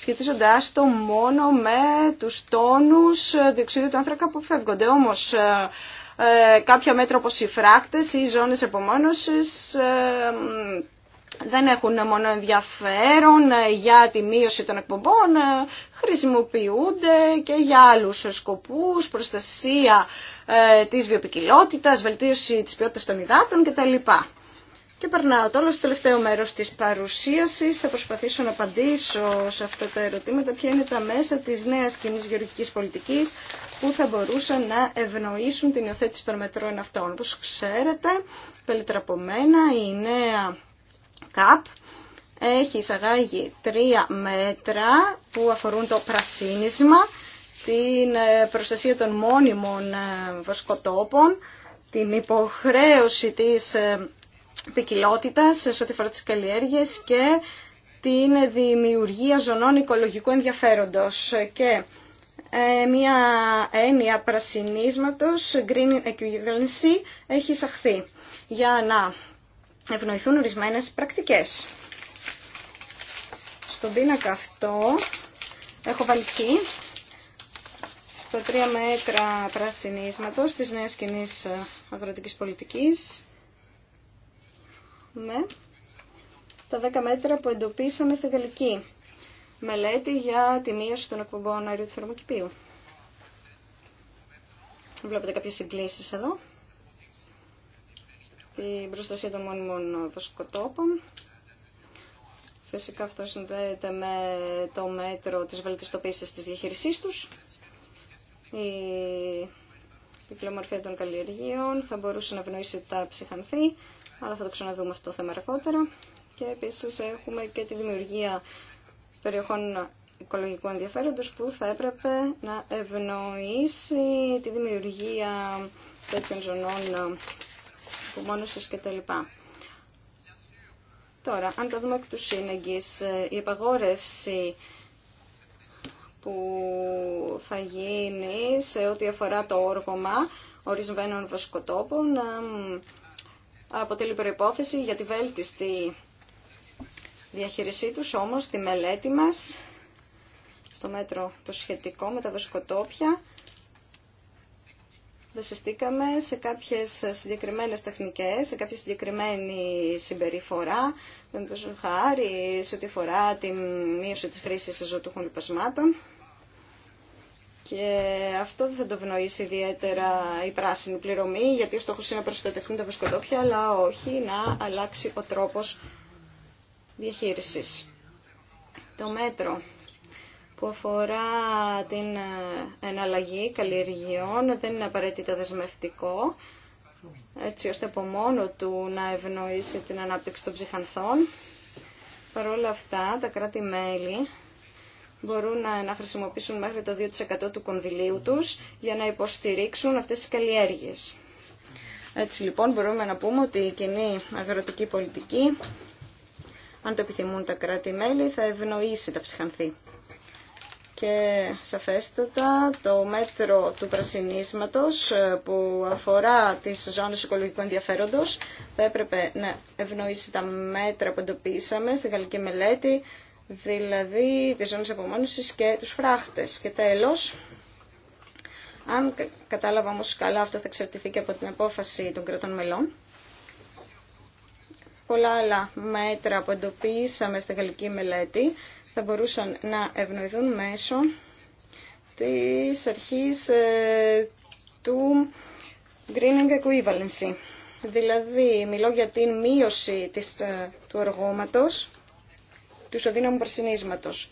σχετίζοντάς το μόνο με τους τόνους διοξίδου του άνθρακα που φεύγονται. Όμως ε, ε, κάποια μέτρα όπως οι φράκτες ή οι ζώνες επομόνωσης ε, δεν έχουν μόνο ενδιαφέρον για τη μείωση των εκπομπών, χρησιμοποιούνται και για άλλους σκοπούς, προστασία της βιοπικιλότητας, βελτίωση της ποιότητας των υδάτων κτλ. Και περνάω τώρα στο τελευταίο μέρος της παρουσίασης. Θα προσπαθήσω να απαντήσω σε αυτά τα ερωτήματα. Ποια είναι τα μέσα της νέας κοινή γεωργικής πολιτικής που θα μπορούσαν να ευνοήσουν την υιοθέτηση των μετρών αυτών. Όπως ξέρετε, πελετραπομένα η νέα ΚΑΠ έχει εισαγάγει τρία μέτρα που αφορούν το πρασίνισμα, την ε, προστασία των μόνιμων ε, βοσκοτόπων, την υποχρέωση της ε, ποικιλότητα σε ό,τι αφορά τι καλλιέργειε και την δημιουργία ζωνών οικολογικού ενδιαφέροντος και ε, μια έννοια πρασινίσματος, green equivalency, έχει εισαχθεί για να ευνοηθούν ορισμένες πρακτικές. Στον πίνακα αυτό έχω βαλθεί στα τρία μέτρα πρασινίσματος της νέας κοινής αγροτικής πολιτικής με τα 10 μέτρα που εντοπίσαμε στη γαλλική μελέτη για τη μείωση των εκπομπών αερίου του θερμοκηπίου. Βλέπετε κάποιες συγκλήσεις εδώ. Την προστασία των μόνιμων δοσκοτόπων. Φυσικά αυτό συνδέεται με το μέτρο της βελτιστοποίησης της διαχείρισής τους. Η κυκλομορφία των καλλιεργείων θα μπορούσε να ευνοήσει τα ψυχανθή αλλά θα το ξαναδούμε αυτό το θέμα αργότερα. Και επίσης έχουμε και τη δημιουργία περιοχών οικολογικού ενδιαφέροντος που θα έπρεπε να ευνοήσει τη δημιουργία τέτοιων ζωνών απομόνωση κτλ. Τώρα, αν το δούμε εκ του σύνεγγυς, η επαγόρευση που θα γίνει σε ό,τι αφορά το όργωμα ορισμένων βασκοτόπων αποτελεί προϋπόθεση για τη βέλτιστη διαχείρισή τους, όμως τη μελέτη μας στο μέτρο το σχετικό με τα δοσκοτόπια βασιστήκαμε σε κάποιες συγκεκριμένες τεχνικές, σε κάποια συγκεκριμένη συμπεριφορά, με το χάρη σε ό,τι φορά τη μείωση της χρήσης ζωτούχων λιπασμάτων. Και αυτό δεν θα το ευνοήσει ιδιαίτερα η πράσινη πληρωμή, γιατί ο στόχος είναι να προστατευτούν τα βεσκοτόπια, αλλά όχι να αλλάξει ο τρόπος διαχείρισης. Το μέτρο που αφορά την ε, εναλλαγή καλλιεργειών δεν είναι απαραίτητα δεσμευτικό, έτσι ώστε από μόνο του να ευνοήσει την ανάπτυξη των ψυχανθών. Παρ' όλα αυτά, τα κράτη-μέλη μπορούν να, να χρησιμοποιήσουν μέχρι το 2% του κονδυλίου τους για να υποστηρίξουν αυτές τις καλλιέργειες. Έτσι λοιπόν μπορούμε να πούμε ότι η κοινή αγροτική πολιτική, αν το επιθυμούν τα κράτη-μέλη, θα ευνοήσει τα ψυχανθή. Και σαφέστατα το μέτρο του πρασινίσματος ε, που αφορά τις ζώνες οικολογικού ενδιαφέροντος θα έπρεπε να ευνοήσει τα μέτρα που εντοπίσαμε στη γαλλική μελέτη δηλαδή τις ζώνες απομόνωσης και τους φράχτες. Και τέλος, αν κατάλαβα όμως καλά, αυτό θα εξαρτηθεί και από την απόφαση των κρατών μελών. Πολλά άλλα μέτρα που εντοπίσαμε στην γαλλική μελέτη θα μπορούσαν να ευνοηθούν μέσω της αρχής ε, του greening equivalency. Δηλαδή, μιλώ για την μείωση της, ε, του εργόματος του ισοδύναμου πρασινίσματος.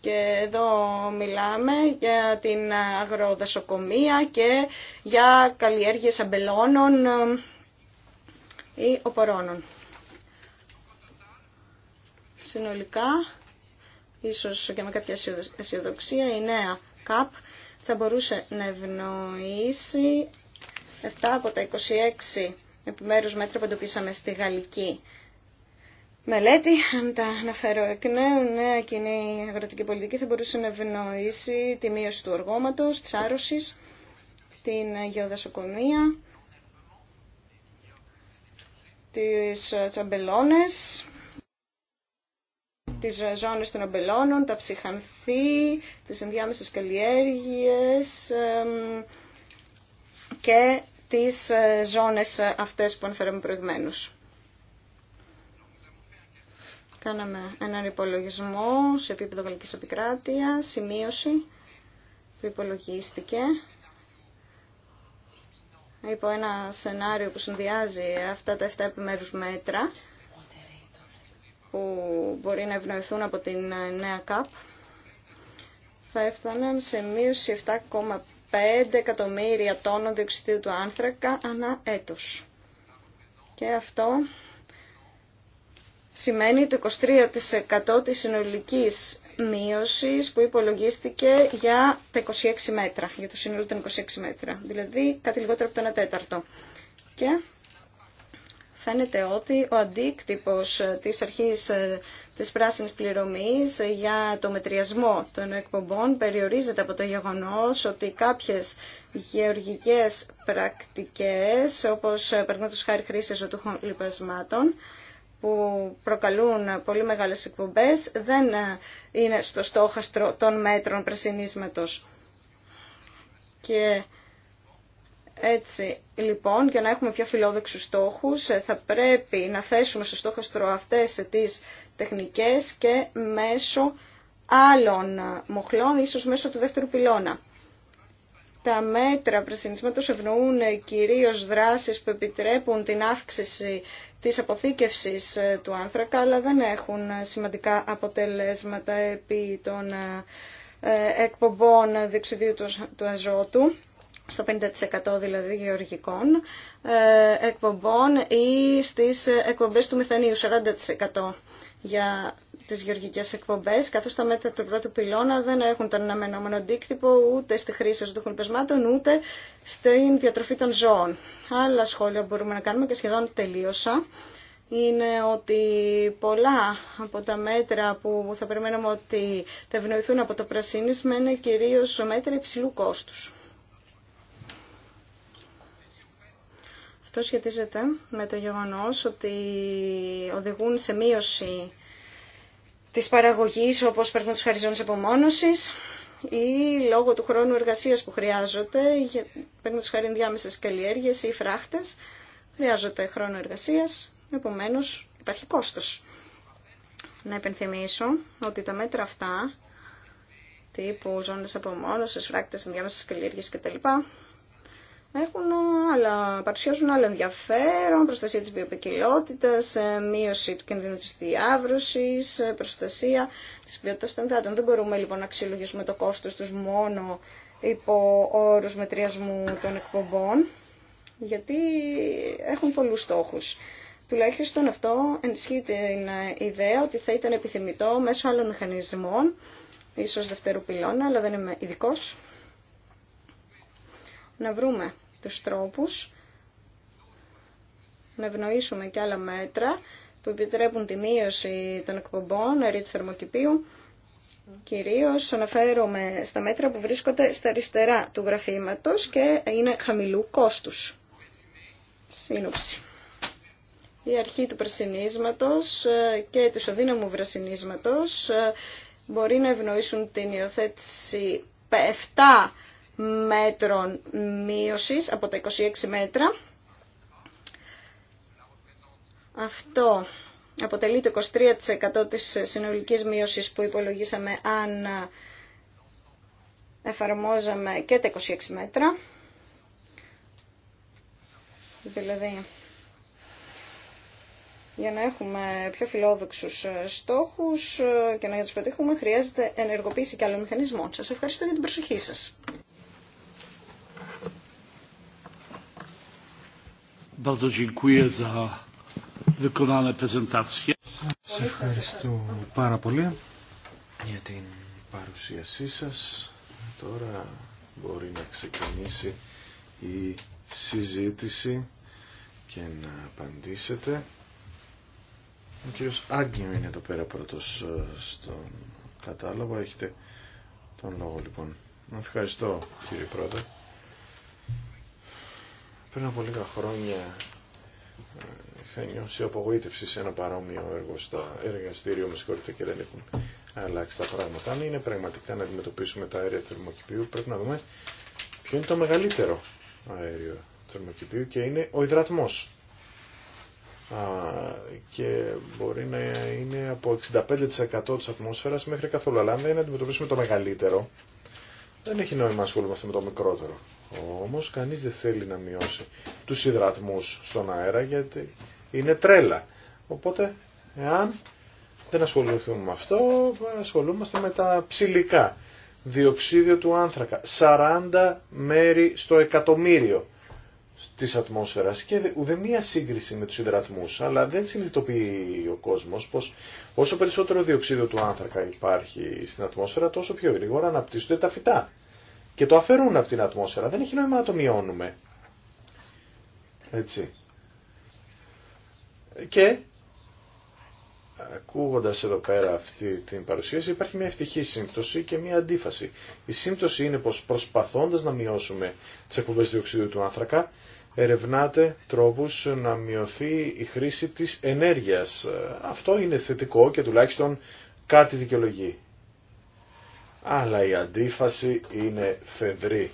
Και εδώ μιλάμε για την αγροδασοκομεία και για καλλιέργειες αμπελώνων ε, ή οπορώνων. Συνολικά, ίσως και με κάποια αισιοδοξία, η νέα ΚΑΠ θα μπορούσε να ευνοήσει 7 από τα 26 επιμέρους μέτρα που εντοπίσαμε στη Γαλλική μελέτη, αν τα αναφέρω εκ νέου, νέα κοινή αγροτική πολιτική θα μπορούσε να ευνοήσει τη μείωση του οργώματος, της άρρωσης, την γεωδασοκομεία, τις ε, τσαμπελώνε, τις ε, ζώνες των αμπελώνων, τα ψυχανθή, τις ενδιάμεσες καλλιέργειες και τις ε, ζώνες αυτές που αναφέραμε προηγουμένως. Κάναμε έναν υπολογισμό σε επίπεδο γαλλικής επικράτειας, σημείωση που υπολογίστηκε υπό ένα σενάριο που συνδυάζει αυτά τα 7 επιμέρους μέτρα που μπορεί να ευνοηθούν από την ε, νέα ΚΑΠ θα έφταναν σε μείωση 7,5 εκατομμύρια τόνων διοξιδίου του άνθρακα ανά έτος. Και αυτό σημαίνει το 23% της συνολικής μείωσης που υπολογίστηκε για τα 26 μέτρα, για το σύνολο των 26 μέτρα, δηλαδή κάτι λιγότερο από το 1 τέταρτο. Και φαίνεται ότι ο αντίκτυπος της αρχής ε, της πράσινης πληρωμής ε, για το μετριασμό των εκπομπών περιορίζεται από το γεγονός ότι κάποιες γεωργικές πρακτικές, όπως ε, παραδείγματος χάρη χρήση ζωτούχων λοιπασμάτων που προκαλούν πολύ μεγάλες εκπομπές δεν είναι στο στόχαστρο των μέτρων πρεσινίσματος. Και έτσι λοιπόν για να έχουμε πιο φιλόδοξους στόχους θα πρέπει να θέσουμε στο στόχαστρο αυτές τις τεχνικές και μέσω άλλων μοχλών, ίσως μέσω του δεύτερου πυλώνα τα μέτρα πρασινίσματος ευνοούν κυρίως δράσεις που επιτρέπουν την αύξηση της αποθήκευσης ε, του άνθρακα, αλλά δεν έχουν σημαντικά αποτελέσματα επί των ε, ε, εκπομπών διοξιδίου του αζότου στο 50% δηλαδή γεωργικών εκπομπών ή στις εκπομπές του μεθανίου 40% για τι γεωργικέ εκπομπέ, καθώ τα μέτρα του πρώτου πυλώνα δεν έχουν τον αναμενόμενο αντίκτυπο ούτε στη χρήση των πεσμάτων ούτε στην διατροφή των ζώων. Άλλα σχόλια που μπορούμε να κάνουμε και σχεδόν τελείωσα είναι ότι πολλά από τα μέτρα που θα περιμένουμε ότι θα ευνοηθούν από το πρασίνισμα είναι κυρίως μέτρα υψηλού κόστους. Αυτό σχετίζεται με το γεγονός ότι οδηγούν σε μείωση της παραγωγής όπως παίρνουν τους χαριζόνες απομόνωσης ή λόγω του χρόνου εργασίας που χρειάζονται, παίρνουν τους διάμεσες καλλιέργειες ή φράχτες, χρειάζονται χρόνο εργασίας, επομένως υπάρχει κόστος. Να επενθυμίσω, ότι τα μέτρα αυτά, τύπου ζώνες απομόνωσης, φράχτες, διάμεσες καλλιέργειες κτλ, έχουν άλλα, παρουσιάζουν άλλο ενδιαφέρον, προστασία της βιοπικιλότητας, ε, μείωση του κινδύνου της διάβρωσης, ε, προστασία της ποιότητας των δάτων. Δεν μπορούμε λοιπόν να αξιολογήσουμε το κόστος τους μόνο υπό όρους μετριασμού των εκπομπών, γιατί έχουν πολλούς στόχους. Τουλάχιστον αυτό ενισχύει την ε, ιδέα ότι θα ήταν επιθυμητό μέσω άλλων μηχανισμών, ίσως δευτερού πυλώνα, αλλά δεν είμαι ειδικός, να βρούμε τους τρόπους να ευνοήσουμε και άλλα μέτρα που επιτρέπουν τη μείωση των εκπομπών αερίου του θερμοκηπίου. Κυρίως αναφέρομαι στα μέτρα που βρίσκονται στα αριστερά του γραφήματος και είναι χαμηλού κόστους. Σύνοψη. Η αρχή του πρασινίσματος ε, και του ισοδύναμου βρασινίσματος ε, μπορεί να ευνοήσουν την υιοθέτηση 7 μέτρων μείωσης από τα 26 μέτρα. Αυτό αποτελεί το 23% της συνολικής μείωσης που υπολογίσαμε αν εφαρμόζαμε και τα 26 μέτρα. Δηλαδή, για να έχουμε πιο φιλόδοξους στόχους και να τους πετύχουμε, χρειάζεται ενεργοποίηση και άλλων μηχανισμών. Σας ευχαριστώ για την προσοχή σας. Bardzo Σας ευχαριστώ πάρα πολύ για την παρουσίασή σας. Τώρα μπορεί να ξεκινήσει η συζήτηση και να απαντήσετε. Ο κύριος Άγγιο είναι εδώ πέρα πρώτος ε, στον κατάλογο. Έχετε τον λόγο λοιπόν. Ευχαριστώ κύριε Πρόεδρε. Πριν από λίγα χρόνια ε, είχα νιώσει απογοήτευση σε ένα παρόμοιο έργο στο εργαστήριο, με συγχωρείτε και δεν έχουν αλλάξει τα πράγματα. Αν είναι πραγματικά να αντιμετωπίσουμε τα αέρια θερμοκηπίου, πρέπει να δούμε ποιο είναι το μεγαλύτερο αέριο θερμοκηπίου και είναι ο υδρατμός. και μπορεί να είναι από 65% της ατμόσφαιρας μέχρι καθόλου. Αλλά αν δεν αντιμετωπίσουμε το μεγαλύτερο, δεν έχει νόημα να ασχολούμαστε με το μικρότερο. Όμως κανείς δεν θέλει να μειώσει τους υδρατμούς στον αέρα γιατί είναι τρέλα. Οπότε εάν δεν ασχοληθούμε με αυτό ασχολούμαστε με τα ψηλικά. Διοξίδιο του άνθρακα. 40 μέρη στο εκατομμύριο της ατμόσφαιρας και μία σύγκριση με τους υδρατμούς, αλλά δεν συνειδητοποιεί ο κόσμος πως όσο περισσότερο διοξίδιο του άνθρακα υπάρχει στην ατμόσφαιρα, τόσο πιο γρήγορα αναπτύσσονται τα φυτά και το αφαιρούν από την ατμόσφαιρα. Δεν έχει νόημα να το μειώνουμε. Έτσι. Και ακούγοντα εδώ πέρα αυτή την παρουσίαση υπάρχει μια ευτυχή σύμπτωση και μια αντίφαση. Η σύμπτωση είναι πως προσπαθώντας να μειώσουμε τι εκπομπές διοξιδίου του άνθρακα ερευνάται τρόπους να μειωθεί η χρήση της ενέργειας. Αυτό είναι θετικό και τουλάχιστον κάτι δικαιολογεί αλλά η αντίφαση είναι φεδρή.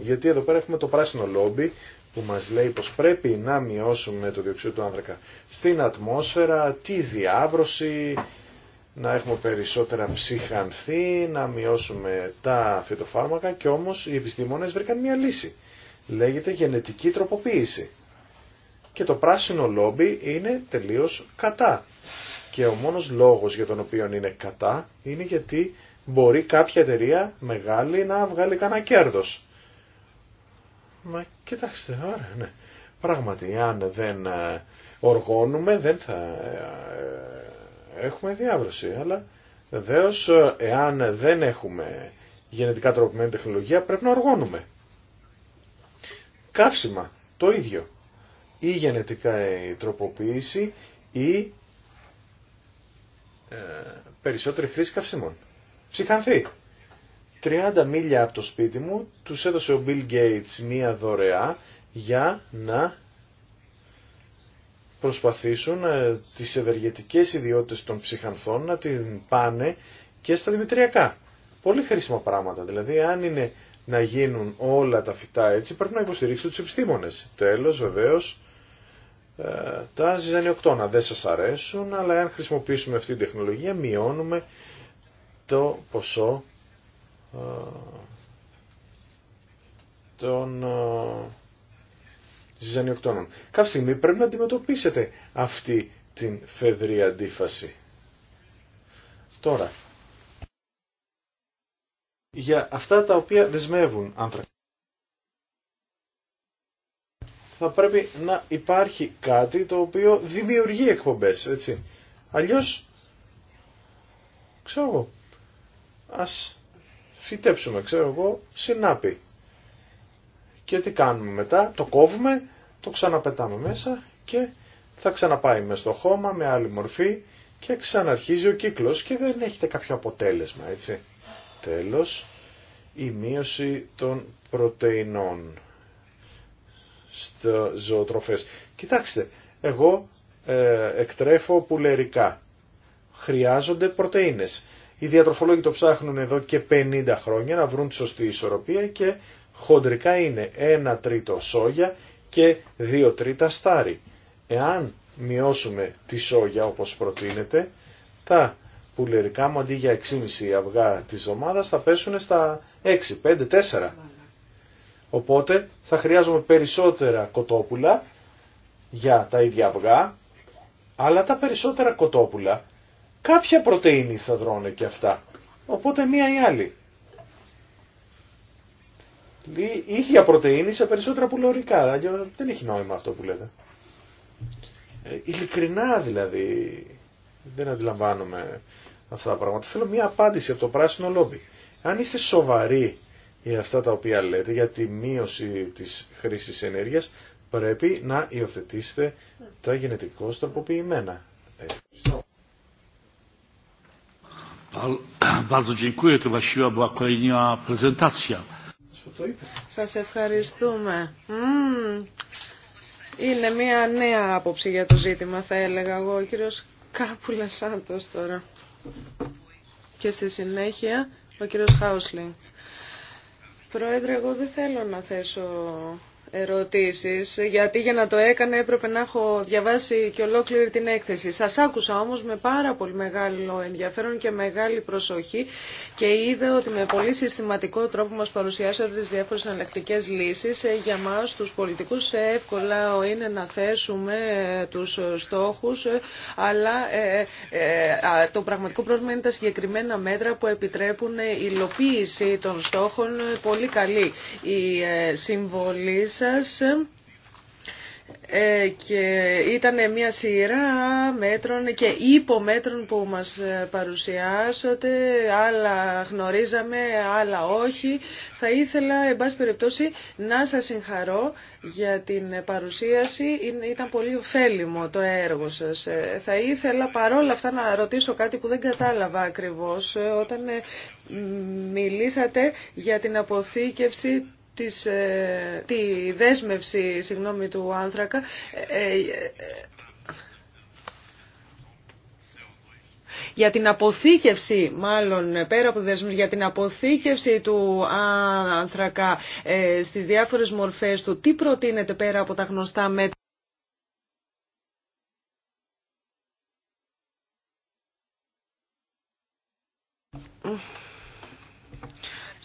Γιατί εδώ πέρα έχουμε το πράσινο λόμπι που μας λέει πως πρέπει να μειώσουμε το διοξείδιο του άνθρακα στην ατμόσφαιρα, τη διάβρωση, να έχουμε περισσότερα ψυχανθή, να μειώσουμε τα φυτοφάρμακα και όμως οι επιστήμονες βρήκαν μια λύση. Λέγεται γενετική τροποποίηση. Και το πράσινο λόμπι είναι τελείως κατά. Και ο μόνος λόγος για τον οποίο είναι κατά είναι γιατί μπορεί κάποια εταιρεία μεγάλη να βγάλει κανένα κέρδο. Μα κοιτάξτε, ωραία, ναι. Πράγματι, αν δεν ε, οργώνουμε δεν θα ε, ε, έχουμε διάβρωση. Αλλά βεβαίω εάν δεν έχουμε γενετικά τροποποιημένη τεχνολογία πρέπει να οργώνουμε. Καύσιμα, το ίδιο. Ή γενετικά η τροποποίηση ή περισσότερη χρήση καυσίμων ψυχανθεί. 30 μίλια από το σπίτι μου τους έδωσε ο Bill Gates μία δωρεά για να προσπαθήσουν ε, τις ευεργετικές ιδιότητες των ψυχανθών να την πάνε και στα δημητριακά. Πολύ χρήσιμα πράγματα. Δηλαδή αν είναι να γίνουν όλα τα φυτά έτσι πρέπει να υποστηρίξουν τους επιστήμονες. Τέλος βεβαίως ε, τα ζυζανιοκτώνα δεν σας αρέσουν αλλά αν χρησιμοποιήσουμε αυτή την τεχνολογία μειώνουμε το ποσό ε, των ε, ζυζανιοκτώνων. Κάποια στιγμή πρέπει να αντιμετωπίσετε αυτή την φεδρή αντίφαση. Τώρα, για αυτά τα οποία δεσμεύουν άνθρακα. Θα πρέπει να υπάρχει κάτι το οποίο δημιουργεί εκπομπές, έτσι. Αλλιώς, ξέρω εγώ, ας φυτέψουμε, ξέρω εγώ, συνάπη. Και τι κάνουμε μετά, το κόβουμε, το ξαναπετάμε μέσα και θα ξαναπάει μέσα στο χώμα με άλλη μορφή και ξαναρχίζει ο κύκλος και δεν έχετε κάποιο αποτέλεσμα, έτσι. Τέλος, η μείωση των πρωτεϊνών στο ζωοτροφές. Κοιτάξτε, εγώ ε, εκτρέφω πουλερικά. Χρειάζονται πρωτεΐνες. Οι διατροφολόγοι το ψάχνουν εδώ και 50 χρόνια να βρουν τη σωστή ισορροπία και χοντρικά είναι 1 τρίτο σόγια και 2 τρίτα στάρι. Εάν μειώσουμε τη σόγια όπως προτείνεται, τα πουλερικά μου αντί για 6,5 αυγά της εβδομάδας θα πέσουν στα 6, 5, 4. Οπότε θα χρειάζομαι περισσότερα κοτόπουλα για τα ίδια αυγά, αλλά τα περισσότερα κοτόπουλα κάποια πρωτεΐνη θα δρώνε και αυτά. Οπότε μία ή άλλη. Η ίδια πρωτεΐνη σε περισσότερα πουλωρικά. Δεν έχει νόημα αυτό που λέτε. Ε, ειλικρινά δηλαδή δεν αντιλαμβάνομαι αυτά τα πράγματα. Θέλω μία απάντηση από το πράσινο λόμπι. Αν είστε σοβαροί για αυτά τα οποία λέτε, για τη μείωση της χρήσης ενέργειας, πρέπει να υιοθετήσετε τα γενετικώς τροποποιημένα. Σα ευχαριστούμε. Mm. Είναι μια νέα άποψη για το ζήτημα, θα έλεγα εγώ, ο κύριος Κάπουλα Σάντος τώρα. Και στη συνέχεια ο κύριος Χάουσλινγκ. Πρόεδρε, εγώ δεν θέλω να θέσω ερωτήσεις, γιατί για να το έκανε έπρεπε να έχω διαβάσει και ολόκληρη την έκθεση. Σας άκουσα όμως με πάρα πολύ μεγάλο ενδιαφέρον και μεγάλη προσοχή και είδα ότι με πολύ συστηματικό τρόπο μας παρουσιάσατε τις διάφορες εναλλακτικέ λύσεις. Ε, για μας τους πολιτικούς ε, εύκολα είναι να θέσουμε ε, τους στόχους, αλλά το πραγματικό πρόβλημα είναι τα συγκεκριμένα μέτρα που επιτρέπουν υλοποίηση των στόχων πολύ καλή. Η συμβολή σας ε, και ήταν μια σειρά μέτρων και υπομέτρων που μας ε, παρουσιάσατε, άλλα γνωρίζαμε, άλλα όχι. Θα ήθελα, εν πάση περιπτώσει, να σας συγχαρώ για την παρουσίαση. Ήταν πολύ ωφέλιμο το έργο σας. Ε, θα ήθελα παρόλα αυτά να ρωτήσω κάτι που δεν κατάλαβα ακριβώς όταν μιλήσατε για την αποθήκευση της, ε, τη δέσμευση συγγνώμη, του άνθρακα ε, ε, για την αποθήκευση, μάλλον πέρα από δεσμού, για την αποθήκευση του άνθρακα ε, στις διάφορες μορφές του, τι προτείνεται πέρα από τα γνωστά μέτρα.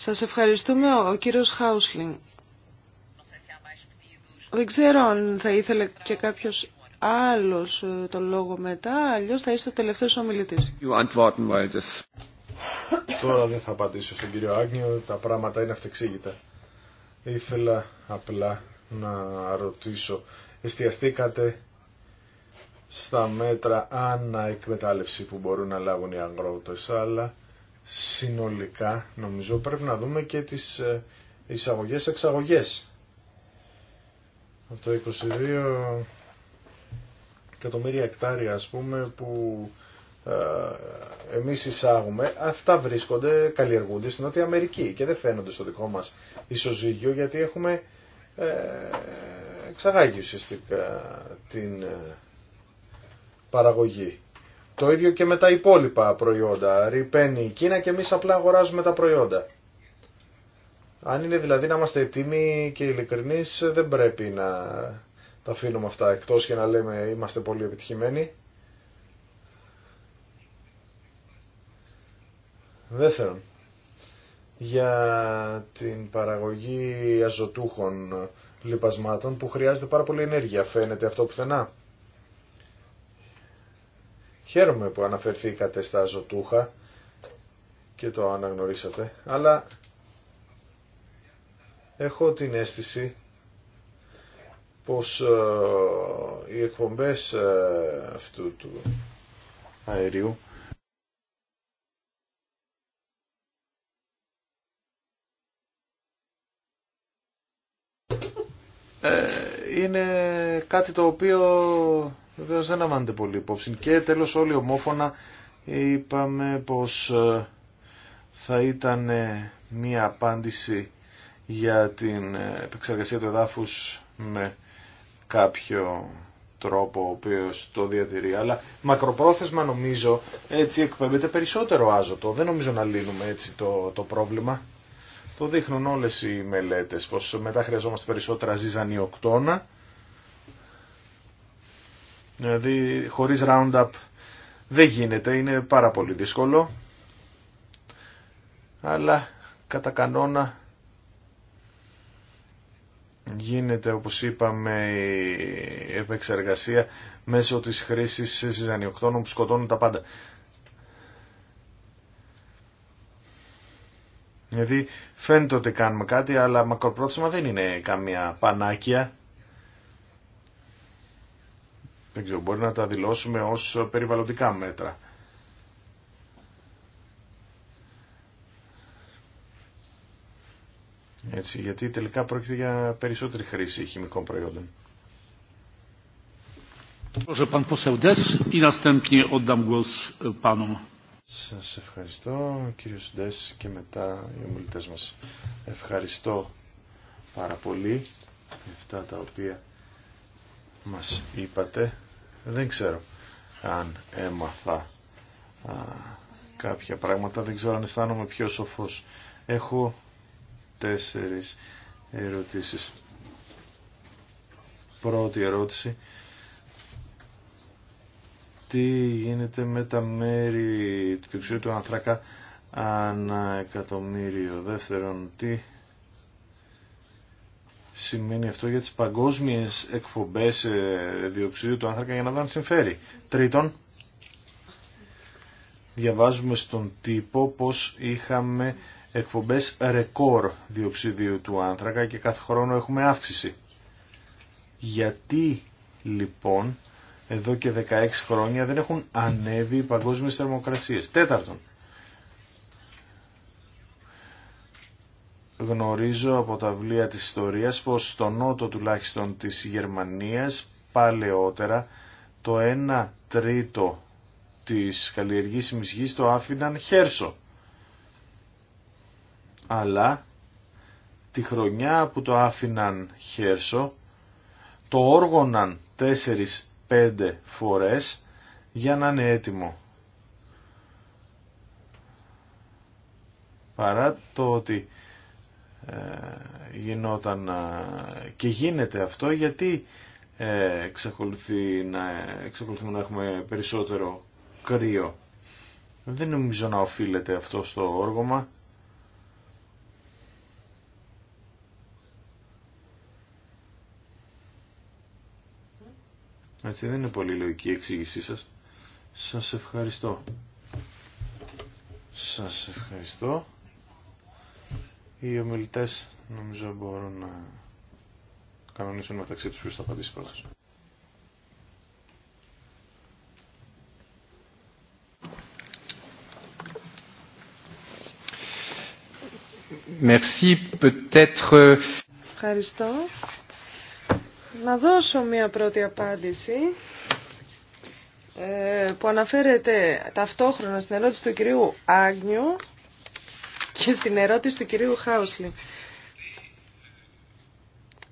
Σας ευχαριστούμε ο κύριος Χάουσλινγκ. Δεν ξέρω αν θα ήθελε και κάποιος άλλος ε, το λόγο μετά, αλλιώς θα είστε ο τελευταίος ομιλητής. Τώρα δεν θα απαντήσω στον κύριο Άγνιο, τα πράγματα είναι αυτεξήγητα. Ήθελα απλά να ρωτήσω, εστιαστήκατε στα μέτρα αναεκμετάλλευση που μπορούν να λάβουν οι αγρότες, αλλά συνολικά νομίζω πρέπει να δούμε και τις ε, εισαγωγές-εξαγωγές. Από το 22 εκατομμύρια εκτάρια ας πούμε που ε, εμείς εισάγουμε, αυτά βρίσκονται, καλλιεργούνται στην Νότια Αμερική και δεν φαίνονται στο δικό μας ισοζύγιο γιατί έχουμε ε, εξαγάγει ουσιαστικά την παραγωγή. Το ίδιο και με τα υπόλοιπα προϊόντα. Ρηπαίνει η Κίνα και εμείς απλά αγοράζουμε τα προϊόντα. Αν είναι δηλαδή να είμαστε έτοιμοι και ειλικρινεί, δεν πρέπει να τα αφήνουμε αυτά εκτός και να λέμε είμαστε πολύ επιτυχημένοι. Δεύτερον, για την παραγωγή αζωτούχων λιπασμάτων που χρειάζεται πάρα πολύ ενέργεια. Φαίνεται αυτό πουθενά. Χαίρομαι που αναφερθήκατε στα ζωτούχα και το αναγνωρίσατε, αλλά έχω την αίσθηση πως ε, οι εκπομπές ε, αυτού του αερίου ε, είναι κάτι το οποίο Βεβαίω δεν λαμβάνεται πολύ υπόψη. Και τέλος όλοι ομόφωνα είπαμε πως ε, θα ήταν ε, μία απάντηση για την ε, επεξεργασία του εδάφους με κάποιο τρόπο ο οποίο το διατηρεί. Αλλά μακροπρόθεσμα νομίζω έτσι εκπέμπεται περισσότερο άζωτο. Δεν νομίζω να λύνουμε έτσι το, το πρόβλημα. Το δείχνουν όλες οι μελέτες πως μετά χρειαζόμαστε περισσότερα ζυζανιοκτώνα Δηλαδή χωρίς Roundup δεν γίνεται, είναι πάρα πολύ δύσκολο. Αλλά κατά κανόνα γίνεται όπως είπαμε η επεξεργασία μέσω της χρήσης συζανιοκτώνων που σκοτώνουν τα πάντα. Δηλαδή φαίνεται ότι κάνουμε κάτι αλλά μακροπρόθεσμα δεν είναι καμία πανάκια δεν ξέρω, μπορεί να τα δηλώσουμε ως περιβαλλοντικά μέτρα. Έτσι, γιατί τελικά πρόκειται για περισσότερη χρήση χημικών προϊόντων. E, Σας ευχαριστώ κύριο Ντες και μετά οι ομιλητές μας. Ευχαριστώ πάρα πολύ αυτά τα οποία μας είπατε. Δεν ξέρω αν έμαθα α, κάποια πράγματα, δεν ξέρω αν αισθάνομαι πιο σοφός. Έχω τέσσερις ερωτήσεις. Πρώτη ερώτηση. Τι γίνεται με τα μέρη του εξωτερικού του ανθρακά ανά εκατομμύριο. Δεύτερον, τι σημαίνει αυτό για τις παγκόσμιες εκπομπές ε, διοξιδίου του άνθρακα για να δουν συμφέρει. Τρίτον, διαβάζουμε στον τύπο πως είχαμε εκπομπές ρεκόρ διοξιδίου του άνθρακα και κάθε χρόνο έχουμε αύξηση. Γιατί λοιπόν εδώ και 16 χρόνια δεν έχουν ανέβει οι παγκόσμιες θερμοκρασίες. Τέταρτον, γνωρίζω από τα βιβλία της ιστορίας πως στο νότο τουλάχιστον της Γερμανίας παλαιότερα το 1 τρίτο της καλλιεργήσιμης γης το άφηναν χέρσο. Αλλά τη χρονιά που το άφηναν χέρσο το όργωναν 4-5 φορές για να είναι έτοιμο. Παρά το ότι ε, γινόταν ε, και γίνεται αυτό γιατί ε, εξακολουθεί να, εξακολουθούμε να έχουμε περισσότερο κρύο. Δεν νομίζω να οφείλεται αυτό στο όργωμα. Έτσι δεν είναι πολύ λογική η εξήγησή σας. Σας ευχαριστώ. Σας ευχαριστώ. Οι ομιλητές νομίζω μπορούν να κανονίσουν μεταξύ τους ποιος θα απαντήσει πρώτα. Merci. Euh, Ευχαριστώ. Να δώσω μια πρώτη απάντηση ε, που αναφέρεται ταυτόχρονα στην ερώτηση του κυρίου Άγνιου και στην ερώτηση του κυρίου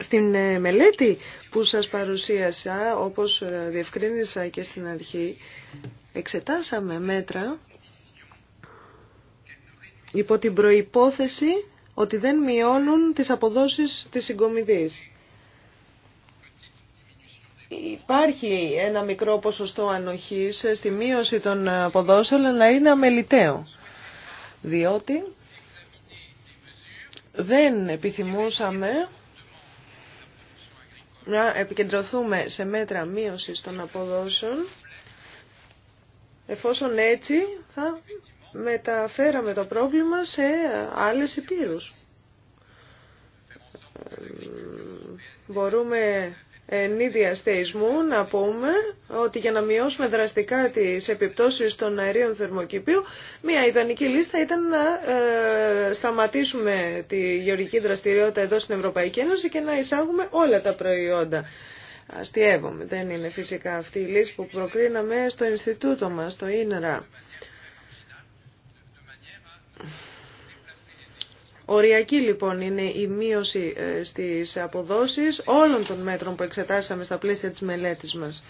Στην ε, μελέτη που σας παρουσίασα, όπως ε, διευκρίνησα και στην αρχή, εξετάσαμε μέτρα υπό την προϋπόθεση ότι δεν μειώνουν τις αποδόσεις της συγκομιδής. Υπάρχει ένα μικρό ποσοστό ανοχής στη μείωση των αποδόσεων, αλλά είναι αμεληταίο. Διότι δεν επιθυμούσαμε να επικεντρωθούμε σε μέτρα μείωσης των αποδόσεων, εφόσον έτσι θα μεταφέραμε το πρόβλημα σε άλλες υπήρους. Μπορούμε εν ίδια να πούμε ότι για να μειώσουμε δραστικά τις επιπτώσεις των αερίων θερμοκηπίου μια ιδανική λίστα ήταν να ε, σταματήσουμε τη γεωργική δραστηριότητα εδώ στην Ευρωπαϊκή Ένωση και να εισάγουμε όλα τα προϊόντα. Αστειεύομαι, δεν είναι φυσικά αυτή η λύση που προκρίναμε στο Ινστιτούτο μας, στο Ίνερα. Οριακή λοιπόν είναι η μείωση ε, στις αποδόσεις όλων των μέτρων που εξετάσαμε στα πλαίσια της μελέτης μας.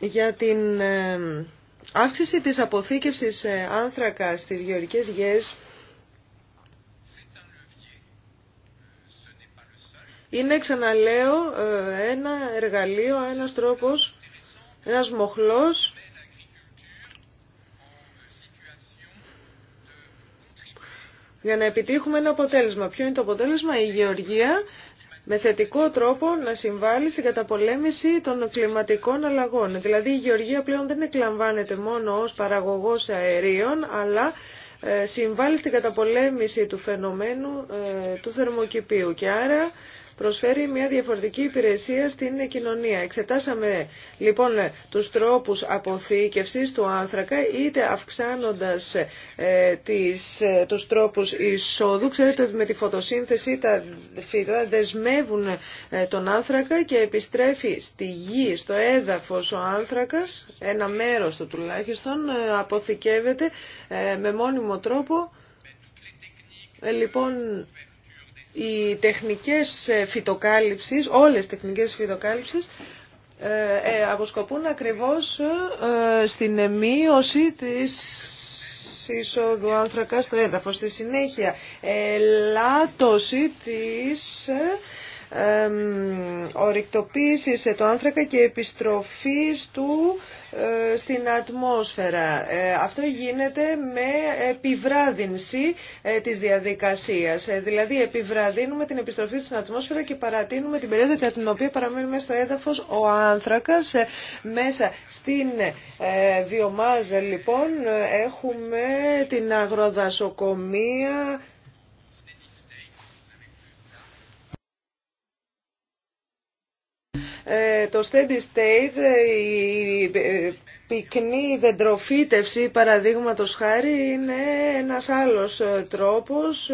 Για την ε, αύξηση της αποθήκευσης ε, άνθρακα στις γεωρικές γης είναι ξαναλέω ένα εργαλείο, ένας τρόπος, ένας μοχλός για να επιτύχουμε ένα αποτέλεσμα. Ποιο είναι το αποτέλεσμα, η γεωργία με θετικό τρόπο να συμβάλλει στην καταπολέμηση των κλιματικών αλλαγών. Δηλαδή η γεωργία πλέον δεν εκλαμβάνεται μόνο ως παραγωγός αερίων, αλλά ε, συμβάλλει στην καταπολέμηση του φαινομένου ε, του θερμοκηπίου. Και άρα προσφέρει μια διαφορετική υπηρεσία στην κοινωνία. Εξετάσαμε λοιπόν τους τρόπους αποθήκευσης του άνθρακα είτε αυξάνοντας ε, τις, ε, τους τρόπους εισόδου. Ξέρετε ότι με τη φωτοσύνθεση τα φυτά δεσμεύουν ε, τον άνθρακα και επιστρέφει στη γη, στο έδαφος ο άνθρακας, ένα μέρος του τουλάχιστον, ε, αποθηκεύεται με μόνιμο τρόπο. λοιπόν, οι τεχνικές ε, φυτοκάλυψης, όλες οι τεχνικές φυτοκάλυψης, ε, ε, αποσκοπούν ακριβώς στην μείωση της εισόδου άνθρακα στο έδαφος. Στη συνέχεια, ελάττωση της ορυκτοποίησης το άνθρακα και επιστροφή του ε, στην ατμόσφαιρα. Ε, αυτό γίνεται με επιβράδυνση ε, της διαδικασίας. Δηλαδή επιβραδύνουμε την επιστροφή στην ατμόσφαιρα και παρατείνουμε την περίοδο την οποία παραμένει μέσα στο έδαφος ο άνθρακας. Μέσα στην βιομάζα λοιπόν έχουμε την αγροδασοκομεία, Ε, το steady state, ε, η ε, πυκνή δεντροφύτευση παραδείγματος χάρη είναι ένας άλλος τρόπος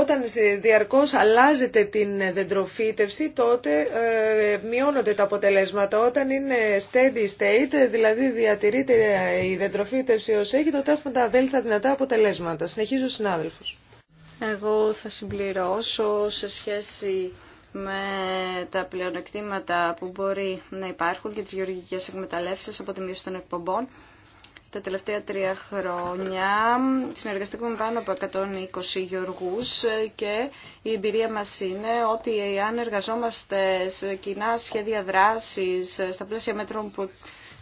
όταν διαρκώς αλλάζεται την δεντροφύτευση τότε μειώνονται τα αποτελέσματα. Όταν είναι steady state, δηλαδή διατηρείται η δεντροφύτευση ως έχει, τότε έχουμε τα βέλτιστα δυνατά αποτελέσματα. Συνεχίζω συνάδελφος. Εγώ θα συμπληρώσω σε σχέση με τα πλεονεκτήματα που μπορεί να υπάρχουν και τις γεωργικές εκμεταλλεύσεις από τη μείωση των εκπομπών. Τα τελευταία τρία χρόνια συνεργαστήκαμε πάνω από 120 γεωργούς και η εμπειρία μας είναι ότι αν εργαζόμαστε σε κοινά σχέδια δράσης στα πλαίσια μέτρων που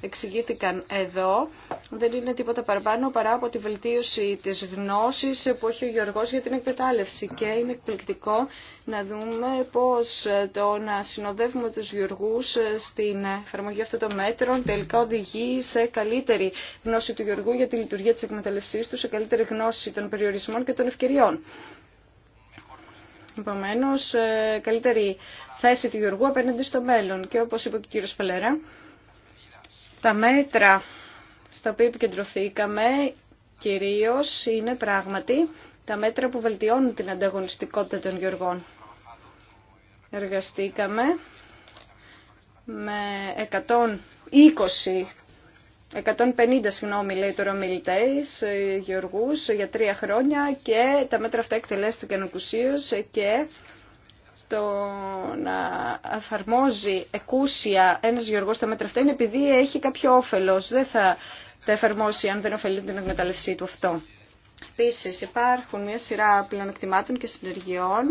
εξηγήθηκαν εδώ δεν είναι τίποτα παραπάνω παρά από τη βελτίωση της γνώσης που έχει ο Γιώργος για την εκμετάλλευση και είναι εκπληκτικό να δούμε πώς το να συνοδεύουμε τους Γιωργούς στην εφαρμογή αυτών των μέτρων τελικά οδηγεί σε καλύτερη γνώση του Γιωργού για τη λειτουργία της εκμεταλλευσής του, σε καλύτερη γνώση των περιορισμών και των ευκαιριών. Επομένω, ε, καλύτερη θέση του Γιωργού απέναντι στο μέλλον. Και όπως είπε και ο κύριος Πελέρα, τα μέτρα στα οποία επικεντρωθήκαμε κυρίως είναι πράγματι τα μέτρα που βελτιώνουν την ανταγωνιστικότητα των γεωργών. Εργαστήκαμε με 120 150 συγγνώμη λέει τώρα μιλητές, ε, γεωργούς για τρία χρόνια και τα μέτρα αυτά εκτελέστηκαν ουσίως και το να εφαρμόζει εκούσια ένα γεωργό τα μέτρα αυτά είναι επειδή έχει κάποιο όφελο. Δεν θα τα εφαρμόσει αν δεν ωφελεί την εκμεταλλευσή του αυτό. Επίση, υπάρχουν μια σειρά πλεονεκτημάτων και συνεργειών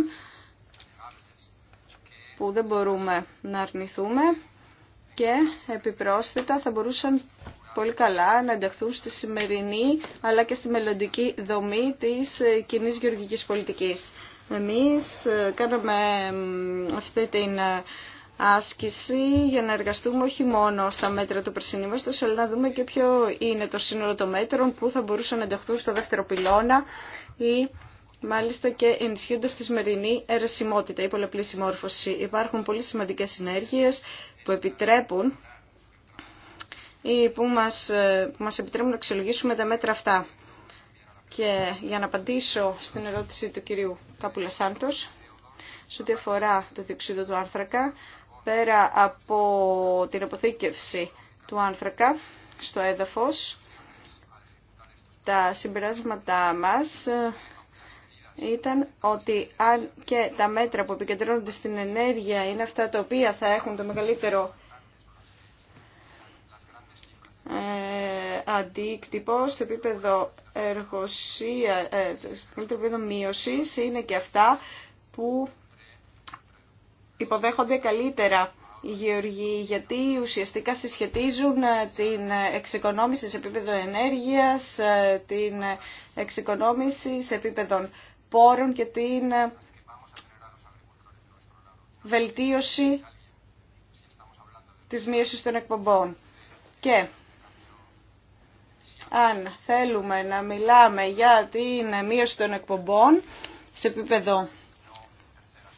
που δεν μπορούμε να αρνηθούμε και επιπρόσθετα θα μπορούσαν πολύ καλά να ενταχθούν στη σημερινή αλλά και στη μελλοντική δομή της ε, κοινή γεωργικής πολιτικής. Εμείς ε, κάναμε αυτή την ε, άσκηση για να εργαστούμε όχι μόνο στα μέτρα του περσινή αλλά να δούμε και ποιο είναι το σύνολο των μέτρων που θα μπορούσαν να ενταχθούν στο δεύτερο πυλώνα ή μάλιστα και ενισχύοντας τη σημερινή αιρεσιμότητα ή πολλαπλή συμμόρφωση. Υπάρχουν πολύ σημαντικές συνέργειες που επιτρέπουν ή που μας, ε, μας επιτρέπουν να αξιολογήσουμε τα μέτρα αυτά. Και για να απαντήσω στην ερώτηση του κυρίου Κάπουλα Σάντος, σε ό,τι αφορά το διοξείδιο του άνθρακα, πέρα από την αποθήκευση του άνθρακα στο έδαφος, τα συμπεράσματά μας ε, ήταν ότι αν και τα μέτρα που επικεντρώνονται στην ενέργεια είναι αυτά τα οποία θα έχουν το μεγαλύτερο ε, αντίκτυπο στο επίπεδο εργοσία, ε, επίπεδο είναι και αυτά που υποδέχονται καλύτερα οι γεωργοί, γιατί ουσιαστικά συσχετίζουν ε, την εξοικονόμηση σε επίπεδο ενέργειας, ε, την εξοικονόμηση σε επίπεδο πόρων και την βελτίωση της μείωσης των εκπομπών. Και αν θέλουμε να μιλάμε για την μείωση των εκπομπών σε επίπεδο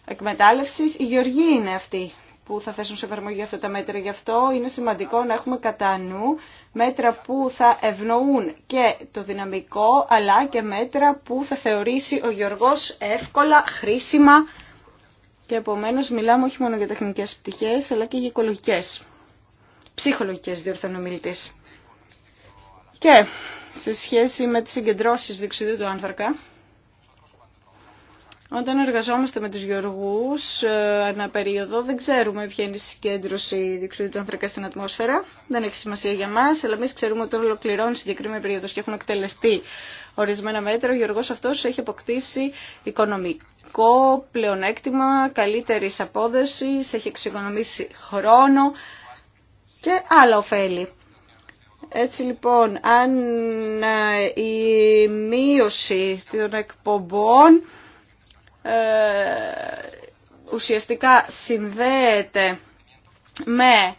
εκμετάλλευσης, η γεωργοί είναι αυτή που θα θέσουν σε εφαρμογή αυτά τα μέτρα. Γι' αυτό είναι σημαντικό να έχουμε κατά νου μέτρα που θα ευνοούν και το δυναμικό, αλλά και μέτρα που θα θεωρήσει ο Γιωργός εύκολα, χρήσιμα και επομένως μιλάμε όχι μόνο για τεχνικές πτυχές, αλλά και για οικολογικές, ψυχολογικές διορθανομιλητές. Και σε σχέση με τις συγκεντρώσεις διεξουδίου του άνθρακα, όταν εργαζόμαστε με τους γεωργούς ένα ε, περίοδο, δεν ξέρουμε ποια είναι η συγκέντρωση διεξουδίου του ανθρακά στην ατμόσφαιρα. Δεν έχει σημασία για μας, αλλά εμεί ξέρουμε ότι ολοκληρώνει συγκεκριμένη περίοδος και έχουν εκτελεστεί ορισμένα μέτρα. Ο γεωργός αυτός έχει αποκτήσει οικονομικό πλεονέκτημα, καλύτερη απόδοση, έχει εξοικονομήσει χρόνο και άλλα ωφέλη. Έτσι λοιπόν, αν ε, η μείωση των εκπομπών ε, ουσιαστικά συνδέεται με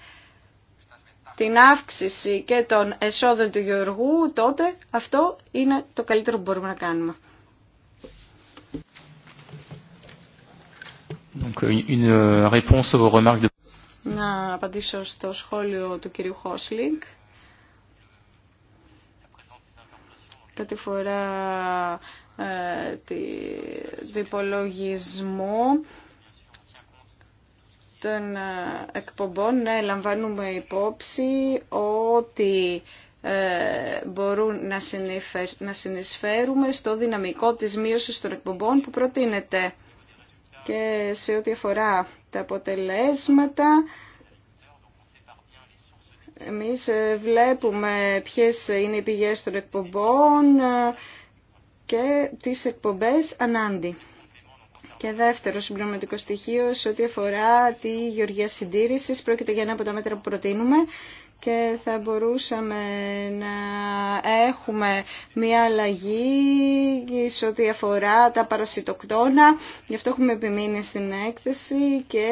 την αύξηση και των εσόδων του γεωργού, τότε αυτό είναι το καλύτερο που μπορούμε να κάνουμε. Να απαντήσω στο σχόλιο του κυρίου Χόσλινγκ. κάτι φορά ε, του υπολογισμού των ε, εκπομπών, ναι, λαμβάνουμε υπόψη ότι ε, μπορούν να, να συνεισφέρουμε στο δυναμικό της μείωσης των εκπομπών που προτείνεται. Και σε ό,τι αφορά τα αποτελέσματα, εμείς ε, βλέπουμε ποιες είναι οι πηγές των εκπομπών ε, και τις εκπομπές ανάντι. Και δεύτερο συμπληρωματικό στοιχείο σε ό,τι αφορά τη γεωργία συντήρησης πρόκειται για ένα από τα μέτρα που προτείνουμε και θα μπορούσαμε να έχουμε μια αλλαγή σε ό,τι αφορά τα παρασιτοκτόνα. Γι' αυτό έχουμε επιμείνει στην έκθεση και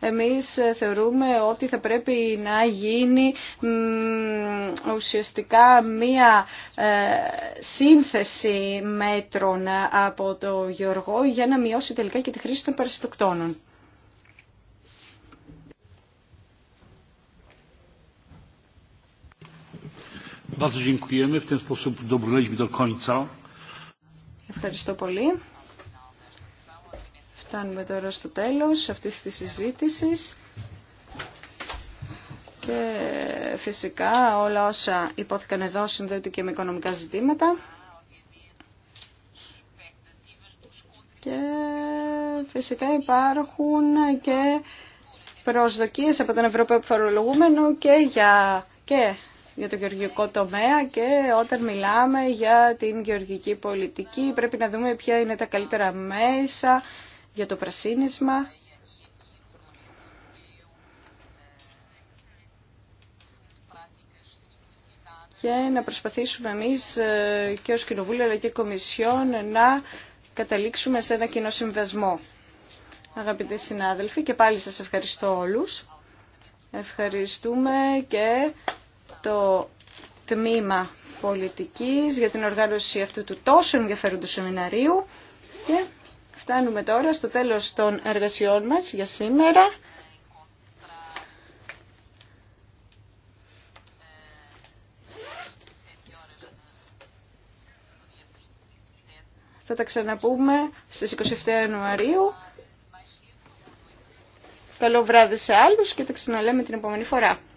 εμείς θεωρούμε ότι θα πρέπει να γίνει ουσιαστικά μια ε, σύνθεση μέτρων από το Γεωργό για να μειώσει τελικά και τη χρήση των παρασιτοκτόνων. Ευχαριστώ πολύ. Φτάνουμε τώρα στο τέλος αυτής της συζήτησης. Και φυσικά όλα όσα υπόθηκαν εδώ συνδέονται και με οικονομικά ζητήματα. Και φυσικά υπάρχουν και προσδοκίες από τον Ευρωπαίο Φορολογούμενο και για και για το γεωργικό τομέα και όταν μιλάμε για την γεωργική πολιτική πρέπει να δούμε ποια είναι τα καλύτερα μέσα για το πρασίνισμα. Και να προσπαθήσουμε εμείς ε, και ως Κοινοβούλιο αλλά και Κομισιόν να καταλήξουμε σε ένα κοινό συμβασμό. Αγαπητοί συνάδελφοι, και πάλι σας ευχαριστώ όλους. Ευχαριστούμε και το τμήμα πολιτικής για την οργάνωση αυτού του τόσο ενδιαφέροντος σεμιναρίου και φτάνουμε τώρα στο τέλος των εργασιών μας για σήμερα. Θα τα ξαναπούμε στις 27 Ιανουαρίου. Καλό βράδυ σε άλλους και τα ξαναλέμε την επόμενη φορά.